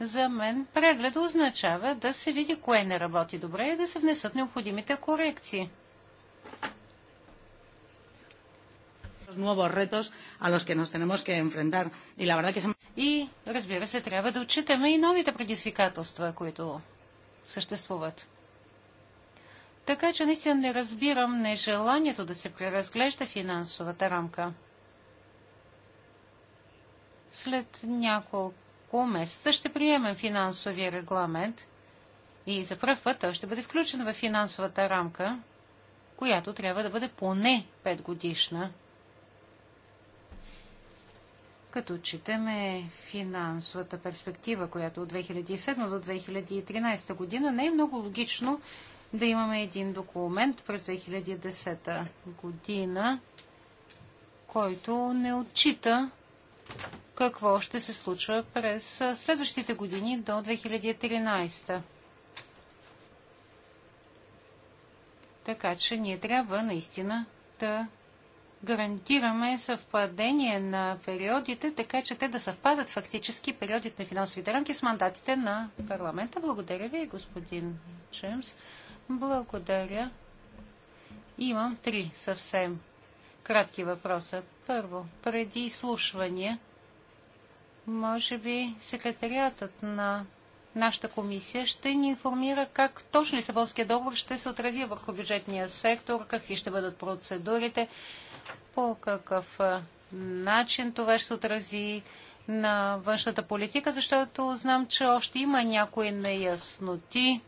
За мен преглед означава да се види кое не работи добре и да се внесат необходимите корекции. И разбира се, трябва да отчитаме и новите предизвикателства, които съществуват. Така че наистина не разбирам нежеланието да се преразглежда финансовата рамка. След няколко месеца ще приемем финансовия регламент и за първ път той ще бъде включен в финансовата рамка, която трябва да бъде поне 5 годишна. Като читаме финансовата перспектива, която от 2007 до 2013 година, не е много логично да имаме един документ през 2010 година, който не отчита какво ще се случва през следващите години до 2013. Така че ние трябва наистина да гарантираме съвпадение на периодите, така че те да съвпадат фактически периодите на финансовите рамки с мандатите на парламента. Благодаря ви, господин Чемс. Благодаря. Имам три съвсем кратки въпроса. Първо, преди изслушвания, може би секретариатът на нашата комисия ще ни информира как точно Лисабонския договор ще се отрази върху бюджетния сектор, какви ще бъдат процедурите, по какъв начин това ще се отрази на външната политика, защото знам, че още има някои неясноти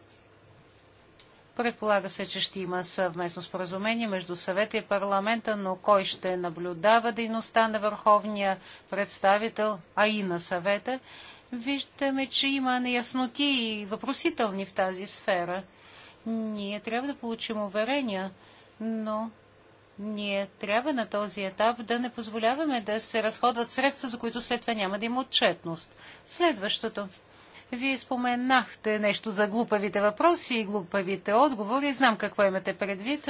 Предполага се, че ще има съвместно споразумение между съвета и парламента, но кой ще наблюдава дейността на върховния представител, а и на съвета? Виждаме, че има неясноти и въпросителни в тази сфера. Ние трябва да получим уверения, но ние трябва на този етап да не позволяваме да се разходват средства, за които след това няма да има отчетност. Следващото. Вие споменахте нещо за глупавите въпроси и глупавите отговори. Знам какво имате предвид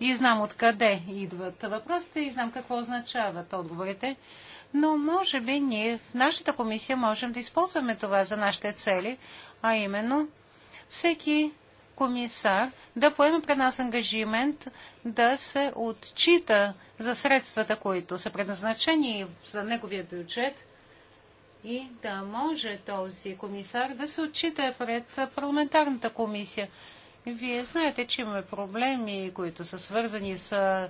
и знам откъде идват въпросите и знам какво означават отговорите. Но може би ние в нашата комисия можем да използваме това за нашите цели, а именно всеки комисар да поеме пред нас ангажимент да се отчита за средствата, които са предназначени за неговия бюджет и да може този комисар да се отчита пред парламентарната комисия. Вие знаете, че имаме проблеми, които са свързани с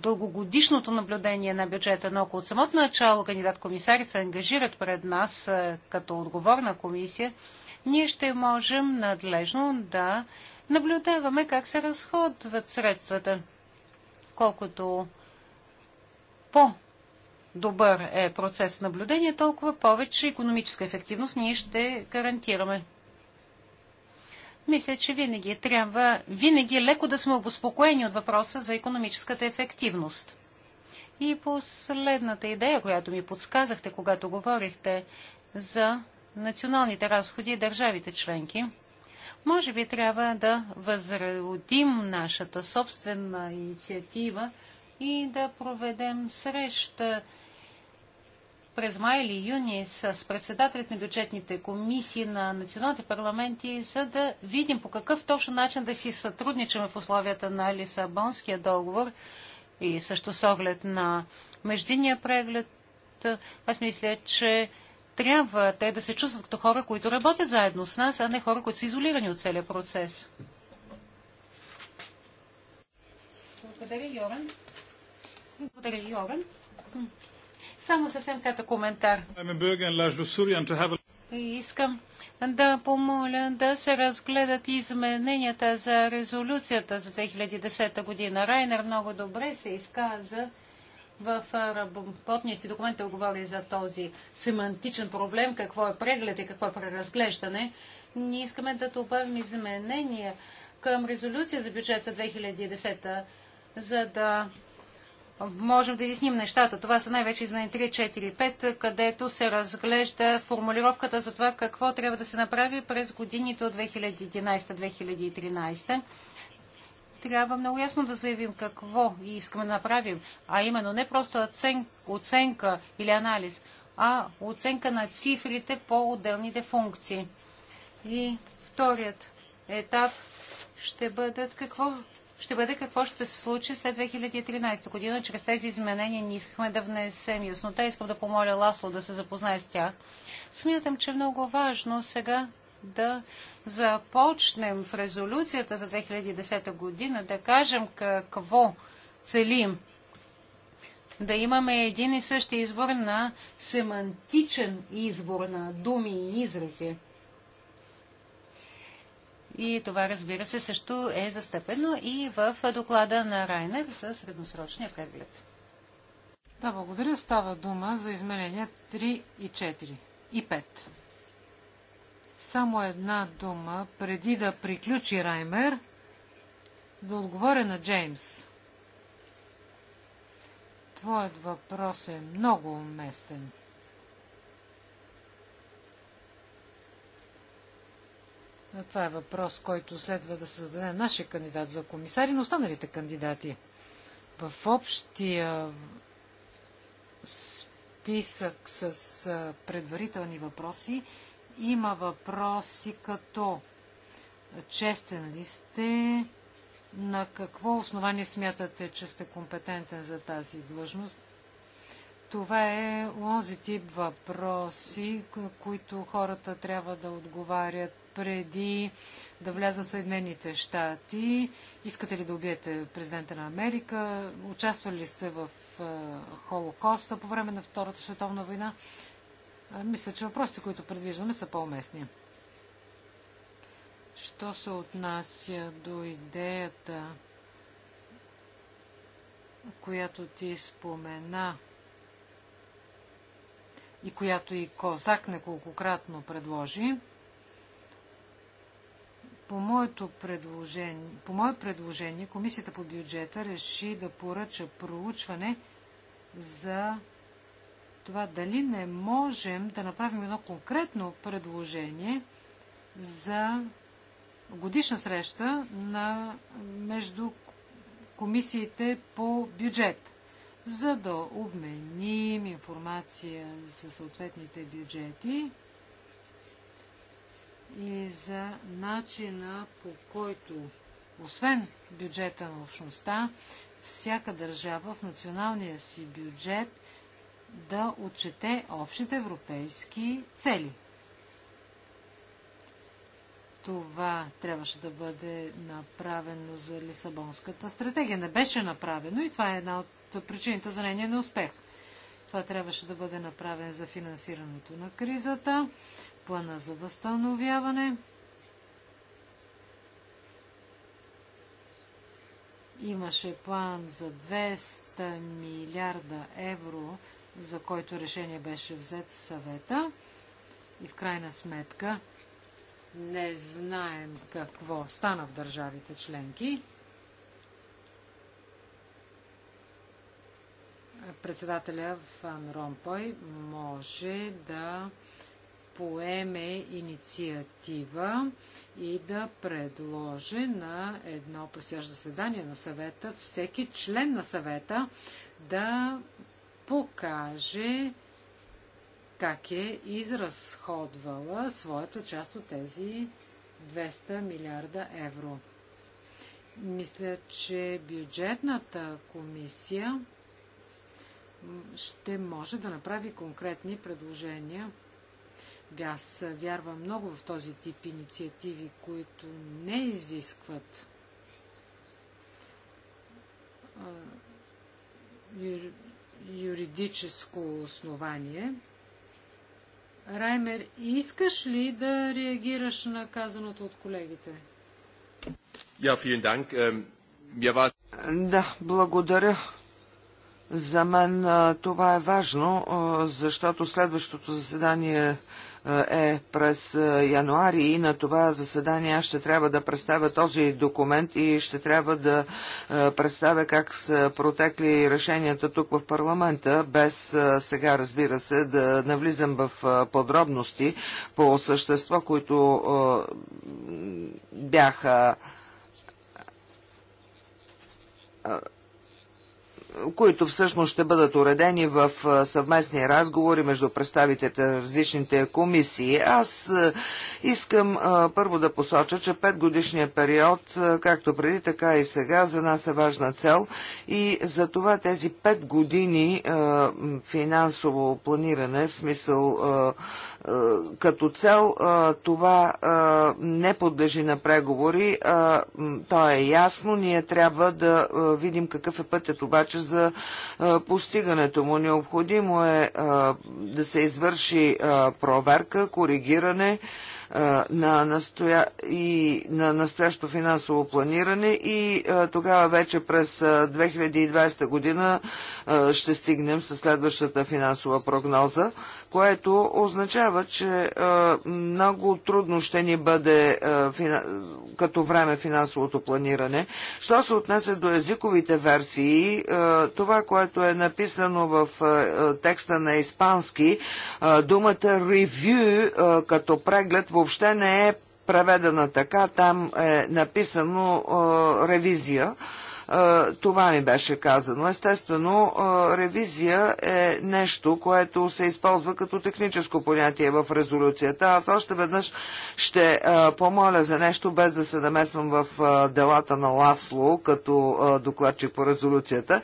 дългогодишното наблюдение на бюджета, но ако от самото начало кандидат комисарите се ангажират пред нас е, като отговорна комисия, ние ще можем надлежно да наблюдаваме как се разходват средствата. Колкото по добър е процес наблюдение, толкова повече економическа ефективност ние ще гарантираме. Мисля, че винаги трябва, винаги е леко да сме обоспокоени от въпроса за економическата ефективност. И последната идея, която ми подсказахте, когато говорихте за националните разходи и държавите членки, може би трябва да възродим нашата собствена инициатива и да проведем среща през май или юни с председателите на бюджетните комисии на националните парламенти, за да видим по какъв точно начин да си сътрудничаме в условията на Лисабонския договор и също с оглед на междинния преглед. Аз мисля, че трябва те да се чувстват като хора, които работят заедно с нас, а не хора, които са изолирани от целия процес. Благодаря, Йорен. Благодаря, Йоран. Само съвсем кратък коментар. Искам да помоля да се разгледат измененията за резолюцията за 2010 година. Райнер много добре се изказа в работния си документ той говори за този семантичен проблем, какво е преглед и какво е преразглеждане. Ние искаме да добавим изменения към резолюция за бюджет за 2010 за да можем да изясним нещата. Това са най-вече измени 3, 4, 5, където се разглежда формулировката за това какво трябва да се направи през годините от 2011-2013 трябва много ясно да заявим какво искаме да направим, а именно не просто оценка, оценка или анализ, а оценка на цифрите по отделните функции. И вторият етап ще бъдат какво ще бъде какво ще се случи след 2013 година. Чрез тези изменения ние искахме да внесем яснота. Искам да помоля Ласло да се запознае с тях. Смятам, че е много важно сега да започнем в резолюцията за 2010 година, да кажем какво целим. Да имаме един и същи избор на семантичен избор на думи и изрази. И това, разбира се, също е застъпено и в доклада на Райнер за средносрочния преглед. Да, благодаря. Става дума за изменения 3 и 4 и 5. Само една дума, преди да приключи Раймер, да отговоря на Джеймс. Твоят въпрос е много уместен. Това е въпрос, който следва да се зададе нашия кандидат за комисари, но останалите кандидати. В общия списък с предварителни въпроси има въпроси като честен ли сте, на какво основание смятате, че сте компетентен за тази длъжност, това е онзи тип въпроси, които хората трябва да отговарят преди да влязат в Съединените щати. Искате ли да убиете президента на Америка? Участвали ли сте в Холокоста по време на Втората световна война? Мисля, че въпросите, които предвиждаме, са по-уместни. Що се отнася до идеята, която ти спомена – и която и Козак неколкократно предложи, по, моето предложение, по мое предложение Комисията по бюджета реши да поръча проучване за това дали не можем да направим едно конкретно предложение за годишна среща на, между комисиите по бюджет за да обменим информация за съответните бюджети и за начина по който, освен бюджета на общността, всяка държава в националния си бюджет да отчете общите европейски цели. Това трябваше да бъде направено за Лисабонската стратегия. Не беше направено и това е една от от причините за нейния неуспех. Това трябваше да бъде направен за финансирането на кризата, плана за възстановяване. Имаше план за 200 милиарда евро, за който решение беше взет съвета. И в крайна сметка не знаем какво стана в държавите членки. председателя Ван Ромпой може да поеме инициатива и да предложи на едно предстоящо заседание на съвета всеки член на съвета да покаже как е изразходвала своята част от тези 200 милиарда евро. Мисля, че бюджетната комисия ще може да направи конкретни предложения. Аз вярвам много в този тип инициативи, които не изискват юридическо основание. Раймер, искаш ли да реагираш на казаното от колегите? Ähm, да, благодаря. За мен това е важно, защото следващото заседание е през януари и на това заседание аз ще трябва да представя този документ и ще трябва да представя как са протекли решенията тук в парламента, без сега разбира се да навлизам в подробности по същество, които бяха които всъщност ще бъдат уредени в съвместни разговори между представителите на различните комисии. Аз искам първо да посоча, че петгодишният период, както преди, така и сега, за нас е важна цел и за това тези пет години финансово планиране, в смисъл е, като цел е, това е, не подлежи на преговори. То е ясно. Ние трябва да видим какъв е пътят обаче за постигането му. Необходимо е да се извърши проверка, коригиране на, настоя... и на настоящо финансово планиране и тогава вече през 2020 година ще стигнем с следващата финансова прогноза което означава, че много трудно ще ни бъде като време финансовото планиране. Що се отнесе до езиковите версии, това, което е написано в текста на испански, думата review като преглед въобще не е преведена така, там е написано ревизия. Това ми беше казано. Естествено, ревизия е нещо, което се използва като техническо понятие в резолюцията. Аз още веднъж ще помоля за нещо, без да се намесвам в делата на Ласло, като докладчик по резолюцията.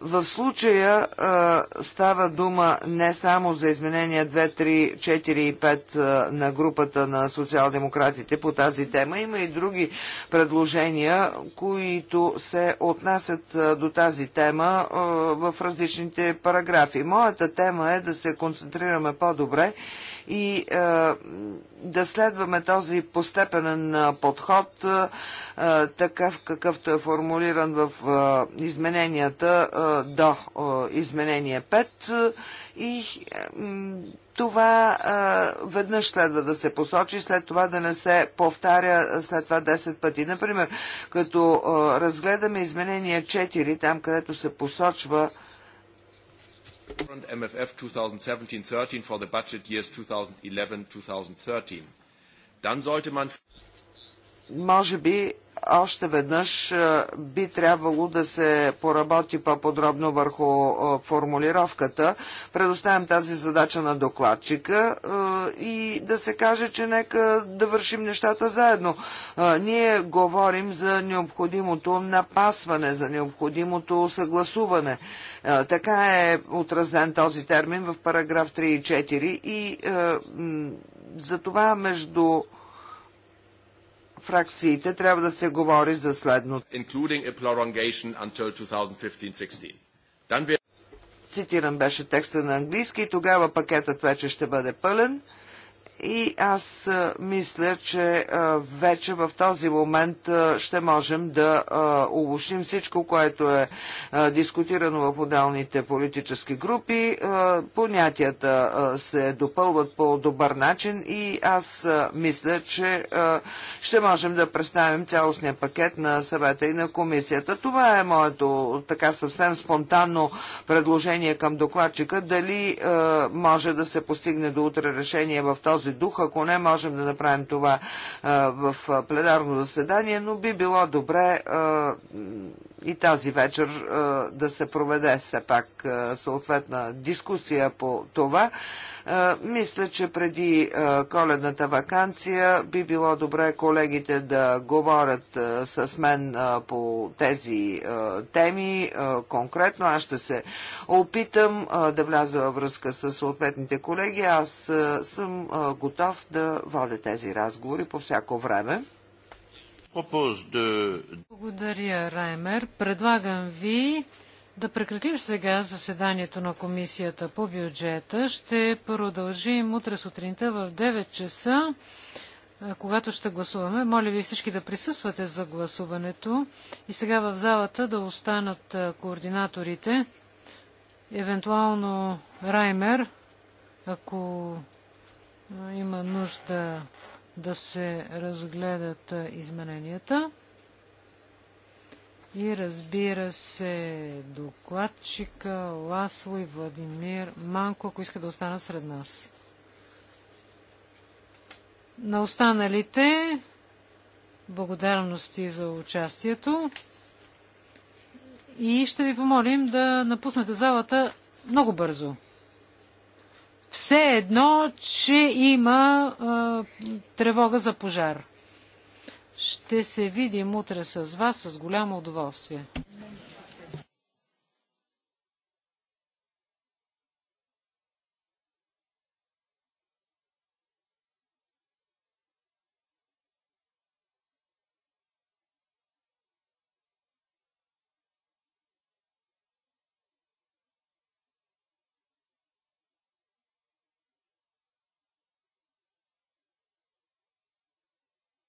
В случая а, става дума не само за изменения 2, 3, 4 и 5 а, на групата на социал-демократите по тази тема. Има и други предложения, които се отнасят а, до тази тема а, в различните параграфи. Моята тема е да се концентрираме по-добре и е, да следваме този постепенен е, подход, е, такъв какъвто е формулиран в измененията до е, изменение 5 и това а, веднъж следва да се посочи, след това да не се повтаря след това 10 пъти. Например, като а, разгледаме изменение 4, там където се посочва current MFF 2017 2013 for the budget years 2011-2013. Dann sollte man... Може би още веднъж е, би трябвало да се поработи по-подробно върху е, формулировката. Предоставям тази задача на докладчика е, и да се каже, че нека да вършим нещата заедно. Ние говорим за необходимото напасване, за необходимото съгласуване. Така е отразен този термин в параграф 3 и 4 и за това между фракциите трябва да се говори за следното. Цитиран беше текста на английски и тогава пакетът вече ще бъде пълен. И аз мисля, че вече в този момент ще можем да обобщим всичко, което е дискутирано в отделните политически групи. Понятията се допълват по добър начин и аз мисля, че ще можем да представим цялостния пакет на съвета и на комисията. Това е моето така съвсем спонтанно предложение към докладчика. Дали може да се постигне до утре решение в този този дух, ако не можем да направим това в пленарно заседание, но би било добре и тази вечер да се проведе все пак съответна дискусия по това. Мисля, че преди коледната вакансия би било добре колегите да говорят с мен по тези теми конкретно. Аз ще се опитам да вляза във връзка с съответните колеги. Аз съм готов да водя тези разговори по всяко време. Благодаря, Раймер. Предлагам ви да прекратим сега заседанието на комисията по бюджета. Ще продължим утре сутринта в 9 часа, когато ще гласуваме. Моля ви всички да присъствате за гласуването и сега в залата да останат координаторите, евентуално Раймер, ако има нужда да се разгледат измененията и разбира се докладчика Ласло и Владимир Манко, ако иска да останат сред нас. На останалите благодарности за участието и ще ви помолим да напуснете залата много бързо. Все едно, че има а, тревога за пожар. Ще се видим утре с вас с голямо удоволствие.